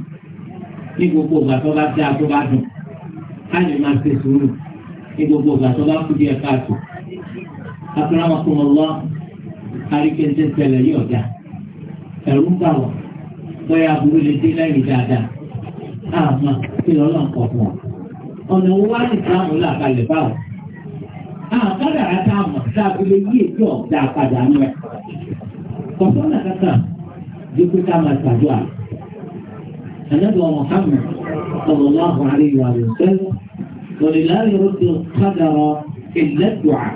ní gbogbo ìgbà tó bá dáa tó bá dùn á lè máa ṣe sùúrù ní gbogbo ìgbà tó bá kú díẹ̀ káàtó. akọ́nàmọ́ fún wọn lọ àríkẹ́ńtẹ́ tẹ̀lẹ̀ yí ọ̀dà ẹ̀rú ń bà wọ̀ bóyá aburú lè dé lẹ́yìn dáadáa àmọ́ kí lọ́lọ́ pọ̀ fún ọ. ọ̀nà owó wá ní ìsìlámù là kalẹ̀ báwọ̀. àkàdà àti àmọ̀ sábìlẹ̀ yí ètò ọ̀dà padà mẹ́. kọ̀sọ́nà kankan النبي محمد صلى الله عليه وآله وسلم ولله يرد القدر إلا الدعاء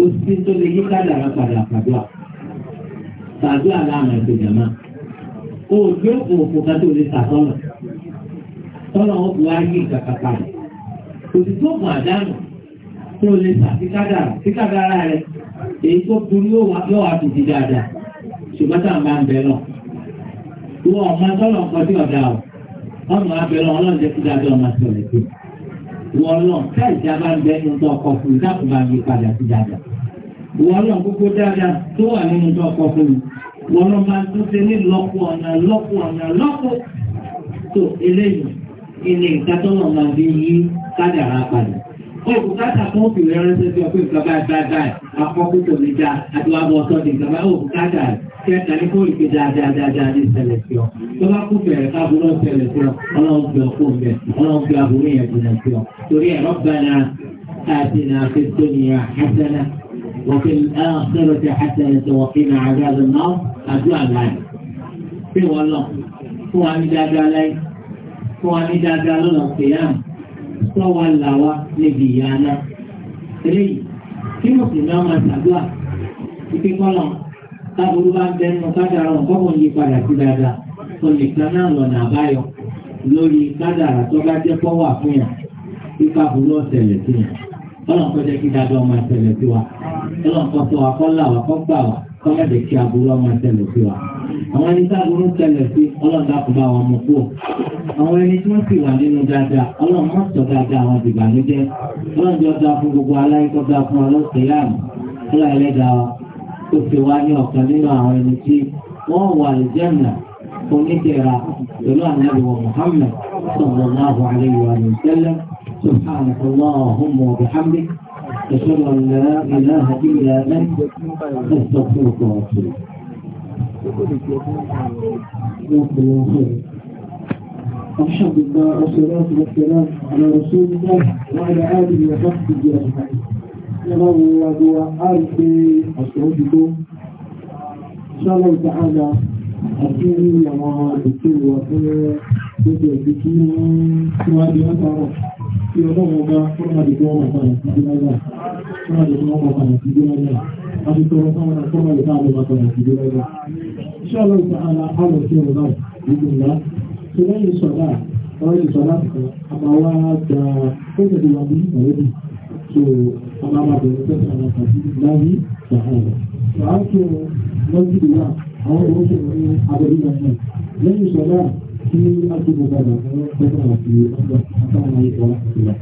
أثبت له قدر فلا قدر فأدعى العمل بالجماعة ojókòó òkúta tó lè sàtọ́nà tọ́nà ó bu ayé ìkàkàkà rẹ̀ òsì tó kàn àdánù tó lè sà síkádàrà síkádàrà rẹ̀ èyí tó burú yóò wá tó wà tó di dáadáa ṣùgbọ́n tá à ń bá ń bẹ náà. Wọ́n ọmọ tọ́lọ̀ ń kọ sí ọ̀dà ọ̀. Wọ́n máa bẹ̀rẹ̀ ọlọ́run jẹ́ kí dáadáa ọmọ sí ọ̀rẹ́ sí. Wọ́n lọ ká ìjábá ń bẹ nínú ọkọ̀ fún mi dákùn bá mi padà sí dáadáa. Wọ́n lọ gbogbo dáadáa tó wà nínú ọkọ̀ fún mi. Wọ́n lọ máa tún ṣe ní lọ́pọ̀ ọ̀nà lọ́pọ̀ ọ̀nà lọ́pọ̀. Tó eléyìí, ilé ìtàtọ́lọ̀ máa fi yí kádàrá padà òkùnkàtà fún òfin rẹ̀ rẹ̀ sẹ́sẹ́ ọ̀pẹ́ ìkàbá ìgbàgbà àkọ́kùtò níjà àti wàbọ̀ ọ̀sọ́ ìkàbá òkùnkàtà rẹ̀ kẹta ní kóòlù pé dáadáa ní ìṣẹ̀lẹ̀ sí ọ tó bá kú fẹ̀rẹ̀ káàbùrọ̀ ìṣẹ̀lẹ̀ sí ọ ọlọ́run fi ọkọ ń bẹ ọlọ́run fi àbúrò yẹn jìnà sí ọ torí ẹ̀ Rabbana atina fid dunya hasana wa fil akhirati hasana wa qina adhaban nar àdúrà láì pé wọ́n lọ fún wa ní dáadáa láì fún wa ní dáadáa lọ́nà kéyàn sọ wa níbi ìyá náà eléyìí kí mùsùlùmí ọmọ ìṣàdúrà ìpínkọ́lọ́ táàbùrú bá ń tẹnu kádàrá nǹkan mọ̀ yí padà sí dáadáa tó nìkan náà lọ́nà àbáyọ lórí kádàrá tó bá jẹ́ pọ́wà fún yàn kíkà burú ọ̀sẹ̀lẹ̀ sí yàn ọlọ́nkọ́ jẹ́ kí dáadáa ọmọ ẹ̀sẹ̀lẹ̀ sí wa ọlọ́nkọ́ sọ wa kọ́ là wa kọ́ gbà wa kọ́ mẹ́tẹ̀ kí aburú ọmọ ẹ̀sẹ̀lẹ̀ sí wa àwọn ẹni táàbùrú ṣẹlẹ̀ sí ọlọ́dà kò bá wọn mú kú àwọn ẹni tí wọ́n sì wà nínú dáadáa ọlọ́run má sọ dáadáa àwọn ìbànújẹ́ ọlọ́run jọ dáa fún gbogbo aláìkọ́ dáa fún ọlọ́sẹ̀ yáàmù ọlọ́ ẹlẹ́dàá tó fi wá ní ọ̀kan nínú àwọn ẹni tí wọ́n wà lẹ́jẹ̀nà oníkẹ́ra pẹ̀lú ànábì wa Muhammad sallallahu alayhi wa sallam سبحانك اللهم وبحمدك أشهد أن لا إله إلا أنت أستغفرك وأتوب إليك الحمد لله والصلاة والسلام على رسول الله وعلى آله وصحبه أجمعين يروا هو عارف الصوت إن شاء الله تعالى أكيد لما الدكتور وفي بدأ بكين وادي أثر في رمضة فرما دكتور مثلا في جنازة فرما دكتور مثلا في جنازة الدكتور مثلا فرما دكتور مثلا في جنازة إن شاء الله تعالى حاول في رمضة بإذن الله سنين الصلاة أول الصلاة أما واد كيف تلعبين ويدي so alábàbẹ̀ ẹgbẹ́ alábàbí láyé ṣàhàrà ṣàhàkì ọ̀rọ̀ lọ́jọ́ ìwà àwọn ìwọ́sọ̀ ní abẹ́lé náà lẹ́yìn ìṣọ̀lá tí a ti bọ̀ padà fún ọjọ́ àti ọjọ́ àtàwọn ayẹyẹ wa ìlà.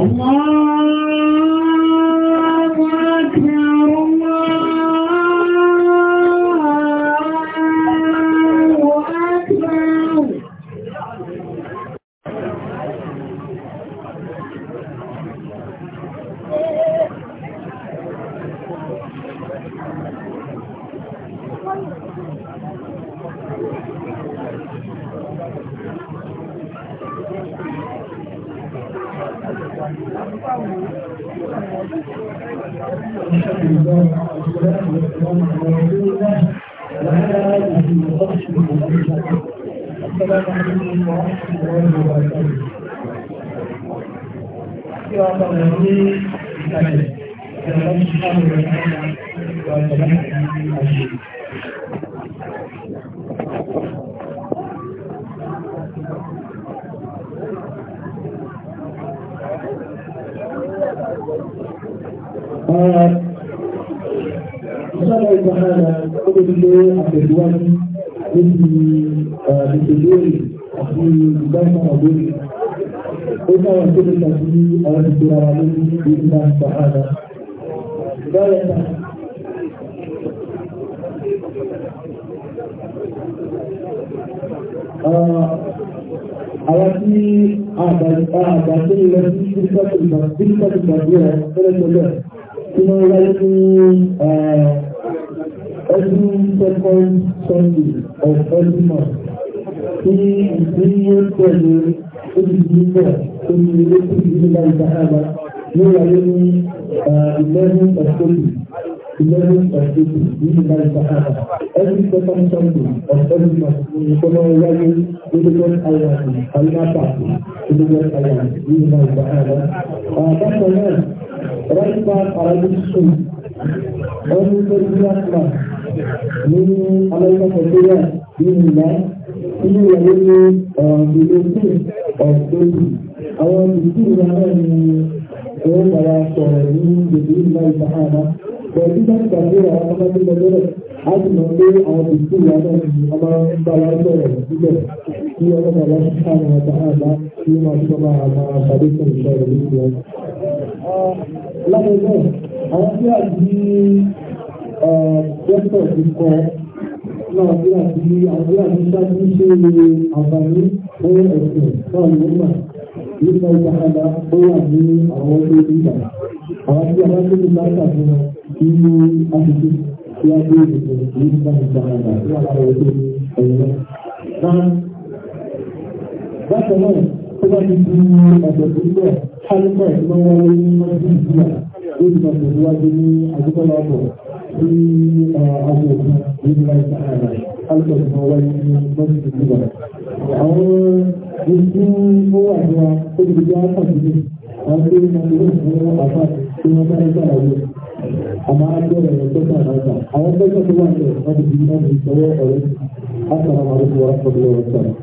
الله أكبر السلام عليكم ورحمة الله وبركاته. يا رب العالمين، الحمد لله Ìṣọ́lá ìgbà náà ó lè lé àtẹ̀síwájú níbi ìṣèlérí àti ìgbàgbọ́n àgbóyè. Ó dára tó lè tàbí àwọn ìṣòro ara lórí ìgbà ìgbàhánà. Báyọ̀ náà. Àwọn tí àgbàṣe ilẹ̀ sí ìṣẹ́kùnbà sí ìṣẹ́kùnbà bí ẹ̀ fẹ́rẹ́ tí wọ́n wáyé ní eh, every second Sunday of every month tí ìdíyẹ pẹ̀lú olùdíjẹ́ olùdíjẹ́ tó ti di láì dáhàbá ní wáyé ní eleven october eleven october ní láì dáhàbá every second Sunday of every month ní kọ́nà wáyé olùdíjẹ́ island alimapa olùdíjẹ́ island ní láì dáhàbá. bákan náà rẹ́gbà paradíṣù ọdún tó ti àpà nínú alẹ́gbẹ̀ẹ́ tó yà nínú ìlà nínú ìlà nínú ìlú tí ọ̀pọ̀ àwọn ìdí ìlà náà ni wọ́n padà sọ̀rọ̀ ní gbèdé ìlà ìtàhánà pẹ̀lú dókítà tó yà wọ́n máa ń lọ lọ́rẹ̀ a sì mọ̀ pé àwọn ìdí ìlà náà ni wọ́n máa ń bá wa sọ̀rọ̀ síbẹ̀ kí ọlọ́pàá lọ́sùn sáà ní ọjà àgbà kí wọ́n máa tọ́ máa máa ṣàdékùn ìṣẹ́ ìlú wọn lábẹ́lẹ́ àwọn tí a ti dẹ́pọ̀ ti kọ náà tí a ti àwọn tí a ti ṣáájú ṣe àǹfààní fún ẹ̀sìn náà ló mà nípa ìjàkadà tó wà ní àwọn tó ti àwọn tí a bá tó ti bá ṣàfihàn nínú àṣìṣe tí a gbé ìdìbò nípa ìjàkadà tó wà láwọn tó ti ẹ̀yìn náà. Bákan náà, tó bá ti di ọ̀dọ̀ tó bẹ̀ kálímẹ̀ lọ́wọ́ ní ọdún ìgbà ló ti máa tẹ̀síwájú ní àdúgbọ́lá ọ̀bọ̀ ní àwọn òkú nínú láì sáàrà kálímẹ̀ tó máa wáyé ní ọdún ìgbà. Àwọn ìṣú ó wà ní wa ó ti di àpàtìlẹ̀ àwọn tó ń máa lọ́wọ́ fún àpá tí wọ́n bá ń sára lọ.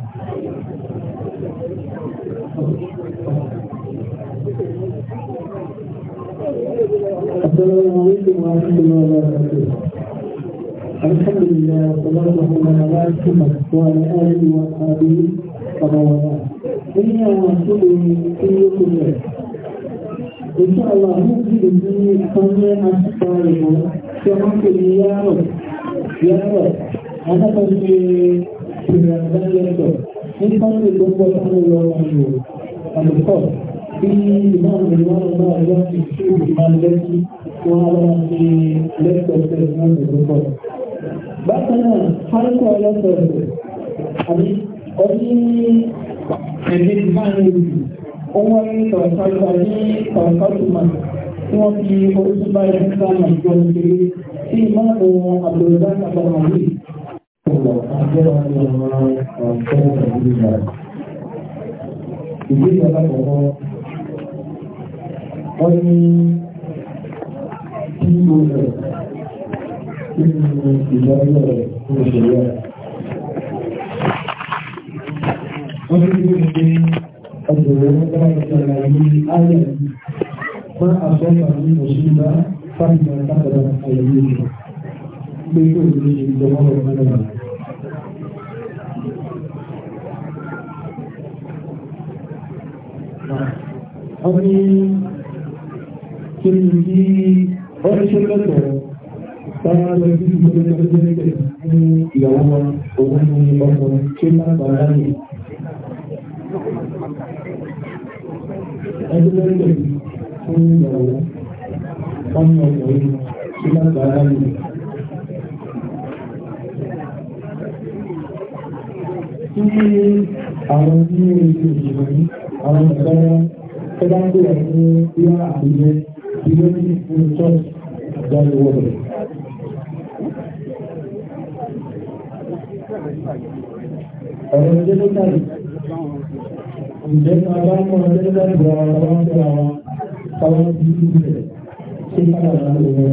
السلام عليكم ورحمة الله وبركاته الحمد لله والصلاة والسلام على محمد وعلى آله وأصحابه ومن والاه إني أواصل في كل إن شاء الله نجد في قناة الصالحة تقول يا رب يا رب أنا قد في رمضان يكتب nígbà tí ó gbọ́ sáré lọ ọmọ àlùkọ́ bí ìmáà mi wá lọ́wọ́ ẹgbẹ́ ti ṣe ìmáà lẹ́sí wọn á lọ́wọ́ sí lẹ́sọ̀ọ́sẹ̀ náà lọ́kọ̀. bákan náà hálùkọ́ lọ́sọ̀ọ̀sẹ̀ àbí ọdún ẹ̀dẹ́ máa ń lò ó wọ́n ní tọ̀ọ̀tọ̀ ní tọ̀ọ̀tọ̀tùmá tí wọ́n fi orúkú báyìí sáà nàìjíríà ṣeré tí ìmáà Ìgbésí alákọ̀ọ́kọ́, wọ́n ní kí ó rẹ̀ nínú ìdájọ́ rẹ̀ ní òṣèré rẹ̀. Wọ́n ní kí ó ṣe ọjọ́rẹ̀ ọjọ́ ìṣẹ̀lẹ̀ ní ayẹ̀ máa àṣọ́fà ní òṣìṣẹ́ fáìmọ̀ látàrà àyẹ̀wò ìgbésí òṣèré ìjọba ọ̀rọ̀ mẹ́rin. ó ní kí ní ṣe lọ́tọ̀ bára lọ sí ìgbẹ́lẹ́gbẹ́lẹ́gbẹ́ ní ìyàwó wọn òun ní ọkùnrin tí máa bá ráyè ẹgbẹ́lẹ́gbẹ́ fún ìyàwó ọmọ ọkùnrin tí máa bá ráyè Tí àwọn ilé ìgbìyànjú àwọn ìṣẹ́lẹ̀ tó bá ń bèèrè ní ilé àbújẹ ilé ní ìfún church jáde wọ́pẹ̀. ọ̀rọ̀ jẹ́lẹ́tàrí ǹjẹ́ bá ń mọ̀ jẹ́lẹ́tàrí àwọn ọmọ ọmọ ọmọ ọmọ ọmọ ọmọ ọmọ ọmọ ọmọ ọmọ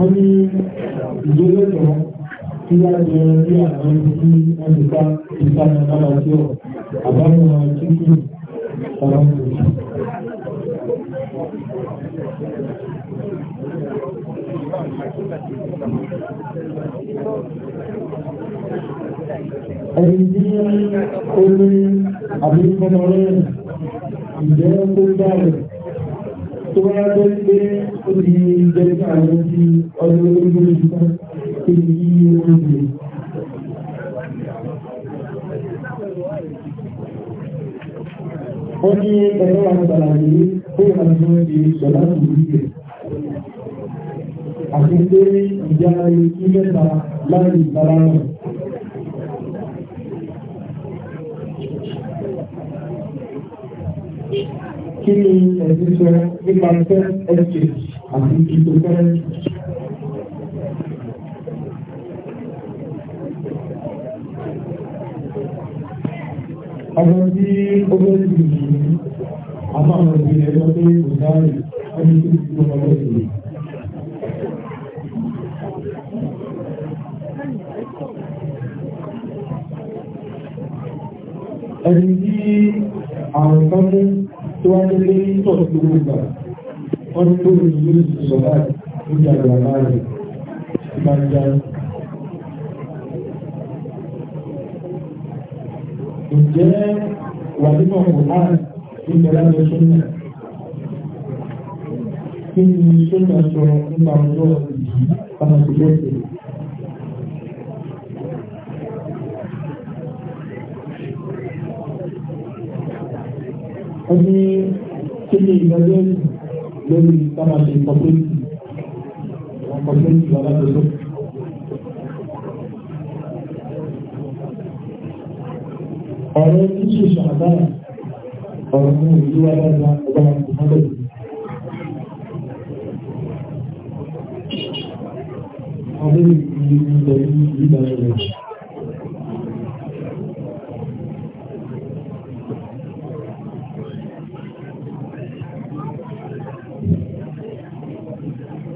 wọ́n ní ìgbélẹ́tọ̀ tí wá jẹ ní àwọn tí wọ́n ti bá ìta náà tí ó àbáwọn chicken ọ̀rọ̀ ẹni tí ó ní àbíkọ́mọ́ rẹ̀ ìjẹ́ tó dáre tó wáyá tó ń pé ó ti jẹ́ pé àwọn ti ọdún orílẹ̀ èdè kan tó ní yí oúnjẹ. Wọ́n ní ẹ̀rọ àgbàlàyé tó wà ní oúnjẹ sọ̀lá tó rí rẹ̀. Àti pé ìjà ayé kí mẹ́ta láàrin ìbára náà. kí ni ẹ̀sìn sọ nípa fẹ́ ẹ̀sìn àti ìdìbò fẹ́rẹ́. Ọjọ́ tí ó bẹ́ẹ̀ sì yìí, àbáwọn òbí ẹjọ́ pé kò dáre, ẹni tó ti tó ọjọ́ sí. Ẹni tí àrùn kan mú tó wá ní pé tọ̀ tó gbogbo wọ́n tó rí lórí ìsọ̀lá lórí àgbàlá rẹ̀ bá ń já ǹjẹ́ wà nínú ọkọ̀ láàrín ìgbẹ̀rẹ̀ lọ kí ni sọ́nà sọ nípa ọjọ́ ó ní kíni ìgbẹ́lẹ́ lórí ìtàmàṣe kọ̀pẹ́tì kọ̀pẹ́tì alájọsọ. ọ̀rẹ́ tí ṣe ṣàdáyà ọ̀rọ̀ mú ìlú alága ọba ìmọ́lẹ̀ ọdún ìlú ilẹ̀ ìlú ìdájọ́ rẹ̀.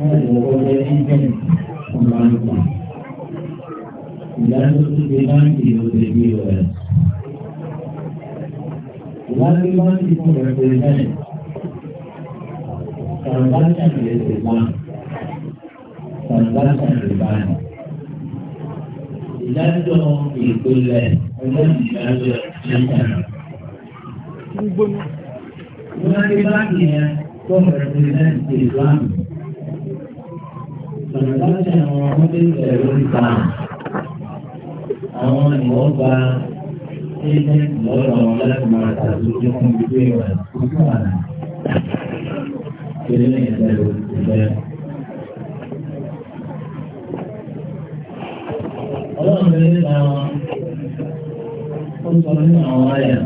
ìdájọ́ tó gbé báńkì ló ti gbé ọ̀rẹ́. ìwádìí báńkì fún ọ̀rẹ́ bẹ́ẹ̀ transaction lè ṣe bá transaction lè bá ní. ìdájọ́ ìpínlẹ̀ ọjọ́ ìdájọ́ ìdájọ́. ìwádìí báńkì yẹn tó ọ̀rẹ́ bẹ́ẹ̀ ṣe bá mi bàbá tí àwọn ọmọdé bẹ̀rẹ̀ lórí ta àwọn ìwọ́n gba ẹgbẹ́ lọ́rọ̀ ọlọ́gbọ̀n àtàlójú fún gbígbé rẹ̀ kókó àná. Kéré lẹ́yìn ẹ̀rọ ìbẹ̀rẹ̀. Ọlọ́run lè ní àwọn ó sọ nínú àwọn àyà.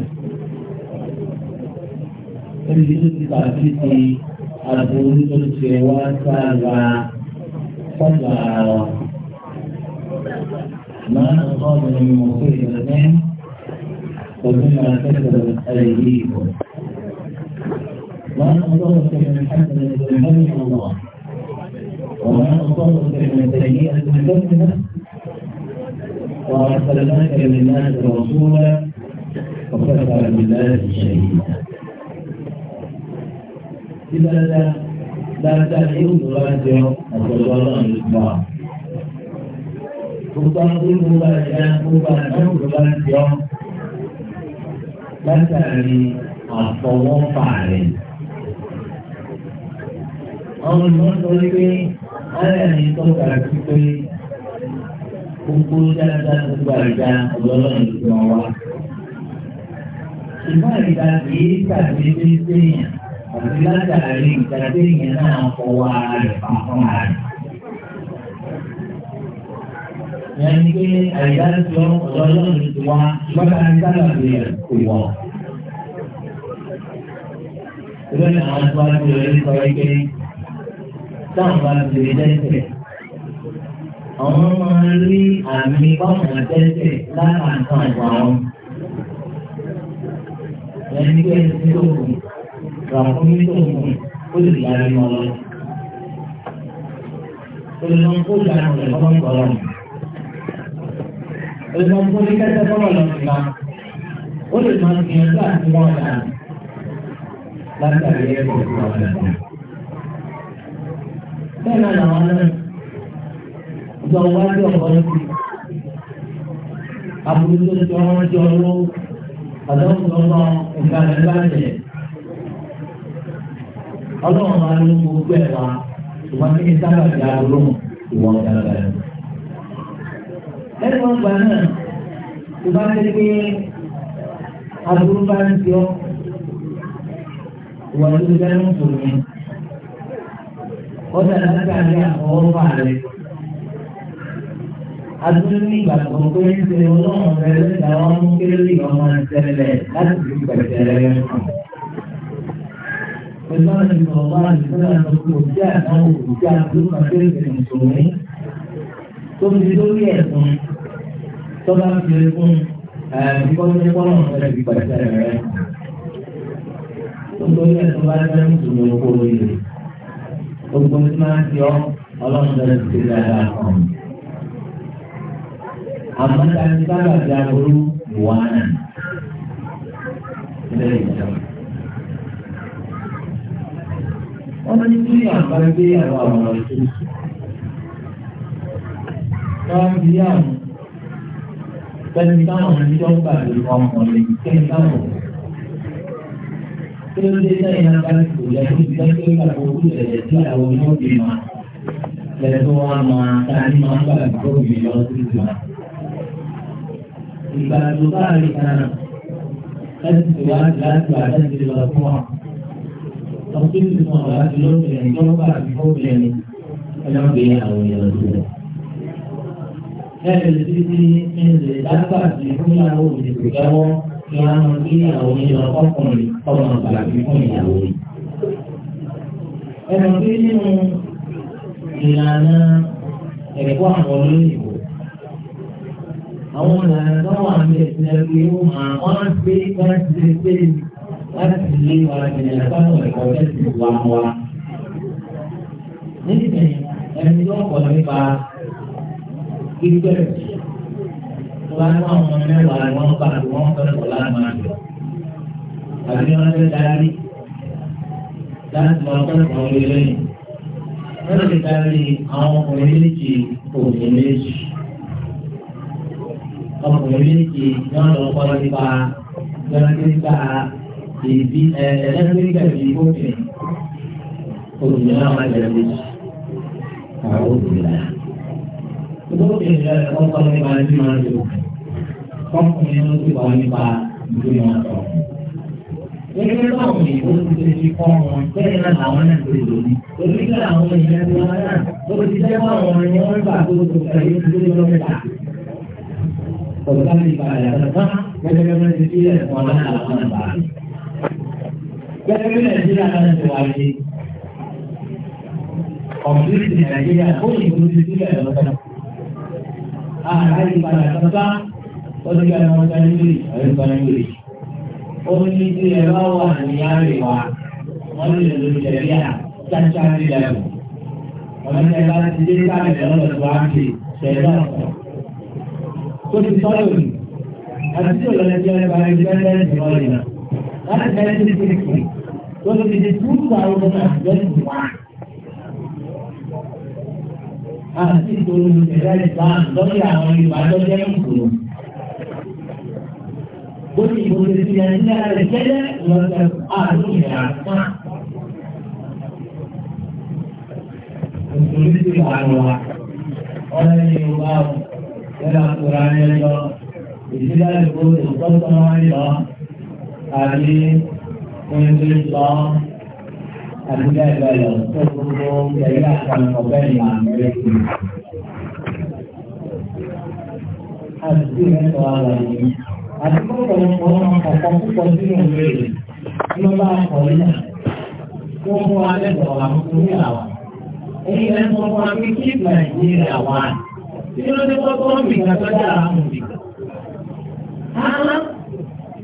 ti bàbí ti àbúrú tó ti wá sára. فلا ما أصاب من مصيبة فبما كسبت أيديكم ما أصابك من حسنة فمن الله وما أصابك من سيئة فكسبت وأرسلناك للناس رسولا وكفى بالله شهيدا إذا dáadáa ní ìlú bá jẹ ọ̀pọ̀lọpọ̀ náà ló gbà. Gbogbo àwọn ìlú bá jẹ gbogbo àwọn ìlú bá jẹ ọ́ látàrí àfọwọ́fà rẹ̀. Àwọn ènìyàn sọ pé ayé ni tọ́ka sí pé gbogbo dáadáa gbogbo àìdá ọlọ́run ló gbà wá. Ìmọ̀ àìdá kìí tàbí bí sèèyàn àti látàrí ìtàgé yẹn náà fọwọ́ ara rẹ̀ fún ara rẹ̀. Ìyẹn pé àyídájọ́ ọlọ́run ti wá lọ́dà sábà bí kò wọ̀. Ìwé ni àwọn tó wá sí orí sọ wípé táwọn bá ti lè dẹ́sẹ̀. Àwọn máa rí àmì bọ́ọ̀mù dẹ́sẹ̀ lára nǹkan ìwà wọn. Ìyẹn ni pé ní òkú ràkúnmí tó mú ó lè yá ní ọlọ́ olùdókòwò kó lànà rẹ̀ kọ́ mọ́ ọ̀rọ̀ olùdókòwò kó ní kẹ́kẹ́ kọ́ mọ́ lọ́sùn náà ó lè máa gbìyànjú àti wọ́n dà látàrí ẹ̀kọ́ ìwọ̀n bẹ́ẹ̀ náà làwọn náà gbọ́ wájú ọ̀pọ̀ lókè àbúrò tó ti ọmọ jọ ló àdáwọ̀ tó ń bọ̀ ẹ̀ ọlọ́run máa ní gbogbo ẹ̀ wá ìwọ́n ní sábà ti àdúró ìwọ́ ìdàgbà rẹ̀. ẹnu ọgbà náà tó bá ti pé aburú bá ń ti ọ́ ìwọ́n tó bẹ́ẹ̀ ń sùn ní. ọjà láti àlẹ́ àfọwọ́fà rẹ̀. Adúlé ní ìgbàgbọ́ pé ń ṣe ọlọ́run rẹ̀ lẹ́gbàá wọn mú kéré lè ọmọ ìṣẹ̀lẹ̀ láti fi pẹ̀sẹ̀ rẹ̀ fún pẹ̀lú ọ̀rẹ́ ìfọ̀wọ́ àdìsọ́lá ìfọ̀kù jẹ́ àtàwọn òkùnkùn àbúrò àbẹ́rẹ́ ìmùsùlùmí tó fi lórí ẹ̀sùn tó bá fi lè fún ẹ̀ẹ́dìkọ́ni pọ́nà ọ̀rẹ́ ìgbàsẹ̀ rẹ̀. tó lórí ẹ̀sùn bá jẹ́ mùsùlùmí oko oyè gbogbo tí máa ń fi ọ́ ọlọ́run lọ́dọ̀ ti ṣe dáadáa kan. àmọ́ ta ni sábà di aburú wàhánà. ilé ìjọba. wọ́n ní kí àpárí pé àwọn àwọn ọ̀rọ̀ Káwọn àwọn pẹ̀lú táwọn ẹjọ́ gbà lórí ọmọ rẹ̀ táwọn kí ló dé sẹ́yìn agbára kò yẹ kí ìgbà tó ń gbàgbọ́ ojú ẹ̀jẹ̀ tí àwọn ọmọ bí ma lẹ́yìn tó wọ́n máa ta máa ń gbà tó bí lọ sí ìgbà. Ìgbà tó bá rí kan, ẹ̀sìn tó wá láti wà láti lọ fún ọ àwọn tí wọ́n ti mọ̀ ọ̀rọ̀ láti lóbìnrin ní wọ́n gbà bí fóbìnrin ni ẹ̀rọ gbé àwọn èèyàn sílẹ̀. Bẹ́ẹ̀ ti ti ẹ̀rẹ̀ dágbà sí fún ìyàwó òdìbò jẹ́wọ́ kí a mọ kí àwọn èèyàn ọkùnrin ọmọ gbà bí fún ìyàwó yìí. Ẹ̀rọ láti lé ọ̀rọ̀ ìjìnlẹ̀ lọ́wọ́ ẹ̀kọ́ tẹ̀sí wa wa. Níbi ẹni tó kọ̀ nípa gbígbẹ́ wa ní àwọn ọmọ mẹ́wàá ni wọ́n bá wọ́n fẹ́ kọ̀ láàmú àjọ. Àbí wọ́n fẹ́ darí láti lọ kẹ́kọ̀ọ́ ilé yìí. Wọ́n lè darí àwọn ọkùnrin méjì òkè méjì. Ọkùnrin méjì ni wọ́n lọ kọ́ nípa gbẹ́rẹ́gbẹ́gbà èyí ẹ̀ẹ́dẹ́gbẹ̀rẹ́gbẹ̀ bíi obìnrin obìnrin náà máa jẹ méjì àwọn obìnrin náà. Obìnrin náà wọ́n kọ́ nípa ẹbí máa ń lò ọkùnrin ló ti kọ́ nípa ìlú wọn sọ. Gẹ́gẹ́ báwọn òyìnbó ti ṣe fi kọ́ wọn bẹ́ẹ̀ náà làwọn náà ti lò ní. Oríṣi àwọn èèyàn ti wọn náà ó ti jẹ́ báwọn ni wọ́n gbà tó tó kẹ́lé tó tó lọ mẹ́ta. Ọ̀gá mi bàyà lọ́sàn-án gẹ́gẹ́ bí wọ́n ti fi ẹ̀sán náà làwọn náà bàá gẹ́gẹ́ bí nàìjíríà náà ti wá sí ọ̀pọ̀lọpọ̀ nàìjíríà ó lè gbọ́dọ̀ ti sílẹ̀ lọ́sẹ̀ ààrẹ ìpadà sọ́tà ọdún yàrá wọn sáré lórí ọ̀rẹ́ sáré lórí ó ní tí ẹ bá wà ní àríwá wọn lè lò nàìjíríà ṣáṣá nílẹ̀ ọ̀rẹ́ ẹ bá ti dé sáré lọ́dọ̀ tó ti sọ́dọ̀ ní àti tí ò lọ́lẹ́ That is very difficult. So that it is 2,000 and 21. Àti ìtòrò ìṣẹ̀lẹ̀ ìgbàlá lórí àwọn ìbàdàn jẹ́ ìṣòro. Bóyá ìbòrò ìṣẹ̀lẹ̀ ìṣẹ̀lẹ̀ rẹ̀ jẹ́lẹ̀ lọ́sẹ̀ àrùn ìrìn àpá. Ìṣòro ti wà lọ́wọ́. Ọ̀rẹ́ ni Yorùbá ẹ̀rọ àkùrà rẹ̀ lọ. Ìṣẹ̀lẹ̀ ìgbòrò ìṣọ́sọ́ wọn lọ. àbí oyin tó ń lọ àti bẹ́ẹ̀ bẹ́ẹ̀ lọ tó gbogbo ẹ̀yà kan ọ̀bẹ ìlànà rẹ̀ kù. Àti tí ìwé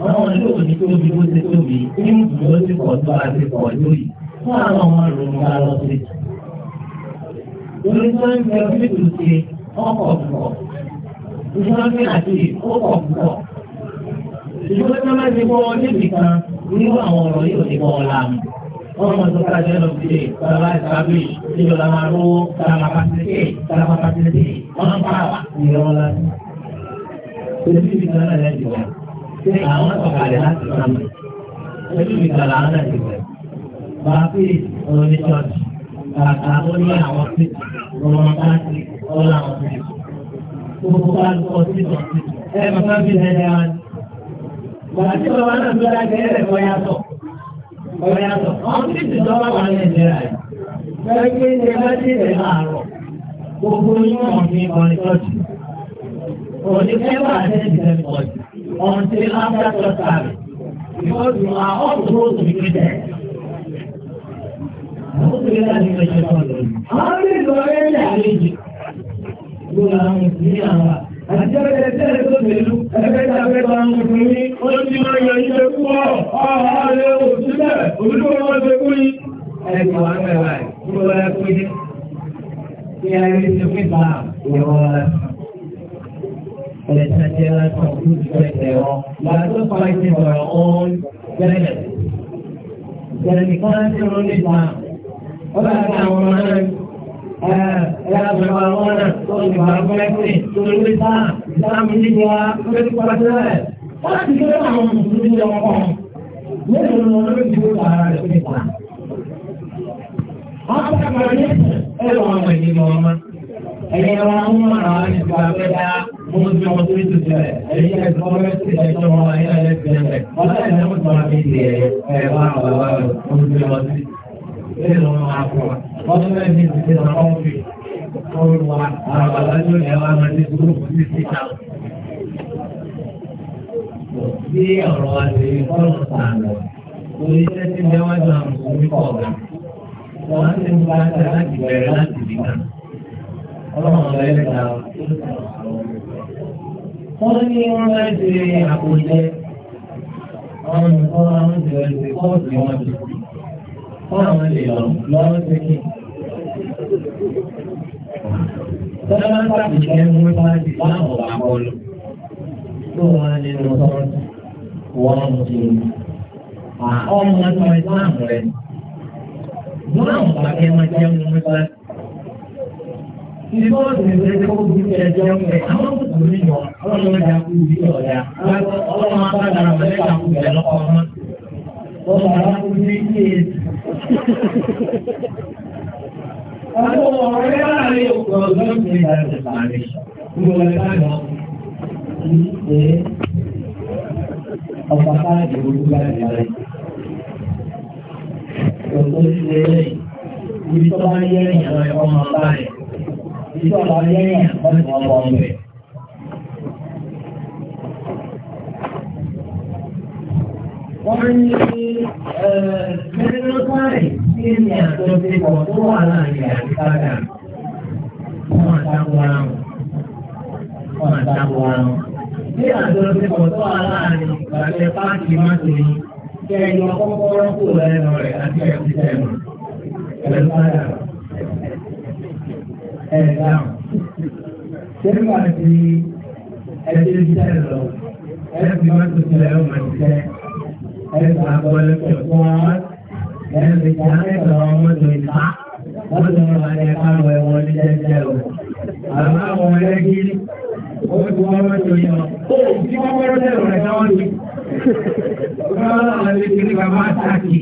àwọn ọmọ yóò ní tóbi bó ti tóbi ní ìdúró ti pọ̀ tó a ti pọ̀ lórí fún àwọn ọmọ ìrònú bá lọ sí. Orí tó ń bẹ fíìtù ṣe ọkọ̀ púpọ̀. Ìjọba fi àti ọkọ̀ púpọ̀. Ìjọba tó bá ti bọ́ ọ níbi kan nínú àwọn ọ̀rọ̀ yóò ti bọ́ ọ láàmú. Wọ́n mọ̀ tó kájọ́ lọ sí bàbá ìsàbí ìjọba máa rówó tààmà pàṣẹ tààmà pàṣẹ wọ́n ń pààwà ìrọ̀lá. Òṣèlú ìgbàlá rẹ̀ jùlọ ṣé àwọn sọ̀kalẹ̀ láti sàmì pẹ̀lú ìgbàlá náà ti bẹ̀rẹ̀. Bàbá pé ọ̀rọ̀ ní ṣọ́ọ̀ṣì, bàbá ó ní àwọn pé ọ̀rọ̀ máa ti ọ̀rọ̀ àwọn pé. Gbogbo wa ló kọ sí ìtọ́sí. Ẹ bàbá mi lẹ́ ní ni. Bàbá tí bàbá náà gbé láti ẹ̀rẹ̀ kọ́ yàtọ̀. Ọ̀rọ̀ yàtọ̀. Àwọn tí ìjọba wà ní Nàìjíríà yìí. Bẹ́ẹ̀ pé ní ẹgbẹ́ tí ìrẹ̀ máa rọ̀. Gbogbo yín mọ̀ ní ọ̀rìn ṣọ́ọ̀ṣì. Òní fẹ́ wà ní ìdílé until after church service because you are all supposed to be there. Àwọn ìlú ọ̀rẹ́ ní àlejò ló ra àwọn ìpínlẹ̀ àwọn àti ọ̀rẹ́ tẹ́lẹ̀ tó pẹ̀lú ẹgbẹ́ tí a fẹ́ bá ń fún ní ó ti máa yọ ilé fún ọ̀ ọ̀hún alẹ́ òṣìṣẹ́ òṣìṣẹ́ wọn ṣe fún yí. Ẹgbẹ́ wa ń bẹ̀rẹ̀ báyìí, ó lọ́ọ́ Let's not conclude that they are not fighting for our own benefit. Then we can't do only one. What about our man? Ẹ̀rọ àwọn ọ̀nà tó ní bàbá ẹ̀sìn tó ní wí sáà, ìsáàmù nígbà wa tó ní pàpà sílẹ̀. Wọ́n ti gbé àwọn mùsùlùmí ní ọmọ kan. Mélòó ni wọ́n lórí ìdíwọ́ ara rẹ̀ tó ní pa? Wọ́n bá bàbá ní ẹ̀rọ àwọn ìdíwọ́ ọmọ. Ẹ̀yẹ̀ wa ń mọ̀ àwọn ìgbà pẹ́ dáa. Bunu çoğunluğu üzere, eğer kuvvetli de çoğunluğa ilerletmeyerek, bana inanın bana diye, eyvah Allah, bunu çoğunluğu bir onu akıma. Bunu ben bir ọlọ́run wọ́n ní wọ́n máa ń ṣe àkójẹ àwọn nǹkan àwọn ìṣe ẹ̀ṣẹ̀ kọ́ọ̀sì wọn ti fún àwọn ilé lọ́rùn ṣe kí. Tọ́lá máa ń pàtàkì ẹnu nípa ti bá ọ̀rọ̀ àkọlù tó wà nínú sọ́ọ̀tì wọ́n ti ọmọ ọmọ ìsìláàmù rẹ̀. Gbọ́dọ̀ pàtàkì ẹnu jẹ́ ọmọ ìsìláàmù ìgbọ́dọ̀ ìgbẹ́ tó bí ẹjọ́ ẹ̀ àwọn òkùnrin yìí wọ́n lọ́ọ́ yà kú bí ọ̀yà ọlọ́run agbára rẹ̀ yà kú bẹ̀rẹ̀ lọ́kọ̀ ọmọ. ó bàbá kú ní kí e. àwọn ọ̀rẹ́ láàrin òkú ọ̀gbọ́n mi ìjọ àlàyéyàn láti wọ́n bọ́ ọ̀rẹ́. Wọ́n ní ẹ̀ẹ́dẹ́gbẹ́rẹ́ sí ní àtọ́jẹ́pọ̀ tó wà láàrin àríkájà. Wọ́n àtàkùn ara wọn. Wọ́n àtàkùn ẹ̀dá ṣẹ́gbà ti ẹgbẹ́ iṣẹ́ lọ ẹ̀sìn máa tó tẹ̀lé ọmọ ìṣẹ́ ẹ̀sìn àgbọ̀lẹ́pẹ̀ fún ọ́ ẹ̀sìn ìjàmẹ́ta ọmọdé ìta wọ́n ti wọ́n wọlé káwọn ẹ̀wọ̀n ní jẹ́jẹ́ o àmọ́ àwọn ẹlẹ́gí ó ti wọ́n wọ́n tó yọ ó tí wọ́n wọ́n tẹ̀lé rẹ̀ káwọn ní. Báwo la wọ́n lè fi ní bàbá àtàkì?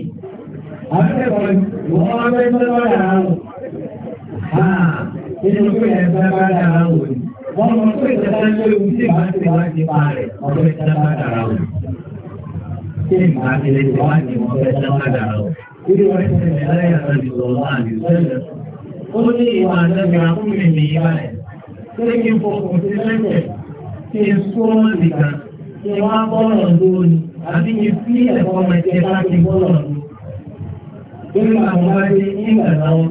Àwọn ẹ̀kọ́ ìwọ́n wọ́n fẹ́ tó lọ́ọ̀rọ̀ nínú pé ẹgbẹ́ bá dára wò ní. Wọ́n ìwà àtẹ́gbẹ̀rẹ̀ fún mi nìyí báyìí. Ṣé kí n sí lẹ́sẹ̀? Kí n sọ wọn nìkan? Kí wá bọ́ọ̀lù lóni? Àbí kí n fi ẹ̀kọ́ mẹ́tẹ́ láti bọ́ọ̀lù lóni? Ó ní àwọn ọmọdé ní ìgbà láwọn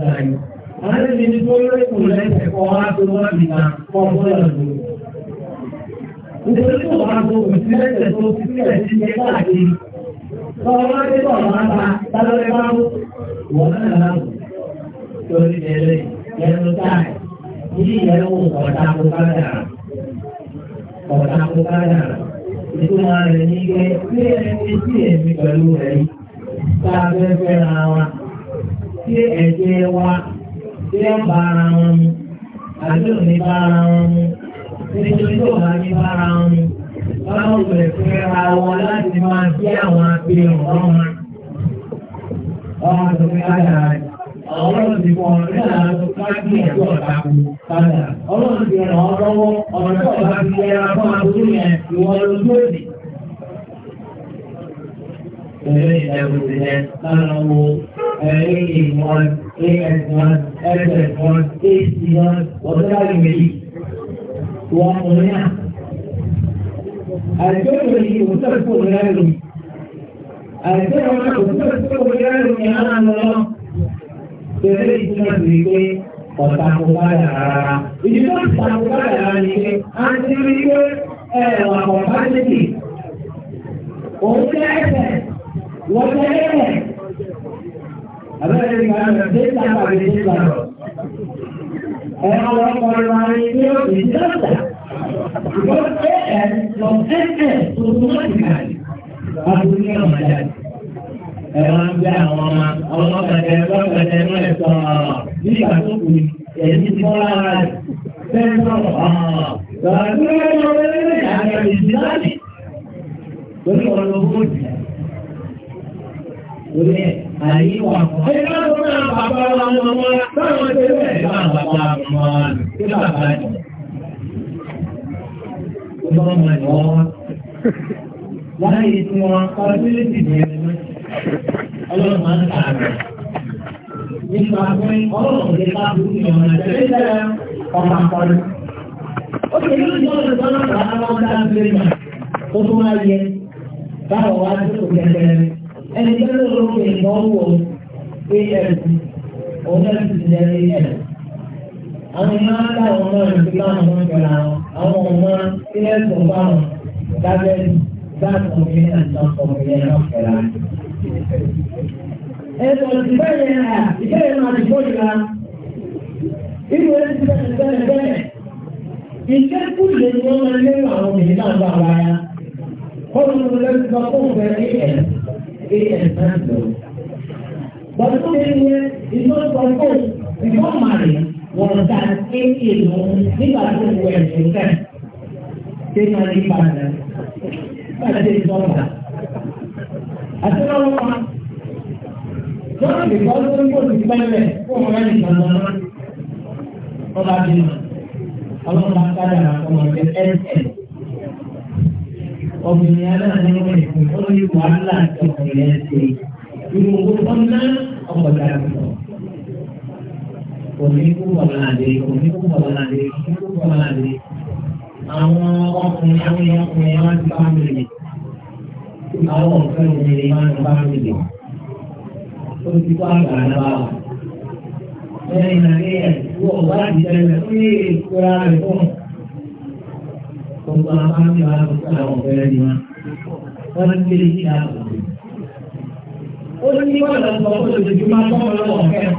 Àrẹ́bí ni tó lórí kò lẹ́sẹ̀ kọ́ wá tó na kọ́ bọ́lá lò. Nítorí tó wá tó kò sí lẹ́sẹ̀ bí wọ́n bá ara wọn mu àbí òní bá ara wọn mu nítorí tó bá ní bá ara wọn mu wọ́n á bẹ̀rẹ̀ fún wọn láti máa bí àwọn abirùn ọmọ ọmọ tó fi kájà rẹ̀. Ọlọ́run ti tó ẹ̀kọ́ ọ̀tá kú ti ọ́ lọ́wọ́ tó bá Division Evolution, Panamo, AE1, ni pé a ti rí pé ẹ̀rọ àkọ́kọ́ bá Òun jẹ́ ẹ̀sẹ̀ wọ́n tẹ́ ẹ̀rẹ̀ abẹ́rẹ́ ìgbà rẹ̀ dé sábà rẹ̀ dé sábà ẹ̀rọ ọkọ̀ ìwà rẹ̀ ní òkè dọ́tà ìwọ́n tẹ́ ẹ̀ lọ ẹ̀ẹ̀ tó tó ìgbà abúlé ọ̀nà yà ẹ̀rọ ń gbé àwọn ọmọ ọlọ́kẹ̀kẹ̀ lọ́kẹ̀kẹ̀ náà ẹ̀ nígbà tó kù ẹ̀yìn tí wọ́n lára rẹ̀ fẹ́ẹ́ sọ̀rọ̀ ọ̀rọ̀ lọ́dún ẹ̀rọ ẹ̀rọ ẹ̀rọ ìdílé orí ẹ̀ àyè wà fún ẹ̀ láwọn náà bàbá wa wọn wá táwọn ṣe bẹ́ẹ̀ láwọn bàbá wọn wá sí bàbá yìí. Ìjọba ọmọ ìwọ wa. Láyé tí wọ́n kọ́lẹ́tì ní ẹni mọ́. Ọlọ́run máa ẹni tó ló ló fi ìdánwò alp òun náà ti di ẹni ẹ̀rọ. àwọn iná láwọn ọmọ rẹ̀ ti láwọn ọmọ ìjọba àwọn ọmọ ilé ẹ̀sọ́ báwọn lábẹ́ gbàgbọ́ mi àtàkọ́ mi yẹn náà fẹ́ra. ẹ̀sọ́ ti bẹ́ẹ̀ yẹn à ìbéèrè náà ti bọ́ ìlà. ìlú ẹni ti bẹ́ẹ̀ bẹ́ẹ̀ bẹ́ẹ̀. ìṣẹ́kù lè ní wọ́n máa lé àwọn obìnrin náà bá wa ya example. But something where it's not proposed before marriage was that in Islam, nígbà tó ń wẹ̀ ṣùgbọ́n ṣé máa ní padà padà ṣe ìjọba. Àti lọ́wọ́ wa, lọ́wọ́ ìgbà tó ń bọ̀ sí pẹ́lẹ̀ fún ọmọ rẹ̀ nìkan Don't ọba bímọ, ọlọ́run bá ń kájà àwọn ọmọ rẹ̀ ẹ̀ẹ́dẹ̀ẹ́ obìnrin aláàánú ẹ̀sìn ó ní wàhálà àti ọ̀rẹ́ ẹ̀sìn irú owó tó ná ọkọ̀ dàbí lọ. Òní kú bọ̀láde, òní kú bọ̀láde, òní kú bọ̀láde. Àwọn ọkùnrin àwọn èèyàn ọkùnrin wá sí fámìlì. Àwọn ọ̀fẹ́ obìnrin wá sí fámìlì. Ó ti kó àgbà náà wà. Bẹ́ẹ̀ni àlẹ́ ẹ̀ wá ìjẹun ẹ̀ fún èèkúra rẹ̀ fún gbogbo àwọn bá ní wàá lọ́kọ́ àwọn ọ̀fẹ́ ni wọn. Wọ́n ti lé ní àbọ̀. Ó ní wọ́n lọ sọ fún òṣèlú máa tọ́ ọ lọ́wọ́ ọ̀fẹ́.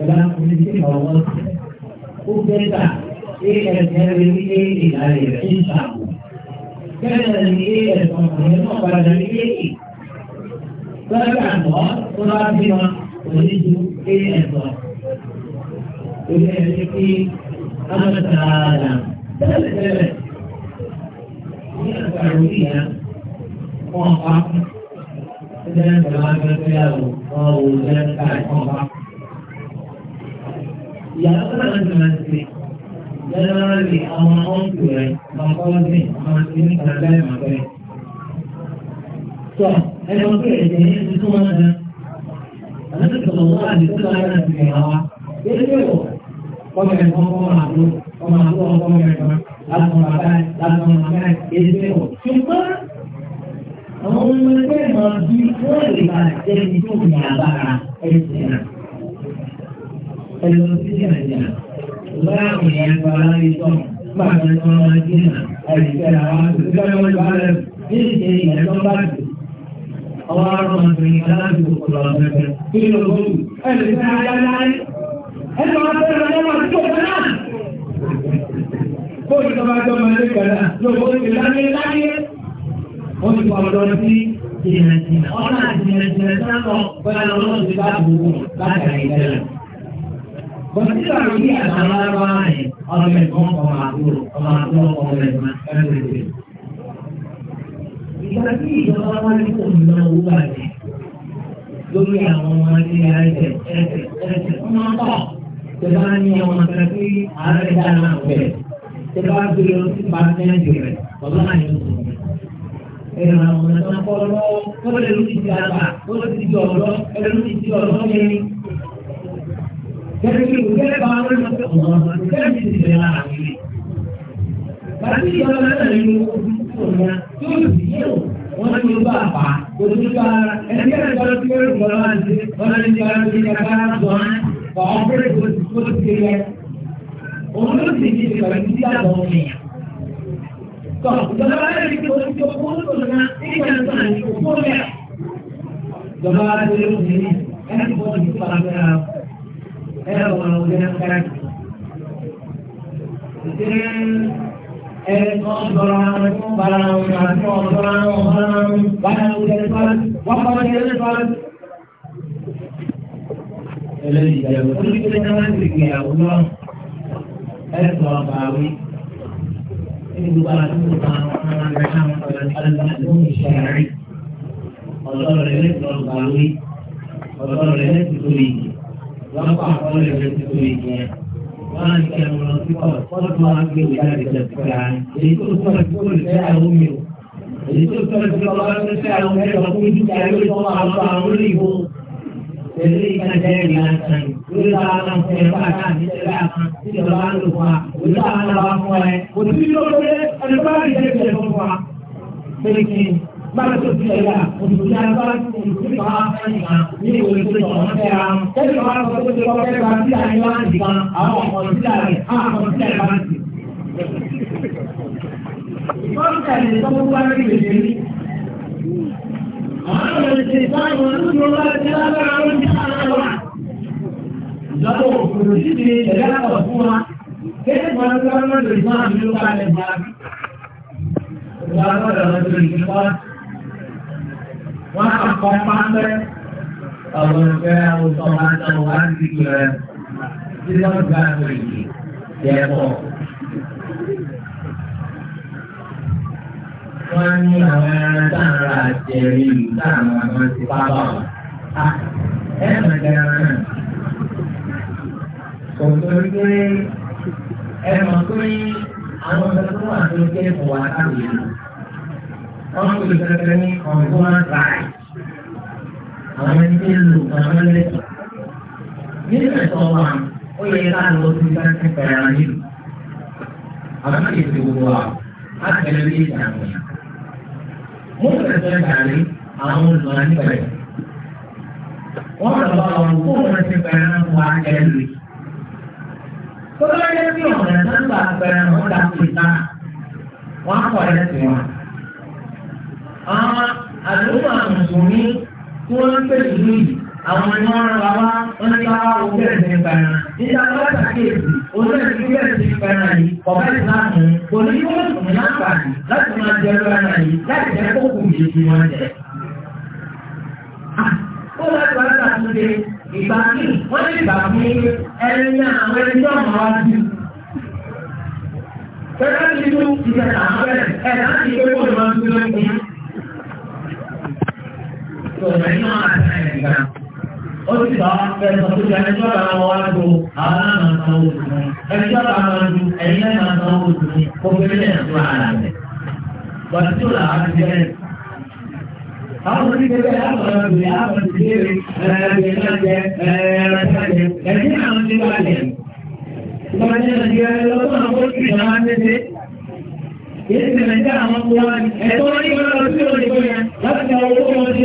Ìgbà mi ti kọ̀ wọ́n. Ó bẹ́tà ASL ní AA Tẹ́lẹ̀tẹ́lẹ̀ ìyá wọn pa ẹgbẹ́ pẹ̀lú agbẹ́gbẹ́ àrùn wọn ò lẹ́ ká ẹ̀kọ́ pa. Ìyàwó náà ti máa ń ṣe jẹ́nẹ́rẹ́lì àwọn ọ̀nkù ọmọ àbúrò ọmọ mẹ́rin láti ọmọ àbá láti ọmọ àbá ẹgbẹ́ ọ̀. ṣùgbọ́n àwọn ọmọ ẹgbẹ́ máa bí wọ́n lè bá ẹni tó ní àbára ẹsẹ̀ náà. ẹlòmí sí nàìjíríà ìwọ́n àwọn èèyàn gba láyé tọ́ gbàgbọ́ ní wọn máa dín náà ẹ̀ríkẹ́ àwọn ìgbàlẹ̀ wọn bá rẹ̀ ní ìṣe ìyàtọ̀ bá jù. ọwọ́ àrùn àgbẹ̀yìn aláàbò kọlọ̀ ọ̀gbẹ̀gbẹ̀ kí ló lóògùn ẹ̀ríkẹ́ ayáyá Bóòlù tó bá jọ máa lé pẹ̀lá lóògbó ti láyé láyé. Ó ti pọ̀ lọ sí jìnnàjìnnà. Ọ̀nà jìnnàjìnnà sáàlọ̀ bóyá lọ́wọ́ ti bá gbogbo láti àìdára. Bọ̀dílà rí àtàlá bá rẹ̀ ọ̀rọ̀ ẹ̀gbọ́n ọmọ àbúrò ọmọ àbúrò ọmọ ẹ̀gbọ́n ẹ̀rọ ìgbẹ́. Ìgbà tí ìjọba wá ní kò ní lọ owó àjẹ́ lórí àwọn ọmọ ilé ẹ̀ẹ́dẹ̀ ẹ̀ẹ́dẹ̀ ọmọ tẹ́lá ní ọmọ ada tí ààrẹ dáná bẹ̀ tẹ́lá gbé lọ sí pàṣẹ́ǹdì rẹ̀ bàbá àyè ọ̀sùn ẹ̀rọ àwọn ọ̀nà kọ́ lọ́wọ́ ó lè lóṣì ti àgbà ó lè ti di ọ̀dọ́ ó lè lóṣì ti ọ̀dọ́ yẹn. Kẹ́lẹ́kì kò kẹ́lẹ́ bá wọn lọ sí ọ̀nà ọ̀nà kẹ́lẹ́ ti ti bẹ̀rẹ̀ ara mi. Bàtí ìjọba náà ní ọ̀nà tó sì yẹ̀ wò wọ́n ti ló bá a fà á. Kò tó bá ẹni kẹ́lẹ́ bá bàbáńtẹ́lẹ̀ tó ti tó ti yẹ òun ló sì ti sọ̀rọ̀ ní ìyá àwọn ọmọ yẹn. Tọ́ ìjọba bá yẹ kí o ti tó kó tó náà nígbà tó náà ní òkú rẹ̀. Ìjọba bá yẹ kí o ti ní ẹni tó ti tó ara bẹ́ẹ̀ ẹ̀rọ ọmọ ọmọ ọmọ ọmọ Ẹni tó ń dọ̀rọ̀ àwọn ẹ̀kọ́ bára wọn, àti ọ̀dọ́ra wọn, bára wọn, bára wọn jẹ́ nípa, wọ́n bá wọn jẹ́ nípa. ẹlẹ́yìn ìjẹ̀bù tó ní pé náà ti fi àwùjọ ẹ̀sọ́ àbáwí ní gbogbo àdúgbò kan wọn máa ń rẹ káwọn ọ̀rọ̀ ní alùpùpù ìṣẹ̀lẹ̀ rí ọ̀dọ́ rẹ̀ lẹ́sọ̀ àbáwí ọ̀dọ́ rẹ̀ lẹ́sọ̀ tó ìyè wọ́n kọ́ àkọọ́lẹ̀ rẹ̀ tó ìyè yẹn wọ́n á kí ẹnu lọ sí kọ́ ọ̀dọ́ wọn á gbé òwe jáde jẹ síra èyí tó sọ̀rọ̀ sí kò lè fẹ́ àwọn mi o èyí tó sọ̀rọ̀ sí kọ́ pẹ̀lú ìtajà ẹ̀rí àtàn lórí táwọn náà fún ẹ bá dáa ní ìṣẹ̀lẹ̀ àtàn tí ìjọba ń lò fún wa lórí táwọn náà wá fún ẹ. kò sí bí lóko lé ẹni bá rí ilé ìṣẹ̀lẹ̀ fún wa. pẹ̀lú kí bára tó ti ẹ̀yà òṣìṣẹ́ tí a bá òṣìṣẹ́ bá ẹnìkan ní ìwé tó yọ̀ wọ́n fẹ́ ra. kẹ́lí bá sọ pé kọ́ fẹ́ gba sí àyè wá ń dìkan àwọn ọmọ sílẹ̀ rẹ̀ àwọn ọmọ sílẹ̀ bá ń dì. ìfọ́nkà وعمل الشيطان ورسول الله تلاوة عن جعل الله زروا في رشده تلاوة وصورة كيف نقرن الإسلام بلغة الإسلام؟ وقال رجل الإسلام وأنا قمت أول فيها وصلاة وأنت كلا إذا كان يجي يا wọ́n ní àwọn ẹran táwọn àti ẹ̀rí ìlú táwọn àwọn ti bá bá wọn. ẹ mọ̀ ní ẹran náà. kò torí pé ẹ mọ̀ pé àwọn ọ̀sẹ̀ tó wà tó ké fún wa láti ìlú. wọ́n ń pè kẹ́kẹ́ ní ọ̀gbọ́n ráì. àwọn ẹni tí ń lu àwọn ẹlẹ́tọ̀. nínú ẹ̀tọ́ wa ó yẹ ká lọ sí sáńtì pẹ̀lú àyè. àwọn ètò wa á tẹ̀lé ní ìjà wọn mọ́tò tó ń tàbí àwọn olùwà nípa ẹ̀. Wọ́n lọ bá wọn kó wọn ti bẹ̀rẹ̀ ń wá ẹ̀rù. Tó bá yẹ kí ọ̀rẹ́ náà bá bẹ̀rẹ̀ wọn dà sí ta, wọ́n á kọ̀ ẹ̀ sí wọn. Àwọn àdúgbò àmùsùnmí tí wọ́n ń pè ní ìlú àwọn ni wọ́n rán wa wá, wọ́n ní ká wá wo bẹ́ẹ̀ ní bẹ̀rẹ̀ nígbà tó bá ṣàkíyèsí olóòtú bí bẹ́ẹ̀ ti fẹ́ràn yìí ọ̀bá ìsìláàmù kò ní yóò sùn láǹfààní láti máa jẹ ẹran yìí láti jẹ kókò yìí ah, ti wọn jẹ. ó láti wá ṣàtúnṣe ìgbà míì wọ́n ní ìgbà míì ẹni ní àwọn ẹni tó ọmọ wa ó sì bá fẹ́sọ̀ tó jẹ́ ẹjọ́ bá wọn wá ju àwọn náà máa san owó tuntun ẹjọ́ bá wọn ju ẹ̀yin náà máa san owó tuntun kó fẹ́rẹ́ lẹ́yìn tó ara rẹ̀. bọ̀dé tó là á ti bẹ́ẹ̀. àwọn oníṣẹ́ bẹ́ẹ̀ láwọn ọ̀gbìn àwọn ìdílé ẹ̀ẹ́dẹ̀ náà jẹ ẹ̀ẹ́dẹ̀ ẹ̀dẹ̀ àwọn ti wá jẹ. ìgbàlódé náà jẹ́ lọ́wọ́ àwọn oṣù náà wá tẹ́tẹ́. èyí ti rẹ̀ jẹ́ àwọn ọmọ wa ẹ̀tọ́ wọn ní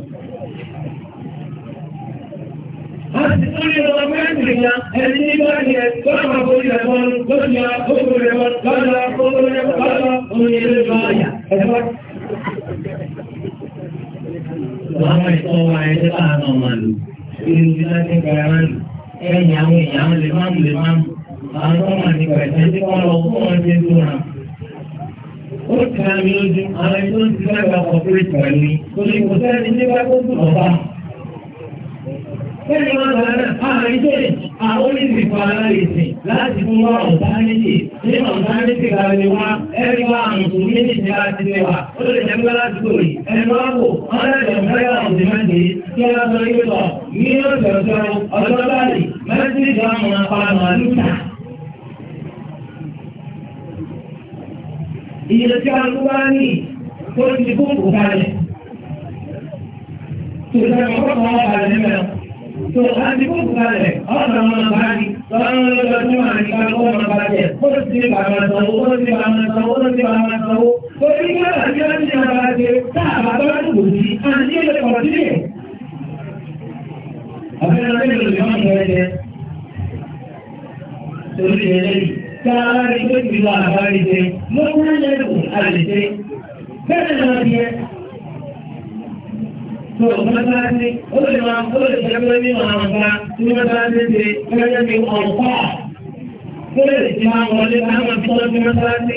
Àti Àwọn ìtọ́ wa ẹ̀jẹ̀ láàánú ọmọ lò, ìlú ti láti bẹ̀rẹ̀ rẹ̀ lò, ẹ̀yìn àwọn èèyàn lè máàmù lè máàmù, àwọn tó wà ní pẹ̀sẹ̀ tí wọ́n lọ fún wọn ṣe tó rà. Ó ti ra mi lójú, àwọn ẹni ti lágbà kọ̀ọ̀pẹ̀rẹ̀ pẹ̀lú mi, torí kò sẹ́ni nígbà tó kù lọ́ba. Fẹ́ni wọn tọ̀rọ náà, àwọn Ní ọ̀tá méjì kàrẹ ni wá, ẹni wá àwọn òṣù méjì ti wá ti wá. Ó lè jẹ́ mẹ́lá láti kò rí. Ẹni wá wò, wọ́n lẹ́jọ̀ mẹ́lá ọ̀sẹ̀ méjì. Kí a sọ yóò lọ, ní ọ̀sẹ̀ ọ̀sẹ̀ ọjọ́ báyìí, mẹ́sì ìjọ àwọn apá màlúta. Ìyẹn tí a ń bá tó láti fún ìgbàlẹ̀ ọ̀sán ọmọ bá ní lọ́wọ́ tí wọ́n ní ká kó ọmọ bá jẹ kó sì bàbá sanwó kó sì bàbá sanwó kó sì bàbá sanwó kó sì gbàgbà tí wọ́n ti ọba jẹ tá a bá bá dùn sí tó mọ́sáàtì ó lè máa ó lè jẹ́ pé ní ọ̀nà ọ̀gá tí mọ́sáàtì ṣe gẹ́gẹ́ bí ọ̀pọ̀ tó lè ti máa wọlé láwọn tí wọ́n ti mọ́sáàtì.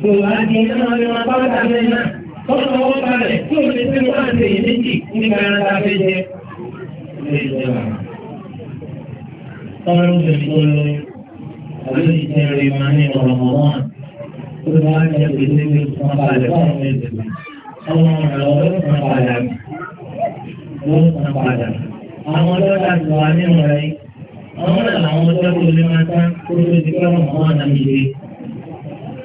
Kò láti ní àwọn ọmọ bá wà lábẹ́ náà. Wọ́n lọ wọ́n balẹ̀ tí ò ní sí wọ́n àti èyí méjì nípa ẹran tá a fẹ́ jẹ. Ọ̀rọ̀ ń bẹ̀rẹ̀ lọ́wọ́ àbí ìjẹrin máa ní ọ̀rọ̀ mọ́ wọn. Ó lọ́wọ́ á jẹ́ pé ní ìfọ̀nbalẹ̀ fún ọmọ ìdìbò àwọn ọ̀rọ̀ lọ́sàn padà lọ́sàn padà àwọn ọlọ́dà tó wà ní ọ̀rẹ́ àwọn náà làwọn ọjọ́ tó lè máa tán kó tó ti kọ́ ọ̀rọ̀ àwọn àmì ìwé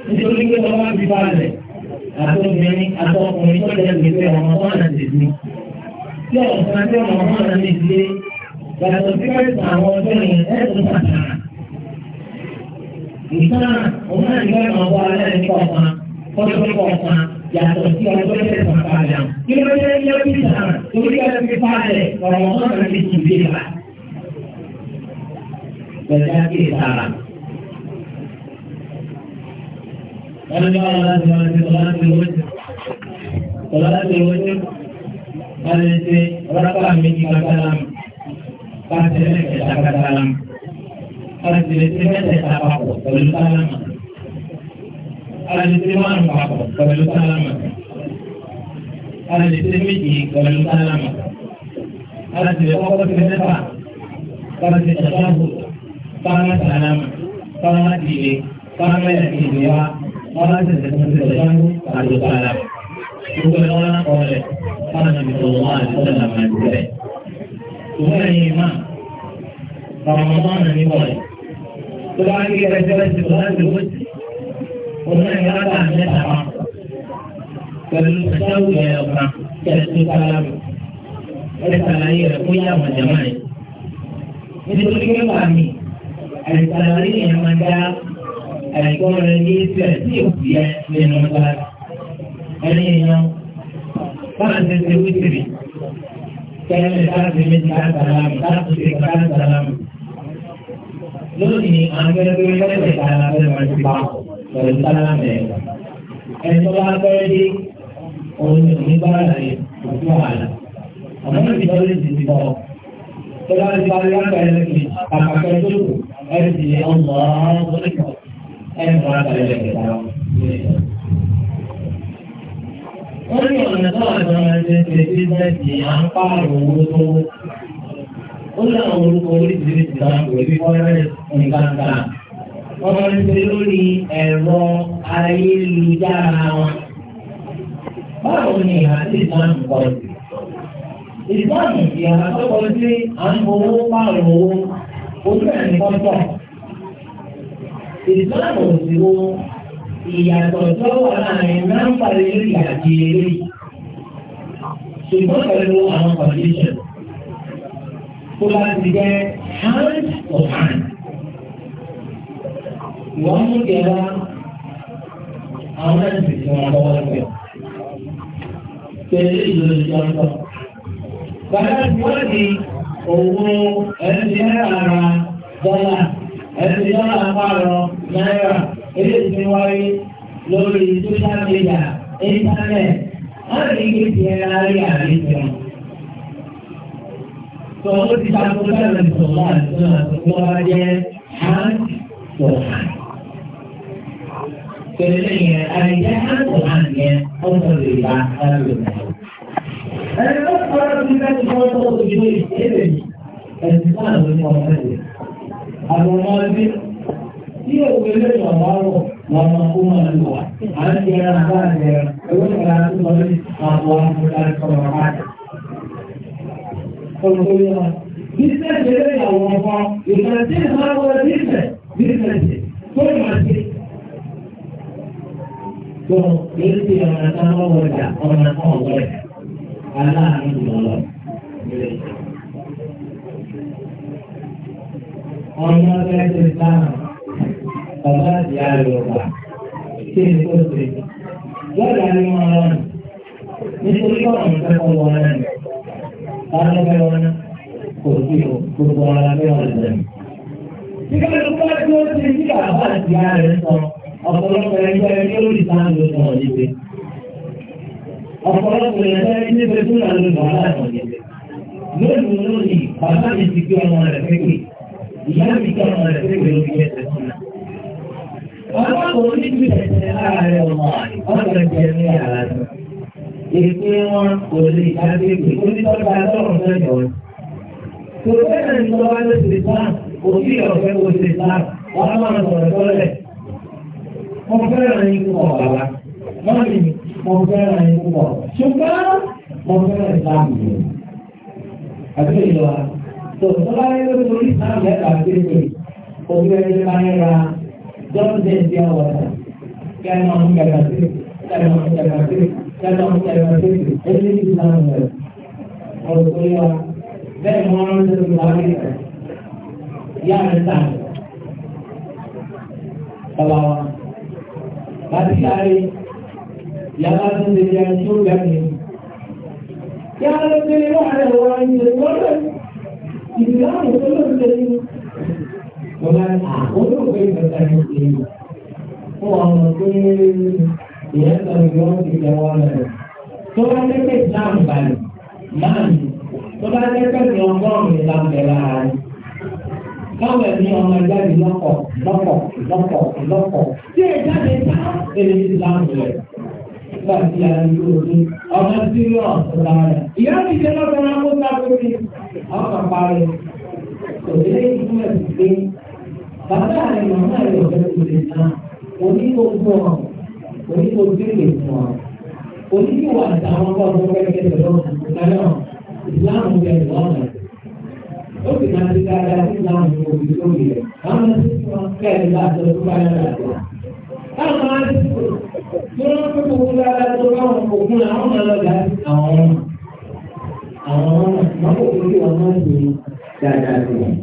nítorí pé wọ́n wá fi balẹ̀ àtọ́bìnrin àtọkùnrin tó lè gbèsè ọmọ ọmọ àti ìdílé tí ọ̀sán tí ọmọ ọmọ àti ìdílé yàtọ̀ sí mẹ́sàn àwọn ọjọ́ yẹn ẹ̀sùn pàtàkì ìtàn òun náà ní ọmọ alẹ́ nípa ọ̀sán kọ́jọ́ yàtọ̀ sí ọjọ́ ẹsẹ̀ sàkàlẹ̀. Kí ló dé ní ọ́fíìsì náà? Orí ẹ̀rọ ti falẹ̀ ọ̀rọ̀ ọ̀sán náà ti tù dé la. Bẹ̀rẹ̀ á kí ìtara. Wọ́n ní wọ́n láti wọ́n ti wọ́n láti wọ́n ti wọ́n láti wọ́n ti wọ́n lè ṣe rákàlà méjì kàkàlà pàṣẹ mẹ́tẹ̀ẹ̀ta kàkàlà pàṣẹ mẹ́tẹ̀ẹ̀ta papọ̀ pẹ̀lú kàkàlà alìsímánù papọ̀ pẹ̀lú sálámà alìsíméjì pẹ̀lú sálámà alìsímọ́kọ́ ti mẹ́fà kọ́sí ẹ̀dáàbò fáwọn sálámà fáwọn ìlé fáwọn ìlé wa wọ́n láti ṣẹ̀ṣẹ̀ ẹ̀dáàbò pàdé sálámà gbogbo ẹ̀ wọ́n kọ́ rẹ̀ fáwọn ìṣòro wọn àti sálámà ìbẹ̀rẹ̀ ṣùgbọ́n ẹ̀yin máa ọ̀rọ̀ mọ́tò ọ̀nà níwọ̀n rẹ̀ tó bá ń gbé ẹgbẹ́ ẹgbẹ́ ìṣòro láti ọ̀rẹ́ ìyáàbá mẹ́ta wa pẹ̀lú sẹ́wù ẹ̀rọ kan kí ẹ ti sálámù ẹ sàlàyé rẹ̀ kó yá àwọn jàmáà yìí. nítorí pé wà mí àìsàlàyé yẹn máa dá àìkọ́ rẹ̀ ní ìfẹ́ sí òkú yẹn nínú ọgbà ẹni yẹn báà ṣe ṣe wítìrì kẹ́lẹ́ láti méjì láàbàlámù láti ṣe láàbàlámù lónìí àwọn akẹ́kọ̀ọ́ yẹn lẹ́sẹ̀ ká lábẹ́ wọn ti bá wọn pẹ̀lú sálámẹ̀ ẹ̀tọ́ bá fẹ́ dé òun ní onígbàrà rẹ̀ òkú àlà àmọ́ ní ìjọba lè ti bọ̀ tó bá ti parí lápẹ̀rẹ̀ kì àpapẹ̀ tó kù ẹ̀ sì ọmọ ọmọ ẹ̀ mọ̀ lápẹ̀rẹ̀ kẹta wọ́n ní ọ̀nà tó wà lọ́wọ́ ẹgbẹ́ ṣe bíṣẹ́ẹ̀sì à ń pààrọ̀ owó tó ó láwọn orúkọ oríṣiríṣi láwọn ìwé bí fọ́nrẹ́ẹ̀sì nǹkan wọ́n ń ṣe lórí ẹ̀rọ ayélujára wọn. Báwo ni àti ìsọ́nù kọ̀ sí? Ìsọ́nù ti àtọ́kọ sí àǹfọwọ́ pààrọ̀ owó ojú ẹ̀mí kọ́tọ̀. Ìsọ́nù ti wo ìyàtọ̀ tó wà láàrin nọ́mbà lórí àti eré. Ṣùgbọ́n pẹ̀lú àwọn condition tó bá ti jẹ́ hand to hand wọ́n mú kẹra àwọn ẹ̀sìn tí wọ́n lọ́wọ́ ẹgbẹ́. Tẹ̀lé ìlú ìjọba. Bàbá tí wọ́n di owó ẹ̀sìn ara dọ́là ẹ̀sìn dọ́là pààrọ̀ náírà eléyìí ti wáyé lórí social media internet wọ́n lè ní kí ẹ láyé àríjọ. Sọ̀rọ̀ ti ta kó bẹ́ẹ̀ lọ sọ̀rọ̀ àti sọ̀rọ̀ àti sọ̀rọ̀ jẹ́ hand for hand. Tẹ̀lé yẹn, àyíká àgbọ̀n àná yẹn, ọ̀sán lè bá ara lò náà. Ẹni tó kọ́ ọ́ ti fẹ́ ti fọ́ ọ́ tó ti lé ìdílé yìí, ẹni tó àná ní ọ̀sán lè. Àgbọ̀n wọn bí tí òwe lẹ́yìn ọ̀gá rọ̀ lọ́mọ kó máa lò wá. À ń jẹ ẹran àbá àjẹ ẹran, owó ìgbà tó lọ sí àbọ̀ àbúrò àti ọ̀rọ̀ àbájá. Olùkọ́ yẹn wọn. Bísíǹsì lẹ́yìn àwọn ọmọ ìgbà tí ìgbà wọlé bísíǹsì bísíǹsì tó ìmọ̀ sí tó kìí ṣe ọ̀nà kan lọ́wọ́ ọjà ọ̀nà kan ọ̀wọ́ ẹ̀ aláàánú lọ́lọ́ ọ̀nà ọ̀rẹ́ ti sáà ọ̀gá àti àlùbà ṣé ní kó ṣe lọ́dà ni wọ́n lọ́nà nítorí ọ̀nà ìfẹ́kọ̀ọ́ wọn náà ọ̀nà ìfẹ́ wọn náà kò sí o gbogbo ara bí ọ̀nà ìfẹ́ mi. Nígbà tó bá tó ti ní àbá àti ààrẹ sọ ọ̀pọ̀lọpọ̀ ẹgbẹ́ ẹgbẹ́ lórí sáà ló sọ ọ̀dígbé ọ̀pọ̀lọpọ̀ ẹgbẹ́ ẹgbẹ́ tó rà ló sọ ọ̀dígbé lónìí lónìí bàbá mi ti gbé ọmọ rẹ̀ pépè ìyá mi gbé ọmọ rẹ̀ pépè lórí ẹsẹ̀ fúnra bàbá kò ní bí ẹsẹ̀ lára rẹ̀ ọmọ rẹ̀ ọ̀rẹ́ ti ẹni àrà rẹ̀ èpè wọn kò lè ní tọ́ka ló ti sá òbí ọ̀fẹ́ kò ti sá wàá máa tọ́lẹ̀ mo fẹ́ràn yín púpọ̀ bàbá wọ́n ní mo fẹ́ràn yín púpọ̀ ṣùgbọ́n mo fẹ́ràn ìsìlámù yìí àti ìjọba tó tọ́lá yóò tó ní ìsìlámù lẹ́ka sí ìwé òbí ẹni tó bá ń ra jọ́sìn dé ìdí àwọn ọ̀tá kí ẹni ọ̀hún kẹta sí kẹta ọ̀hún kẹta sí kẹta ọ̀hún kẹta sí ẹni ní ìsìlámù rẹ̀ tó ní ìyá rẹ̀ láti sáré yàrá tó ṣe di tó gbẹ̀mí. yàrá tó ṣe ní láàárẹ̀ wọ ẹni tó lọ́dọ̀ ìdíláàmù tó lọ́dọ̀ ṣe ní. bàbá àkókò pé ìgbàgbà ní ṣe fún ọmọ tó ní ìyẹn sọ̀rọ̀ bí wọ́n ti jẹ́ wọ́n lẹ̀. tó bá tẹ́tẹ́ ìsìláàmù balẹ̀ máàmì tó bá tẹ́tẹ́ ìsìláàmù ọgọ́rùn-ún ìlànà bẹ̀rẹ̀ káwọn ẹ̀mí ọmọ ẹgbẹ́ mi lọ́pọ̀ lọ́pọ̀ lọ́pọ̀ lọ́pọ̀ tí ẹ jáde tá èrè ìlànà rẹ̀ nígbà tí a ní yóò ní ọmọ tí ó rọ̀ ìyá mi jẹ́ lọ́pọ̀ náà ó sá lórí àwọn bàbá rẹ̀ kò fún ẹ̀sìn pé bàbá rẹ̀ màmá rẹ̀ ọ̀fẹ́ kò lè ta onígbòǹgbò onígbòǹgbò ìwà àtàwọn ọgbà ọgbà ọgbà ìkẹsẹ̀ lọ́wọ́ ìlànà ìlànà ìlànà ó sì máa ti dáadáa sí láwọn òbí tó yẹ àwọn máa ti fún wọn kẹ́ẹ̀dì láti ọdún báyọ̀ láti wọn. láwọn máa ti fún tí wọ́n fún gbogbo dáadáa tó bá wọn kò fún àwọn máa lọ àwọn ọmọ àwọn ọmọ máa kò fún kí máa ti dáadáa sí wọn.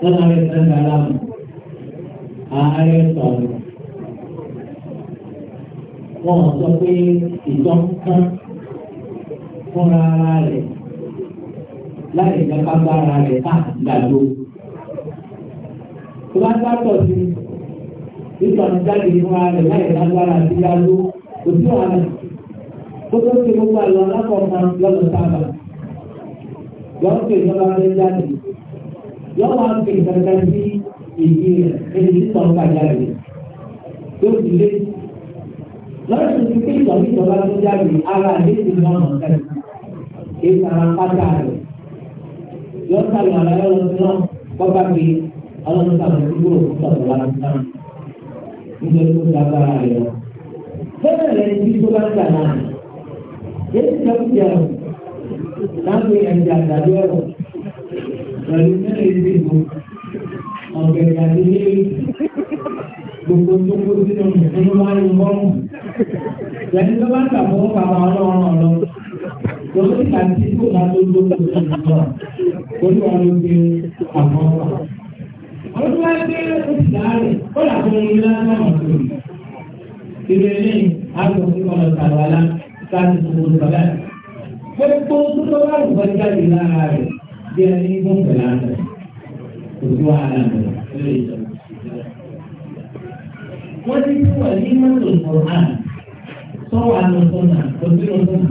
wọ́n máa ń sẹ́ńtà láàmú ààrẹ sọ̀rọ̀ wọ́n sọ pé ìtọ́ kán fúnra rẹ̀ láì ìjọba gbára rẹ̀ káàkiri gbàgbó. Tó bá sábọ̀ sí ìtọ́ni jáde fúnra rẹ̀ láì lágbára sí gbàgbó òsì ọ̀hánà. Ó tó ti gbogbo àlọ́ alákọ̀ọ́kan lọ́dọ̀ sábà. Yọ̀ọ́ tó ìjọba rẹ̀ jáde. Yọ̀ọ́ wá ń pè kàkà sí ìdí rẹ̀ ẹni tí tọ́ka jáde. Yóò ti lé. Lọ́dọ̀ tó ti pé ìjọba tó jáde ara àdéhùn náà mọ̀ kẹ́kẹ́. Èyí sara pátá rẹ̀ yọ sàlù àlàyé ọ̀rọ̀ tí wọ́n kọ́ba pé ọlọ́run sàlù tí kúrò fún sọ̀rọ̀ wa nígbà nítorí tó ga bára rẹ̀ lọ. bẹ́ẹ̀ lẹ́yìn tí tó bá ń gbà náà yéé ti sọ́kù jẹ́ ọ̀rọ̀ láti ẹ̀jẹ̀ àgbàdo ọ̀rọ̀ pẹ̀lú mẹ́rin ìdìbò ọ̀gẹ̀dẹ̀ àti nílé gbogbo tó kó sínú ìfúnnú máa ń bọ́ọ̀mù lẹ́yìn tó bá ń gbà fún ọ̀pá ọlọ́run ọlọ́run Lọ́wọ́ tí a ti kò bá tó ló ló ló lọ, ó ní wọn ló gbé àwọn ọ̀rọ̀. Àwọn tó gbé oṣù láàrin, ó là fún orin lásán ọ̀sẹ̀. Ìrẹ̀lẹ̀ àgbọ̀n tí wọ́n lọ sàrọ̀ alá, sáàtì tó lọ sọ̀lá. Gbogbo tó lọ wá rùbọ̀ jáde lára rẹ̀ bí ẹni gbọ́n pẹ̀lú àná. Òjú wàhálà rẹ̀ lórí ìjọba. Wọ́n ti fún wà ní mọ́tò ìfọ̀rọ̀ àná. Sọ́wọ́ àná sọ́nà, òjú lọ sọ́nà.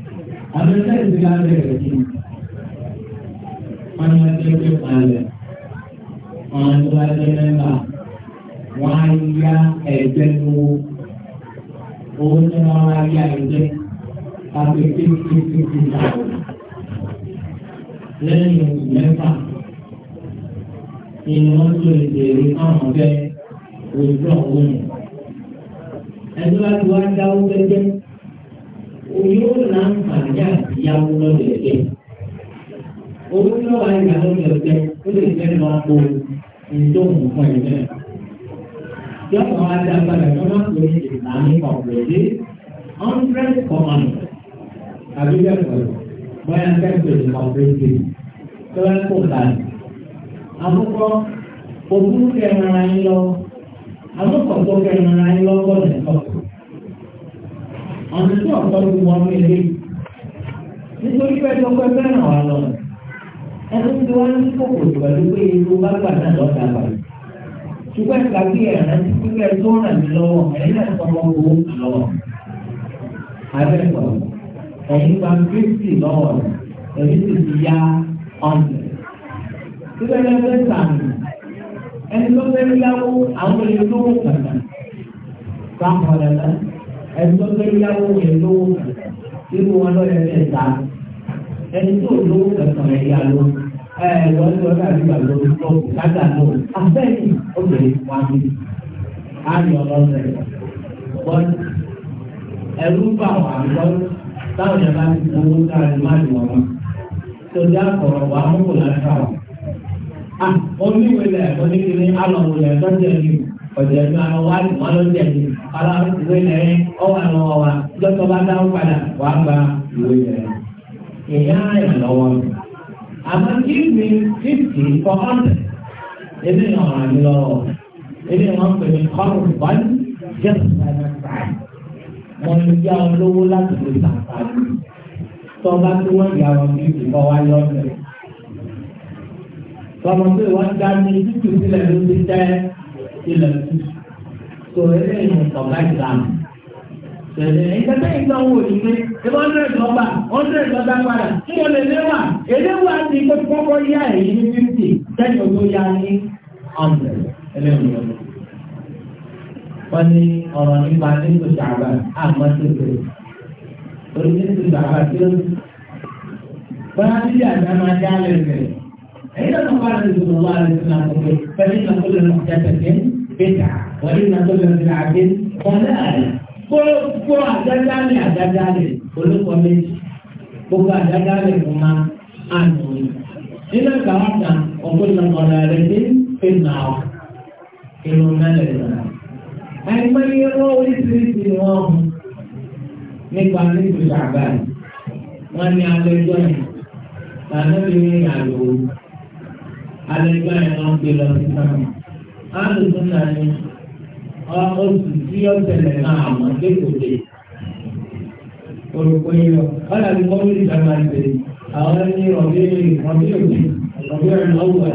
Abẹ́sẹ̀ ti ká bẹ̀rẹ̀ sí. Wọ́n máa jẹ́ pé palẹ̀. Wọ́n tó bá jẹ́ mẹ́mbà. Wọ́n á yá ẹ̀jẹ̀ lówó. Owó tí wọ́n wá yá ẹ̀jẹ̀. Àgbẹ̀ tí tí tí tí ta. Lẹ́yìn oṣù mẹ́fà. Ìní wọ́n tó èdè rí bẹ́ẹ̀ ojú ọ̀hún. Ẹ̀jọ́ láti wá dáwó gẹ́gẹ́ yóò láǹfààní àti yáwó lọ́dọ̀ ẹ̀jẹ̀. Owó tí wọ́n wá ìgbà lọ́dọ̀ ẹ̀jẹ̀ ó lè fẹ́ lọ bo ìdóhùn fún ẹ̀jẹ̀. Yọ̀pọ̀ wá dá padà tó hundred command àbí bẹ́ẹ̀ bọ́yá fẹ́ẹ̀fẹ́ ìkọ̀pẹ́sì tó bá kó dànù. Àkọ́kọ́ òkú kẹrin ara yín lọ, àkọ́kọ́ tó kẹrin ara yín lọ́gọ́dẹ̀ kọ̀ọ̀kan àwọn tí ọ̀pọ̀ ló wọ́n mú ilé nítorí pẹ́ẹ́tọ́ pẹ́ fẹ́ràn wà lọ ẹni tí wọ́n ń kókò pẹ̀lú pé irú bá gbà náà lọ́ta bà ṣùgbọ́n ìgbà bí ẹ̀rọ ti kú bẹ́ẹ̀ tó ràn mí lọ́wọ́ ẹ̀yìn náà tó mọ́ owó lọ́wọ́ abẹ́kọ̀ ẹ̀yìn gba kristi lọ́wọ́ ẹ̀yìn sì ti ya ọ̀sẹ̀ síbẹ̀ ẹni tó fẹ́ yáwó àwọn olè lówó kàkà ẹgbẹ́ gbẹ́yàwó rẹ̀ lówó kankan irú wọn lọ́yẹ̀ fẹ́ ta ẹni tó lówó kankan rẹ̀ yá lọ ẹ wọ́n ní ọ̀rẹ́ àdúgbà lórí lọ́ọ̀kù kájà náà abẹ́ẹ̀ni obìnrin wá mi á bá wà lọ táwọn yẹn bá ti má wọn wà mú ah, oníwèé ní ọ̀jẹ̀ ní àwọn wá ní wọn ló ń jẹ̀bi aláwọ̀ ìwé lẹ́yìn ọwọ́ àwọn ọ̀wà lọ́tọ̀ bá dáwọ́ padà wà á gba ìwé lẹ́yìn. ìyá ìrànlọ́wọ́ mi. àmọ́ kí mi fífi fọ́ọ̀tẹ̀ ebi ní ọ̀ràn mi lọ́wọ́ ebi ní wọ́n pè mí kọ́rù wọ́n jẹ́ mo ní yá ọ lówó láti lè sàǹfààní tọ́ba tí wọ́n yà wọ́n dá mi ìlọ sí tó eléyìí ọ̀gá ìlànà tẹ̀lé ìtẹ́tẹ́ ìgbà wo ni pé ìwọ hundred lọ́gbà hundred lọ́gbà padà tí wọ́n lè léwà eléwà ti pé kọ́kọ́ yá èyí ní fifty tẹ́jọ́ tó yá ní hundred ẹlẹ́wọ̀n lọ́gbà. wọ́n ní ọ̀rọ̀ nípa nínú ṣàbà àmọ́ tó tẹ̀lé orí nínú ṣàbà tí ó ní. bọ́lá tí ìyá àgbà máa dá lẹ́sẹ̀ ẹ̀yìn náà tó bá bíta wọ́n ní nàtọ́ lọ sí àgbẹ̀ kọ́lá rẹ̀ kóró kóró àdájá rẹ̀ àdájá rẹ̀ olóko méjì gbogbo àdájá rẹ̀ kò máa àná ni. nínú ìkàwé kan ọ̀gbọ́n ọ̀rọ̀ rẹ̀ ní fèmà ọ̀ kìlọ̀ mẹ́lẹ̀ rẹ̀. àìmọ́ iye wọ́n oríṣiríṣi ni wọ́n hù nípa nítorí àgbà rẹ̀ wọ́n ní alẹ́ ẹjọ́ yẹn lànà ìrìn àlò alẹ́ ẹjọ́ wọ́n gbé lọ sí sáà. àdùnkún náà ni oṣù tí ó tẹ̀lẹ̀ náà àmọ́ lékòókè orúkọ yìí lọ wọn àti kọ́mí ìjà máa ń tẹ̀lé àwọn ẹni rọ̀bí rọ̀bí òkè rọ̀bí ọ̀rẹ́ ọ̀wọ̀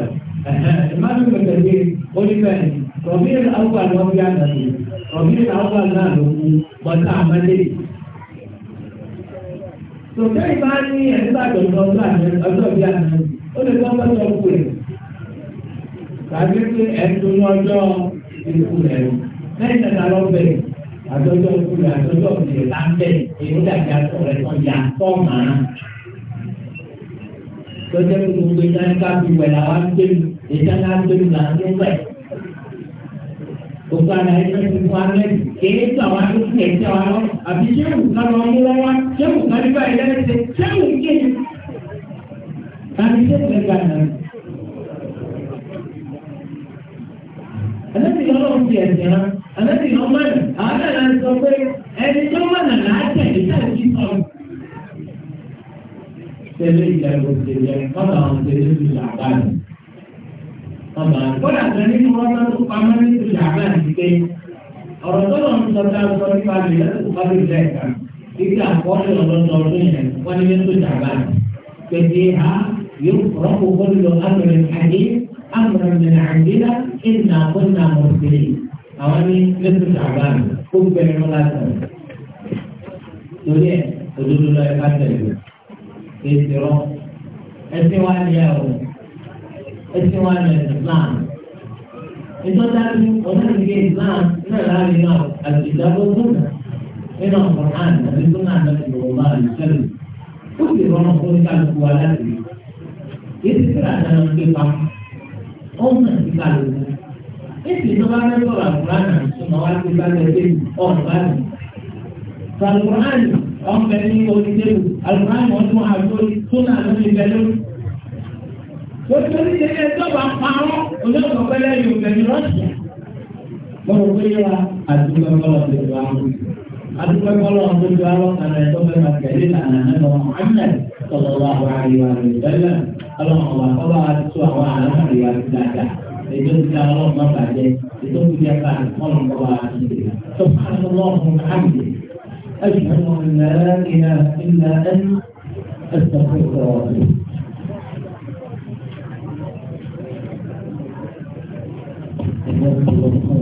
ìmáàmì pẹ̀tẹ̀lé onífẹ̀ẹ́ rọ̀bí ọ̀wọ̀ àti ọ̀bí àtàlẹ́ rọ̀bí ọ̀wọ̀ náà ló kú bọ́tà àmọ́lé. tòkẹ́ ìbá ní ẹ̀dúgbàjọ́ tàbí pé ẹ̀tọ́ ní ọjọ́ ìkú rẹ̀ o lẹ́yìn tẹ̀lé alọ́bẹ̀ àtọ́jọ́ ìkú àtọ́jọ́ ìkúrẹ́ láńbẹ̀ èyí dàbí atọ́ rẹ̀ tán yà tọ́ màá. tọ́jọ́ ìkú gbé náà káfí wẹ̀ làwọn gbé ìjà náà gbé làwọn wẹ̀. gbogbo àná ẹgbẹ́ ti fún alẹ́ èyí tó àwọn akókò ẹ̀ wa lọ àbí sẹ́wù kan lọ mú sẹ́wù kan nígbà yẹn ànábì lọ́lọ́run ti ẹ̀sìn rán ànábì lọ́ mọ̀nà àwọn náà ń sọ pé ẹni tó mọ̀nà láti ẹ̀yìn táà ti sọ. Tẹ̀lé ìjàgbọ̀ tẹ̀lé kọ́nà àwọn tẹ̀lé ti làbá rẹ̀. Ọ̀nà àgbọ̀dà kan nínú wọn máa tó pamọ́ ní ti làbá rẹ̀ pé ọ̀rọ̀ tó lọ́n sọ tá a sọ nípa rẹ̀ lẹ́sùn bá lè rẹ̀ kà. Ibi àkọọ́lẹ̀ ọ̀dọ́dọọdún yẹn wọ́n ní mẹ́tò jàmbá. Pèsè ha yóò rọ́pò gbọ́dọ̀ lọ أمرا من عندنا إنا كنا مرسلين أولي مثل شعبان قم بالملاسمة تريد حدود الله يقتل استراحة استوان ياهو استوان الإسلام إذا تعلم وتعلم الإسلام من العالم الكتاب والسنة من القرآن من السنة النبي صلى الله عليه وسلم كل رمضان كان قوالاتي يذكر أن نقطع ọ̀nà ìgbà lòdì. Èsì tó bá fẹ́ sọ̀rọ̀ àkùránì ìmọ̀ wá sí ìbálẹ̀ ẹgbẹ́ ọ̀nà báyìí. Sàlùkùránì ọ̀nbẹ ní orí tẹ́lù, àlùkùránì wọn tún àgbórí tó náà ló ní bẹ́lú. Lórí tẹ́lẹ̀ sọ́ba parọ́ olóògbé pẹ́lẹ́ yóò bẹ̀rẹ̀ rọ́ọ̀sì. Mo rò pé yóò wá àdúgbò ọlọ́ọ̀dẹ̀ wá wọ́n. adúgbò kọ́lọ́ ọdún ju alọ́kàn rẹ̀ tó fẹ́ máa tẹ̀lé lànà nínú Muhammad sallallahu alaihi wa sallam ọlọ́run ọba kọ́lọ́ wa tó àwọn aláàrí wa ti dáadáa ètò ti ta ọlọ́run máa bàjẹ́ ètò ti jẹ́ ká ọlọ́run kọ́lọ́ wa ti dè tó fún ọlọ́run hàmì أشهد أن لا إله إلا أنت أستغفرك وأتوب Thank you.